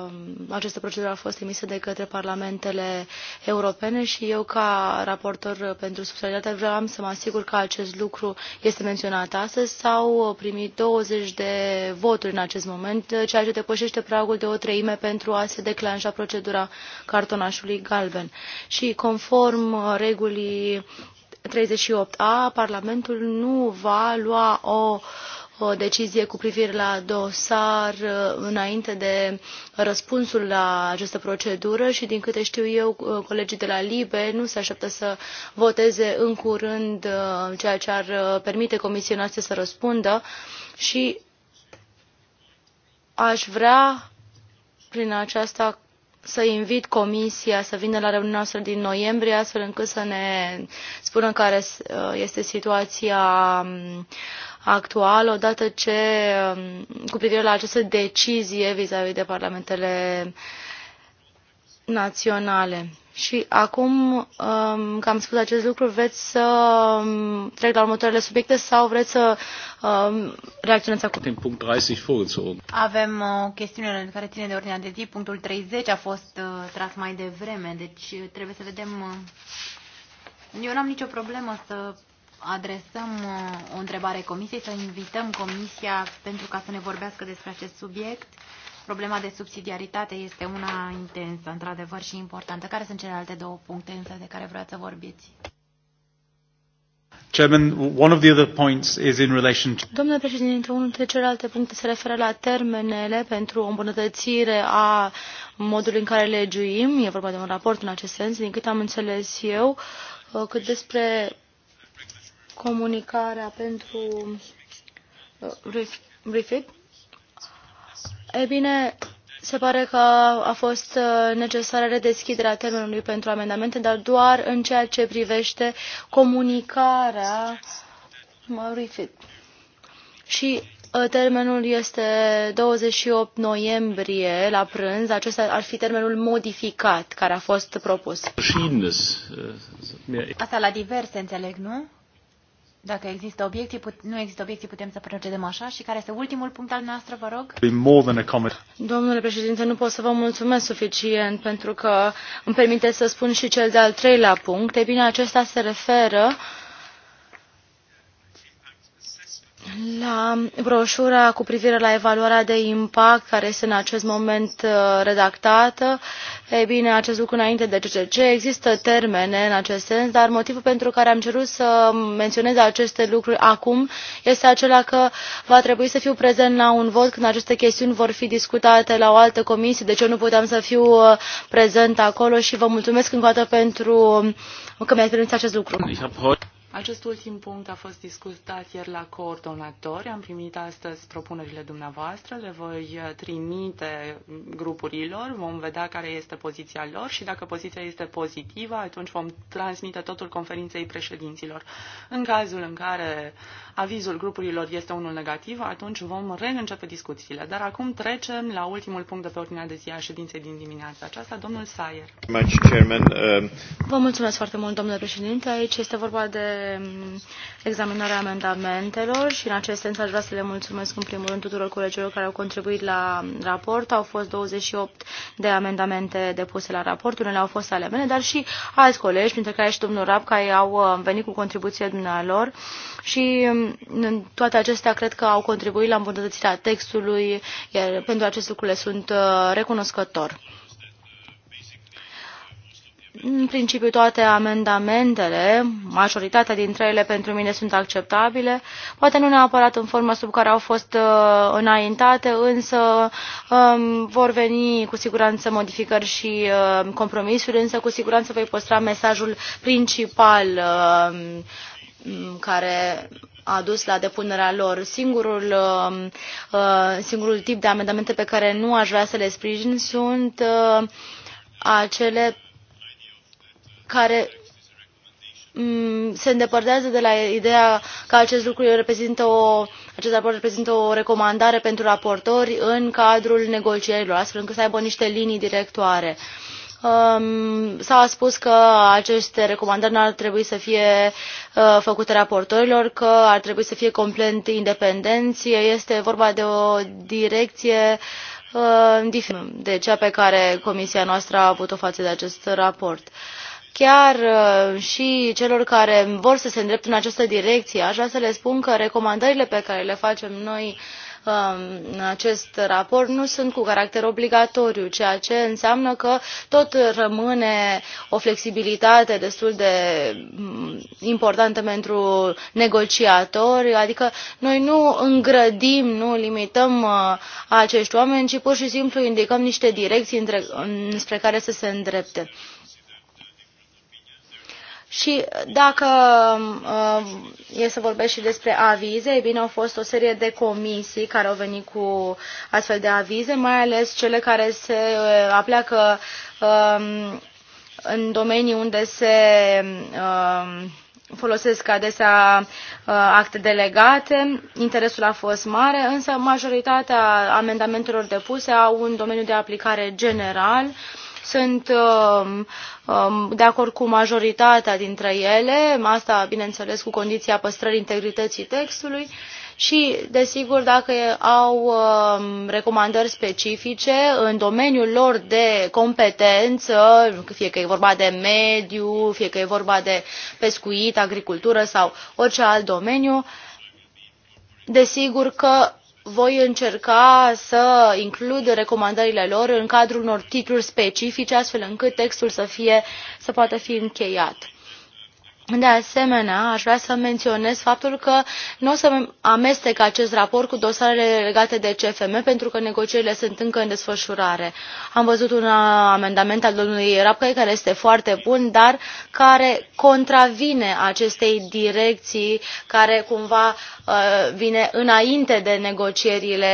uh, această procedură a fost emisă de către parlamentele europene și eu, ca raportor pentru subsidiaritate, vreau să mă asigur că acest lucru este menționat astăzi. S-au primit 20 de voturi în acest moment, ceea ce depășește pragul de o treime pentru a se declanșa procedura cartonașului galben. Și conform regulii 38A, Parlamentul nu va lua o o decizie cu privire la dosar uh, înainte de răspunsul la această procedură și din câte știu eu, uh, colegii de la LIBE nu se așteaptă să voteze în curând uh, ceea ce ar permite comisiei noastre să răspundă și aș vrea prin aceasta să invit comisia să vină la reuniunea noastră din noiembrie astfel încât să ne spună care este situația um, actual, odată ce, um, cu privire la această decizie vis-a-vis -vis de parlamentele naționale. Și acum um, că am spus acest lucru, vreți să um, trec la următoarele subiecte sau vreți să reacționați acum? Avem uh, o chestiune care ține de ordinea de zi. Punctul 30 a fost uh, tras mai devreme, deci uh, trebuie să vedem. Eu n-am nicio problemă să adresăm uh, o întrebare comisiei, să invităm comisia pentru ca să ne vorbească despre acest subiect. Problema de subsidiaritate este una intensă, într-adevăr, și importantă. Care sunt celelalte două puncte însă de care vreau să vorbiți? Chairman, one of the other points is in relation to... Domnule președinte, unul dintre celelalte puncte se referă la termenele pentru o îmbunătățire a modului în care legiuim. E vorba de un raport în acest sens, din cât am înțeles eu, uh, cât despre comunicarea pentru uh, refit, e bine, se pare că a fost uh, necesară redeschiderea termenului pentru amendamente, dar doar în ceea ce privește comunicarea refit. Și uh, termenul este 28 noiembrie la prânz. Acesta ar fi termenul modificat care a fost propus. Asta la diverse, înțeleg, nu? Dacă există obiecții, put, nu există obiecții, putem să procedăm așa. Și care este ultimul punct al noastră, vă rog? Domnule președinte, nu pot să vă mulțumesc suficient pentru că îmi permite să spun și cel de-al treilea punct. E bine, acesta se referă uh, la broșura cu privire la evaluarea de impact care este în acest moment uh, redactată. e bine, acest lucru înainte de CCC. Există termene în acest sens, dar motivul pentru care am cerut să menționez aceste lucruri acum este acela că va trebui să fiu prezent la un vot când aceste chestiuni vor fi discutate la o altă comisie, deci eu nu puteam să fiu uh, prezent acolo și vă mulțumesc încă o dată pentru că mi-ați permis acest lucru. Acest ultim punct a fost discutat ieri la coordonatori. Am primit astăzi propunerile dumneavoastră, le voi trimite grupurilor, vom vedea care este poziția lor și dacă poziția este pozitivă, atunci vom transmite totul conferinței președinților. În cazul în care avizul grupurilor este unul negativ, atunci vom reîncepe discuțiile. Dar acum trecem la ultimul punct de pe ordinea de zi a ședinței din dimineața aceasta, domnul Sayer. Um, Vă mulțumesc foarte mult, domnule președinte. Aici este vorba de um, examinarea amendamentelor și în acest sens aș vrea să le mulțumesc în primul rând tuturor colegilor care au contribuit la raport. Au fost 28 de amendamente depuse la raport, unele au fost ale mele, dar și alți colegi, printre care și domnul Rab, care au uh, venit cu contribuție dumnealor și um, toate acestea cred că au contribuit la îmbunătățirea textului, iar pentru acest lucru le sunt uh, recunoscător. În principiu, toate amendamentele, majoritatea dintre ele pentru mine sunt acceptabile, poate nu neapărat în forma sub care au fost uh, înaintate, însă um, vor veni cu siguranță modificări și uh, compromisuri, însă cu siguranță voi păstra mesajul principal uh, care a dus la depunerea lor. Singurul, um, uh, singurul tip de amendamente pe care nu aș vrea să le sprijin sunt uh, acele care mm, se îndepărtează de la ideea că acest lucru reprezintă o, acest raport reprezintă o recomandare pentru raportori în cadrul negocierilor, astfel încât să aibă niște linii directoare. Uh, Um, s-a spus că aceste recomandări nu ar trebui să fie uh, făcute raportorilor, că ar trebui să fie complet independenți. Este vorba de o direcție uh, diferită de cea pe care comisia noastră a avut-o față de acest raport chiar uh, și celor care vor să se îndrepte în această direcție, aș vrea să le spun că recomandările pe care le facem noi Um, acest raport nu sunt cu caracter obligatoriu ceea ce înseamnă că tot rămâne o flexibilitate destul de um, importantă pentru negociatori adică noi nu îngrădim nu limităm uh, acești oameni ci pur și simplu indicăm niște direcții spre care să se îndrepte. Și dacă uh, e să vorbesc și despre avize, e bine, au fost o serie de comisii care au venit cu astfel de avize, mai ales cele care se uh, apleacă um, în domenii unde se um, folosesc adesea uh, acte delegate. Interesul a fost mare, însă majoritatea amendamentelor depuse au un domeniu de aplicare general sunt um, um, de acord cu majoritatea dintre ele, asta, bineînțeles, cu condiția păstrării integrității textului și, desigur, dacă au um, recomandări specifice în domeniul lor de competență, fie că e vorba de mediu, fie că e vorba de pescuit, agricultură sau orice alt domeniu, desigur că voi încerca să includ recomandările lor în cadrul unor titluri specifice, astfel încât textul să, fie, să poată fi încheiat. De asemenea, aș vrea să menționez faptul că nu o să amestec acest raport cu dosarele legate de CFM, pentru că negocierile sunt încă în desfășurare. Am văzut un amendament al domnului Rapcai, care este foarte bun, dar care contravine acestei direcții care cumva uh, vine înainte de negocierile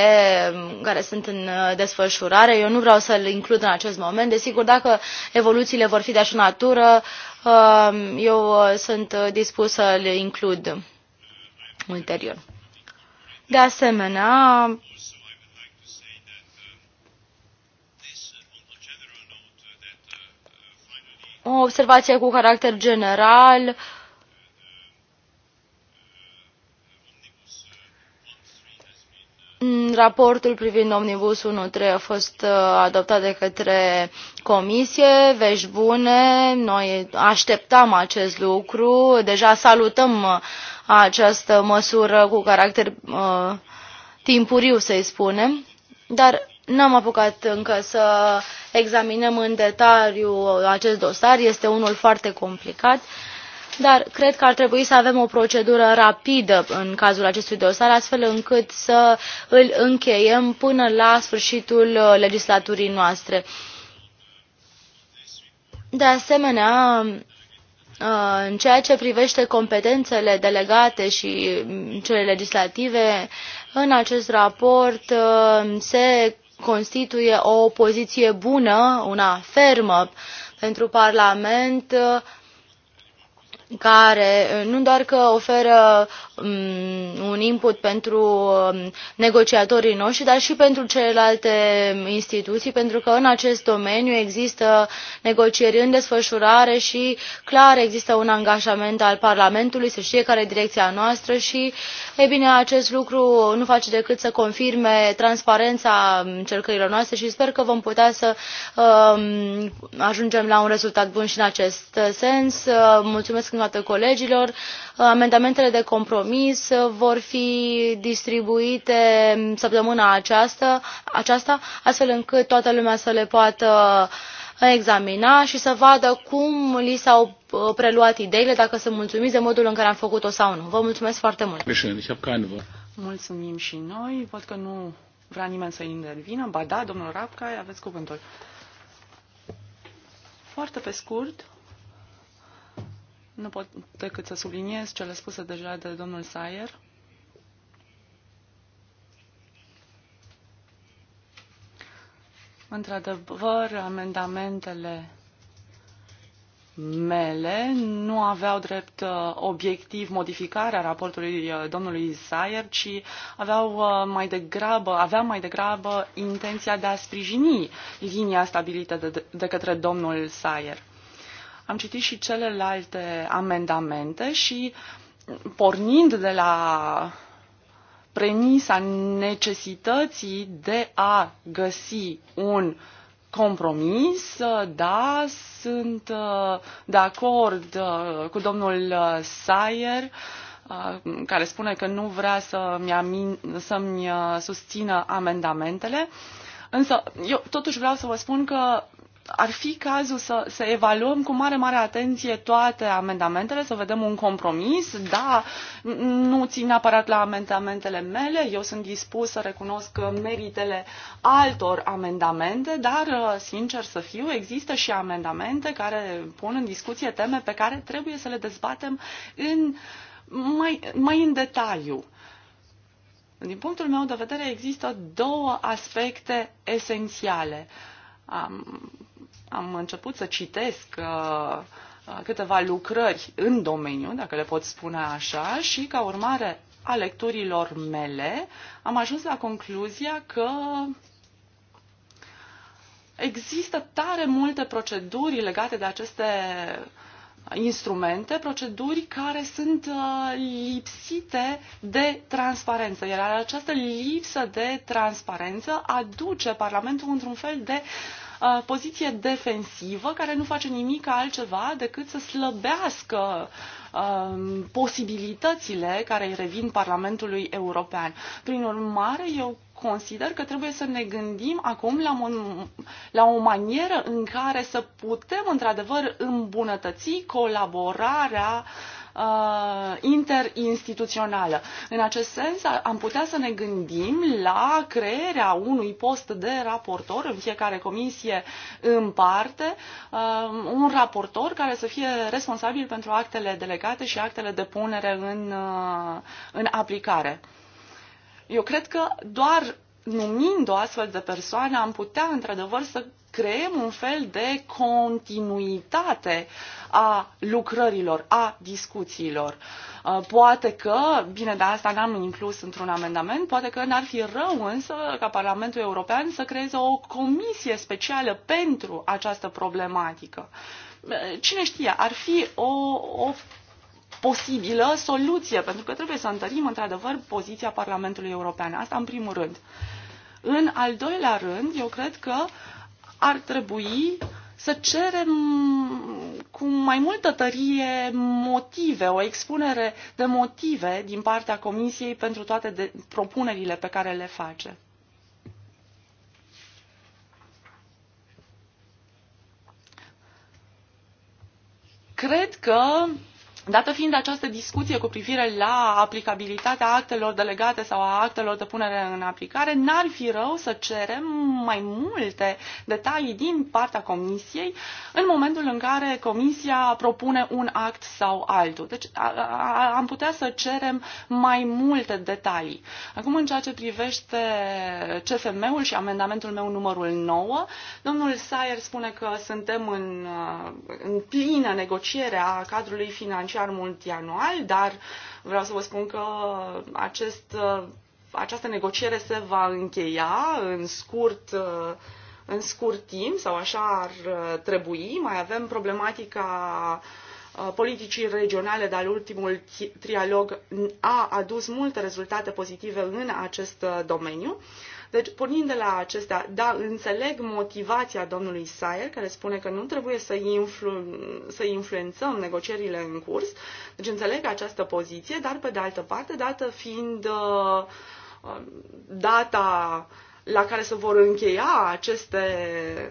um, care sunt în uh, desfășurare. Eu nu vreau să-l includ în acest moment. Desigur, dacă evoluțiile vor fi de așa natură, Um, eu uh, sunt uh, dispus să le includ ulterior. De asemenea, o observație cu caracter general raportul privind omnibus unu a fost uh, adoptat de către comisie vești bune noi așteptam acest lucru deja salutăm uh, această măsură cu caracter uh, timpuriu să i spunem dar nu am apucat încă să examinăm în detaliu acest dosar este unul foarte complicat și dar cred că ar trebui să avem o procedură rapidă în cazul acestui dosar, astfel încât să îl încheiem până la sfârșitul uh, legislaturii noastre. De asemenea, uh, în ceea ce privește competențele delegate și mm, cele legislative, în acest raport uh, se constituie o poziție bună, una fermă pentru Parlament care nu doar că oferă Mm, un input pentru um, negociatorii noștri, dar și pentru celelalte instituții, pentru că în acest domeniu există negocieri în desfășurare și clar există un angajament al Parlamentului, să știe care e direcția noastră și, e bine, acest lucru nu face decât să confirme transparența încercărilor um, noastre și sper că vom putea să um, ajungem la un rezultat bun și în acest sens. Uh, mulțumesc încă o dată colegilor. Uh, amendamentele de compromis uh, vor fi distribuite um, săptămâna aceasta, aceasta astfel încât toată lumea să le poată uh, examina și să vadă cum li s-au preluat ideile, dacă sunt mulțumiți de modul în care am făcut-o sau nu. Vă mulțumesc foarte mult! Mulțumim și noi. Văd că nu vrea nimeni să intervină. Ba da, domnul Rapca, aveți cuvântul. Foarte pe scurt, nu pot decât să subliniez cele spuse deja de domnul Sayer. Într-adevăr, amendamentele mele nu aveau drept uh, obiectiv modificarea raportului uh, domnului Sayer, ci aveau uh, mai degrabă, aveau mai degrabă intenția de a sprijini linia stabilită de, de către domnul Sayer am citit și celelalte amendamente și pornind de la premisa necesității de a găsi un compromis, da, sunt de acord uh, cu domnul uh, Sayer uh, care spune că nu vrea să-mi, să-mi susțină amendamentele. Însă, eu totuși vreau să vă spun că ar fi cazul să, să evaluăm cu mare, mare atenție toate amendamentele, să vedem un compromis. Da, nu țin neapărat la amendamentele mele, eu sunt dispus să recunosc meritele altor amendamente, dar, sincer să fiu, există și amendamente care pun în discuție teme pe care trebuie să le dezbatem în, mai, mai în detaliu. Din punctul meu de vedere, există două aspecte esențiale. Am, am început să citesc uh, uh, câteva lucrări în domeniu, dacă le pot spune așa, și ca urmare a lecturilor mele am ajuns la concluzia că există tare multe proceduri legate de aceste instrumente, proceduri care sunt uh, lipsite de transparență. Iar această lipsă de transparență aduce Parlamentul într-un fel de uh, poziție defensivă care nu face nimic altceva decât să slăbească posibilitățile care îi revin Parlamentului European. Prin urmare, eu consider că trebuie să ne gândim acum la, mon, la o manieră în care să putem într-adevăr îmbunătăți colaborarea uh, uh, interinstituțională. În acest sens, am putea să ne gândim la crearea unui post de raportor în fiecare comisie în parte, uh, un raportor care să fie responsabil pentru actele delegate și actele de punere în, uh, în aplicare. Eu cred că doar numind o astfel de persoană am putea într-adevăr să creăm un fel de continuitate a lucrărilor, a discuțiilor. Uh, poate că, bine, de da, asta n-am inclus într-un amendament, poate că n-ar fi rău însă ca Parlamentul European să creeze o comisie specială pentru această problematică. Uh, cine știe, ar fi o, o posibilă soluție, pentru că trebuie să întărim, într-adevăr, poziția Parlamentului European. Asta în primul rând. În al doilea rând, eu cred că uh, ar trebui să cerem cu mai multă tărie motive, o expunere de motive din partea Comisiei pentru toate de, propunerile pe care le face. Cred că Dată fiind această discuție cu privire la aplicabilitatea actelor delegate sau a actelor de punere în aplicare, n-ar fi rău să cerem mai multe detalii din partea Comisiei în momentul în care Comisia propune un act sau altul. Deci am putea să cerem mai multe detalii. Acum, în ceea ce privește CFM-ul și amendamentul meu numărul 9, domnul Sayer spune că suntem în, în plină negociere a cadrului financiar financiar multianual, dar vreau să vă spun că acest, această negociere se va încheia în scurt în scurt timp sau așa ar trebui. Mai avem problematica uh, politicii regionale, dar ultimul trialog a adus multe rezultate pozitive în acest uh, domeniu. Deci, pornind de la acestea, da, înțeleg motivația domnului Sayer, care spune că nu trebuie să, influ, să influențăm negocierile în curs. Deci, înțeleg această poziție, dar, pe de altă parte, dată fiind uh, data la care se vor încheia aceste,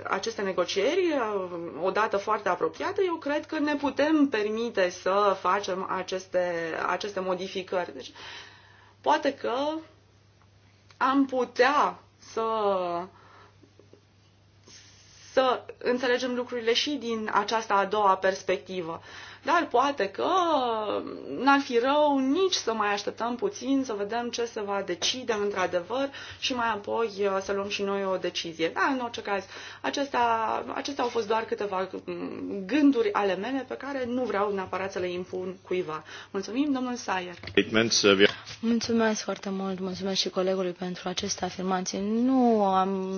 aceste negocieri, uh, o dată foarte apropiată, eu cred că ne putem permite să facem aceste, aceste modificări. Deci, poate că am putea să să înțelegem lucrurile și din această a doua perspectivă. Dar poate că n-ar fi rău nici să mai așteptăm puțin, să vedem ce se va decide într-adevăr și mai apoi uh, să luăm și noi o decizie. Da, în orice caz, acestea, acestea au fost doar câteva mm, gânduri ale mele pe care nu vreau neapărat să le impun cuiva. Mulțumim, domnul Sayer. Uh, mulțumesc foarte mult, mulțumesc și colegului pentru aceste afirmații. Nu am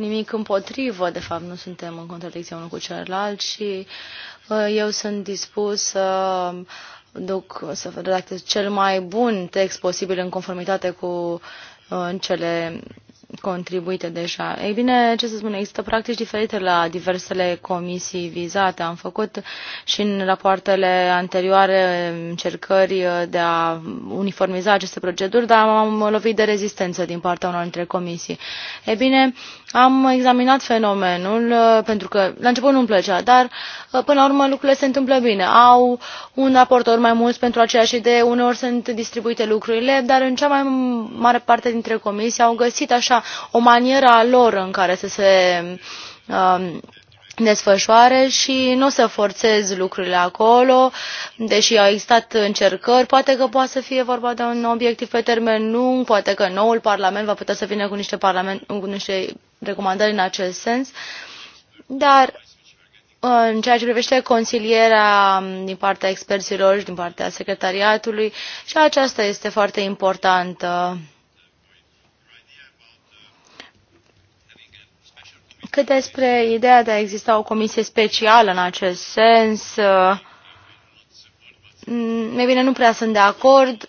nimic împotrivă, de fapt nu suntem în contradicție unul cu celălalt și uh, eu sunt dispus să duc, să redactez cel mai bun text posibil în conformitate cu uh, cele contribuite deja. Ei bine, ce să spun, există practici diferite la diversele comisii vizate. Am făcut și în rapoartele anterioare încercări de a uniformiza aceste proceduri, dar am lovit de rezistență din partea unor dintre comisii. Ei bine, am examinat fenomenul, uh, pentru că la început nu-mi plăcea, dar uh, până la urmă lucrurile se întâmplă bine. Au un raportor mai mult pentru aceeași idee, uneori sunt distribuite lucrurile, dar în cea mai mare parte dintre comisii au găsit așa o manieră a lor în care să se um, desfășoare și nu o să forțez lucrurile acolo, deși au existat încercări. Poate că poate să fie vorba de un obiectiv pe termen lung, poate că noul Parlament va putea să vină cu niște, parlament, cu niște recomandări în acest sens, dar uh, în ceea ce privește consilierea um, din partea experților și din partea secretariatului și aceasta este foarte importantă. Cât despre ideea de a exista o comisie specială în acest sens, uh, e bine, nu prea sunt de acord.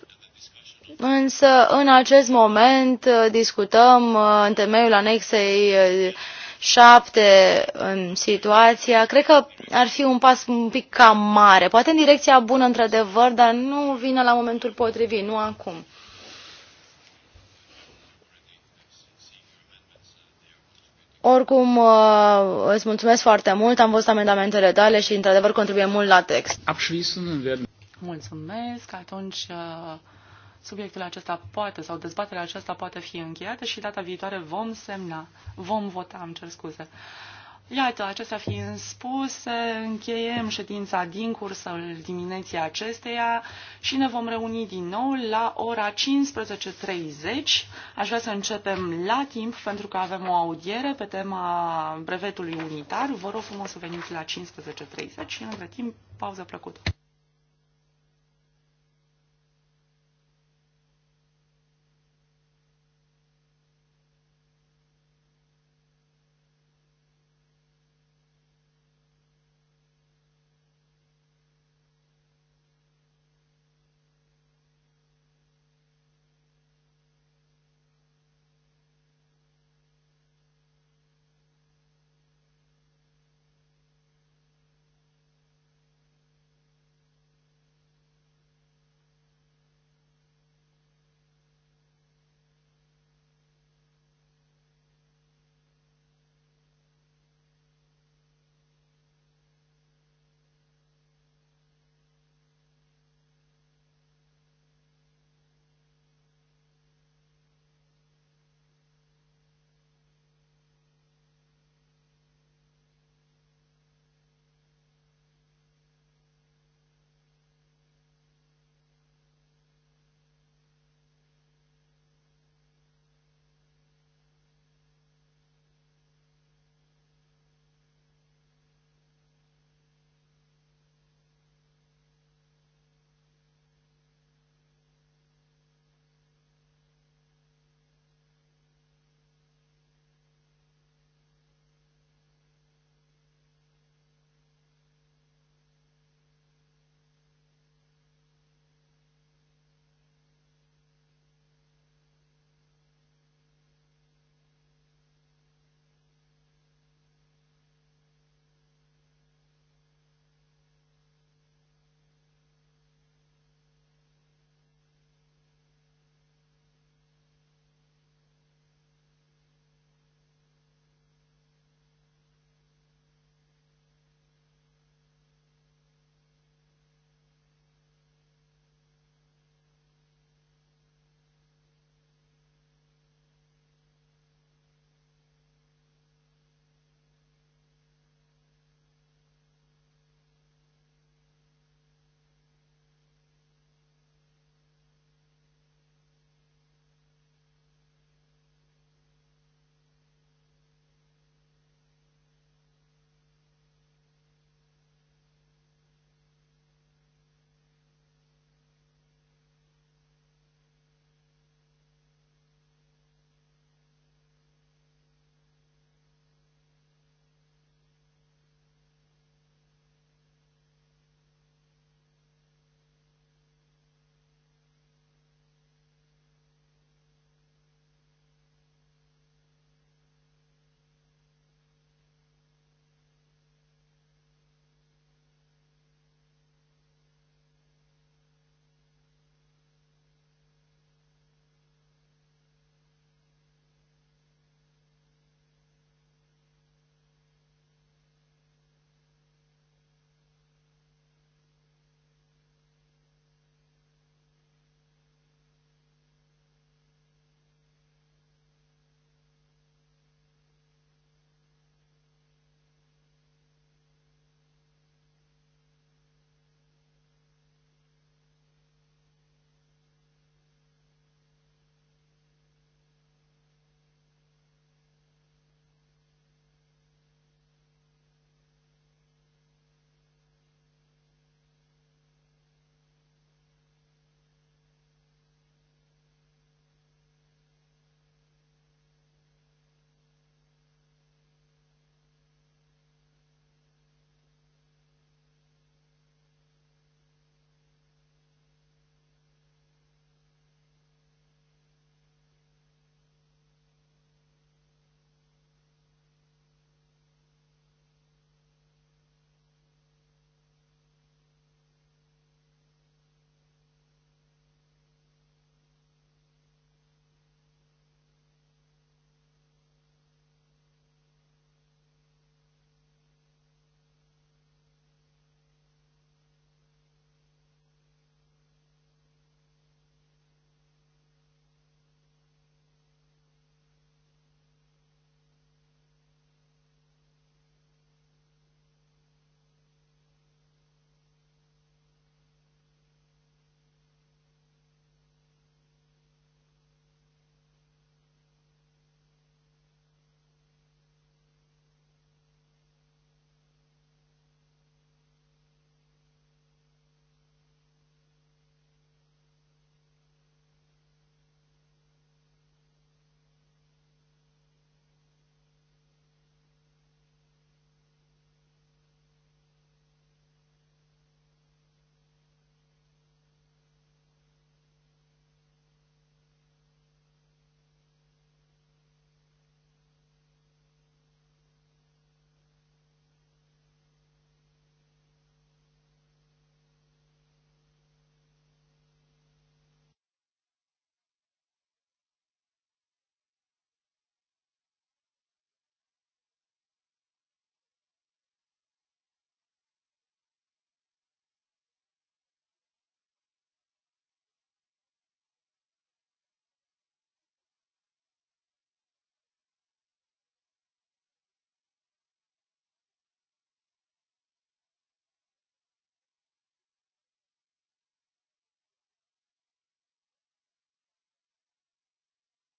Însă, în acest moment, uh, discutăm uh, în temeiul anexei 7 uh, situația. Cred că ar fi un pas un pic cam mare, poate în direcția bună, într-adevăr, dar nu vine la momentul potrivit, nu acum. Oricum, îți mulțumesc foarte mult, am văzut amendamentele tale și, într-adevăr, contribuie mult la text. Mulțumesc, atunci subiectul acesta poate sau dezbaterea aceasta poate fi încheiată și data viitoare vom semna, vom vota, am cer scuze. Iată, acestea fiind spuse, încheiem ședința din cursul dimineții acesteia și ne vom reuni din nou la ora 15.30. Aș vrea să începem la timp pentru că avem o audiere pe tema brevetului unitar. Vă rog frumos să veniți la 15.30 și între timp pauză plăcută.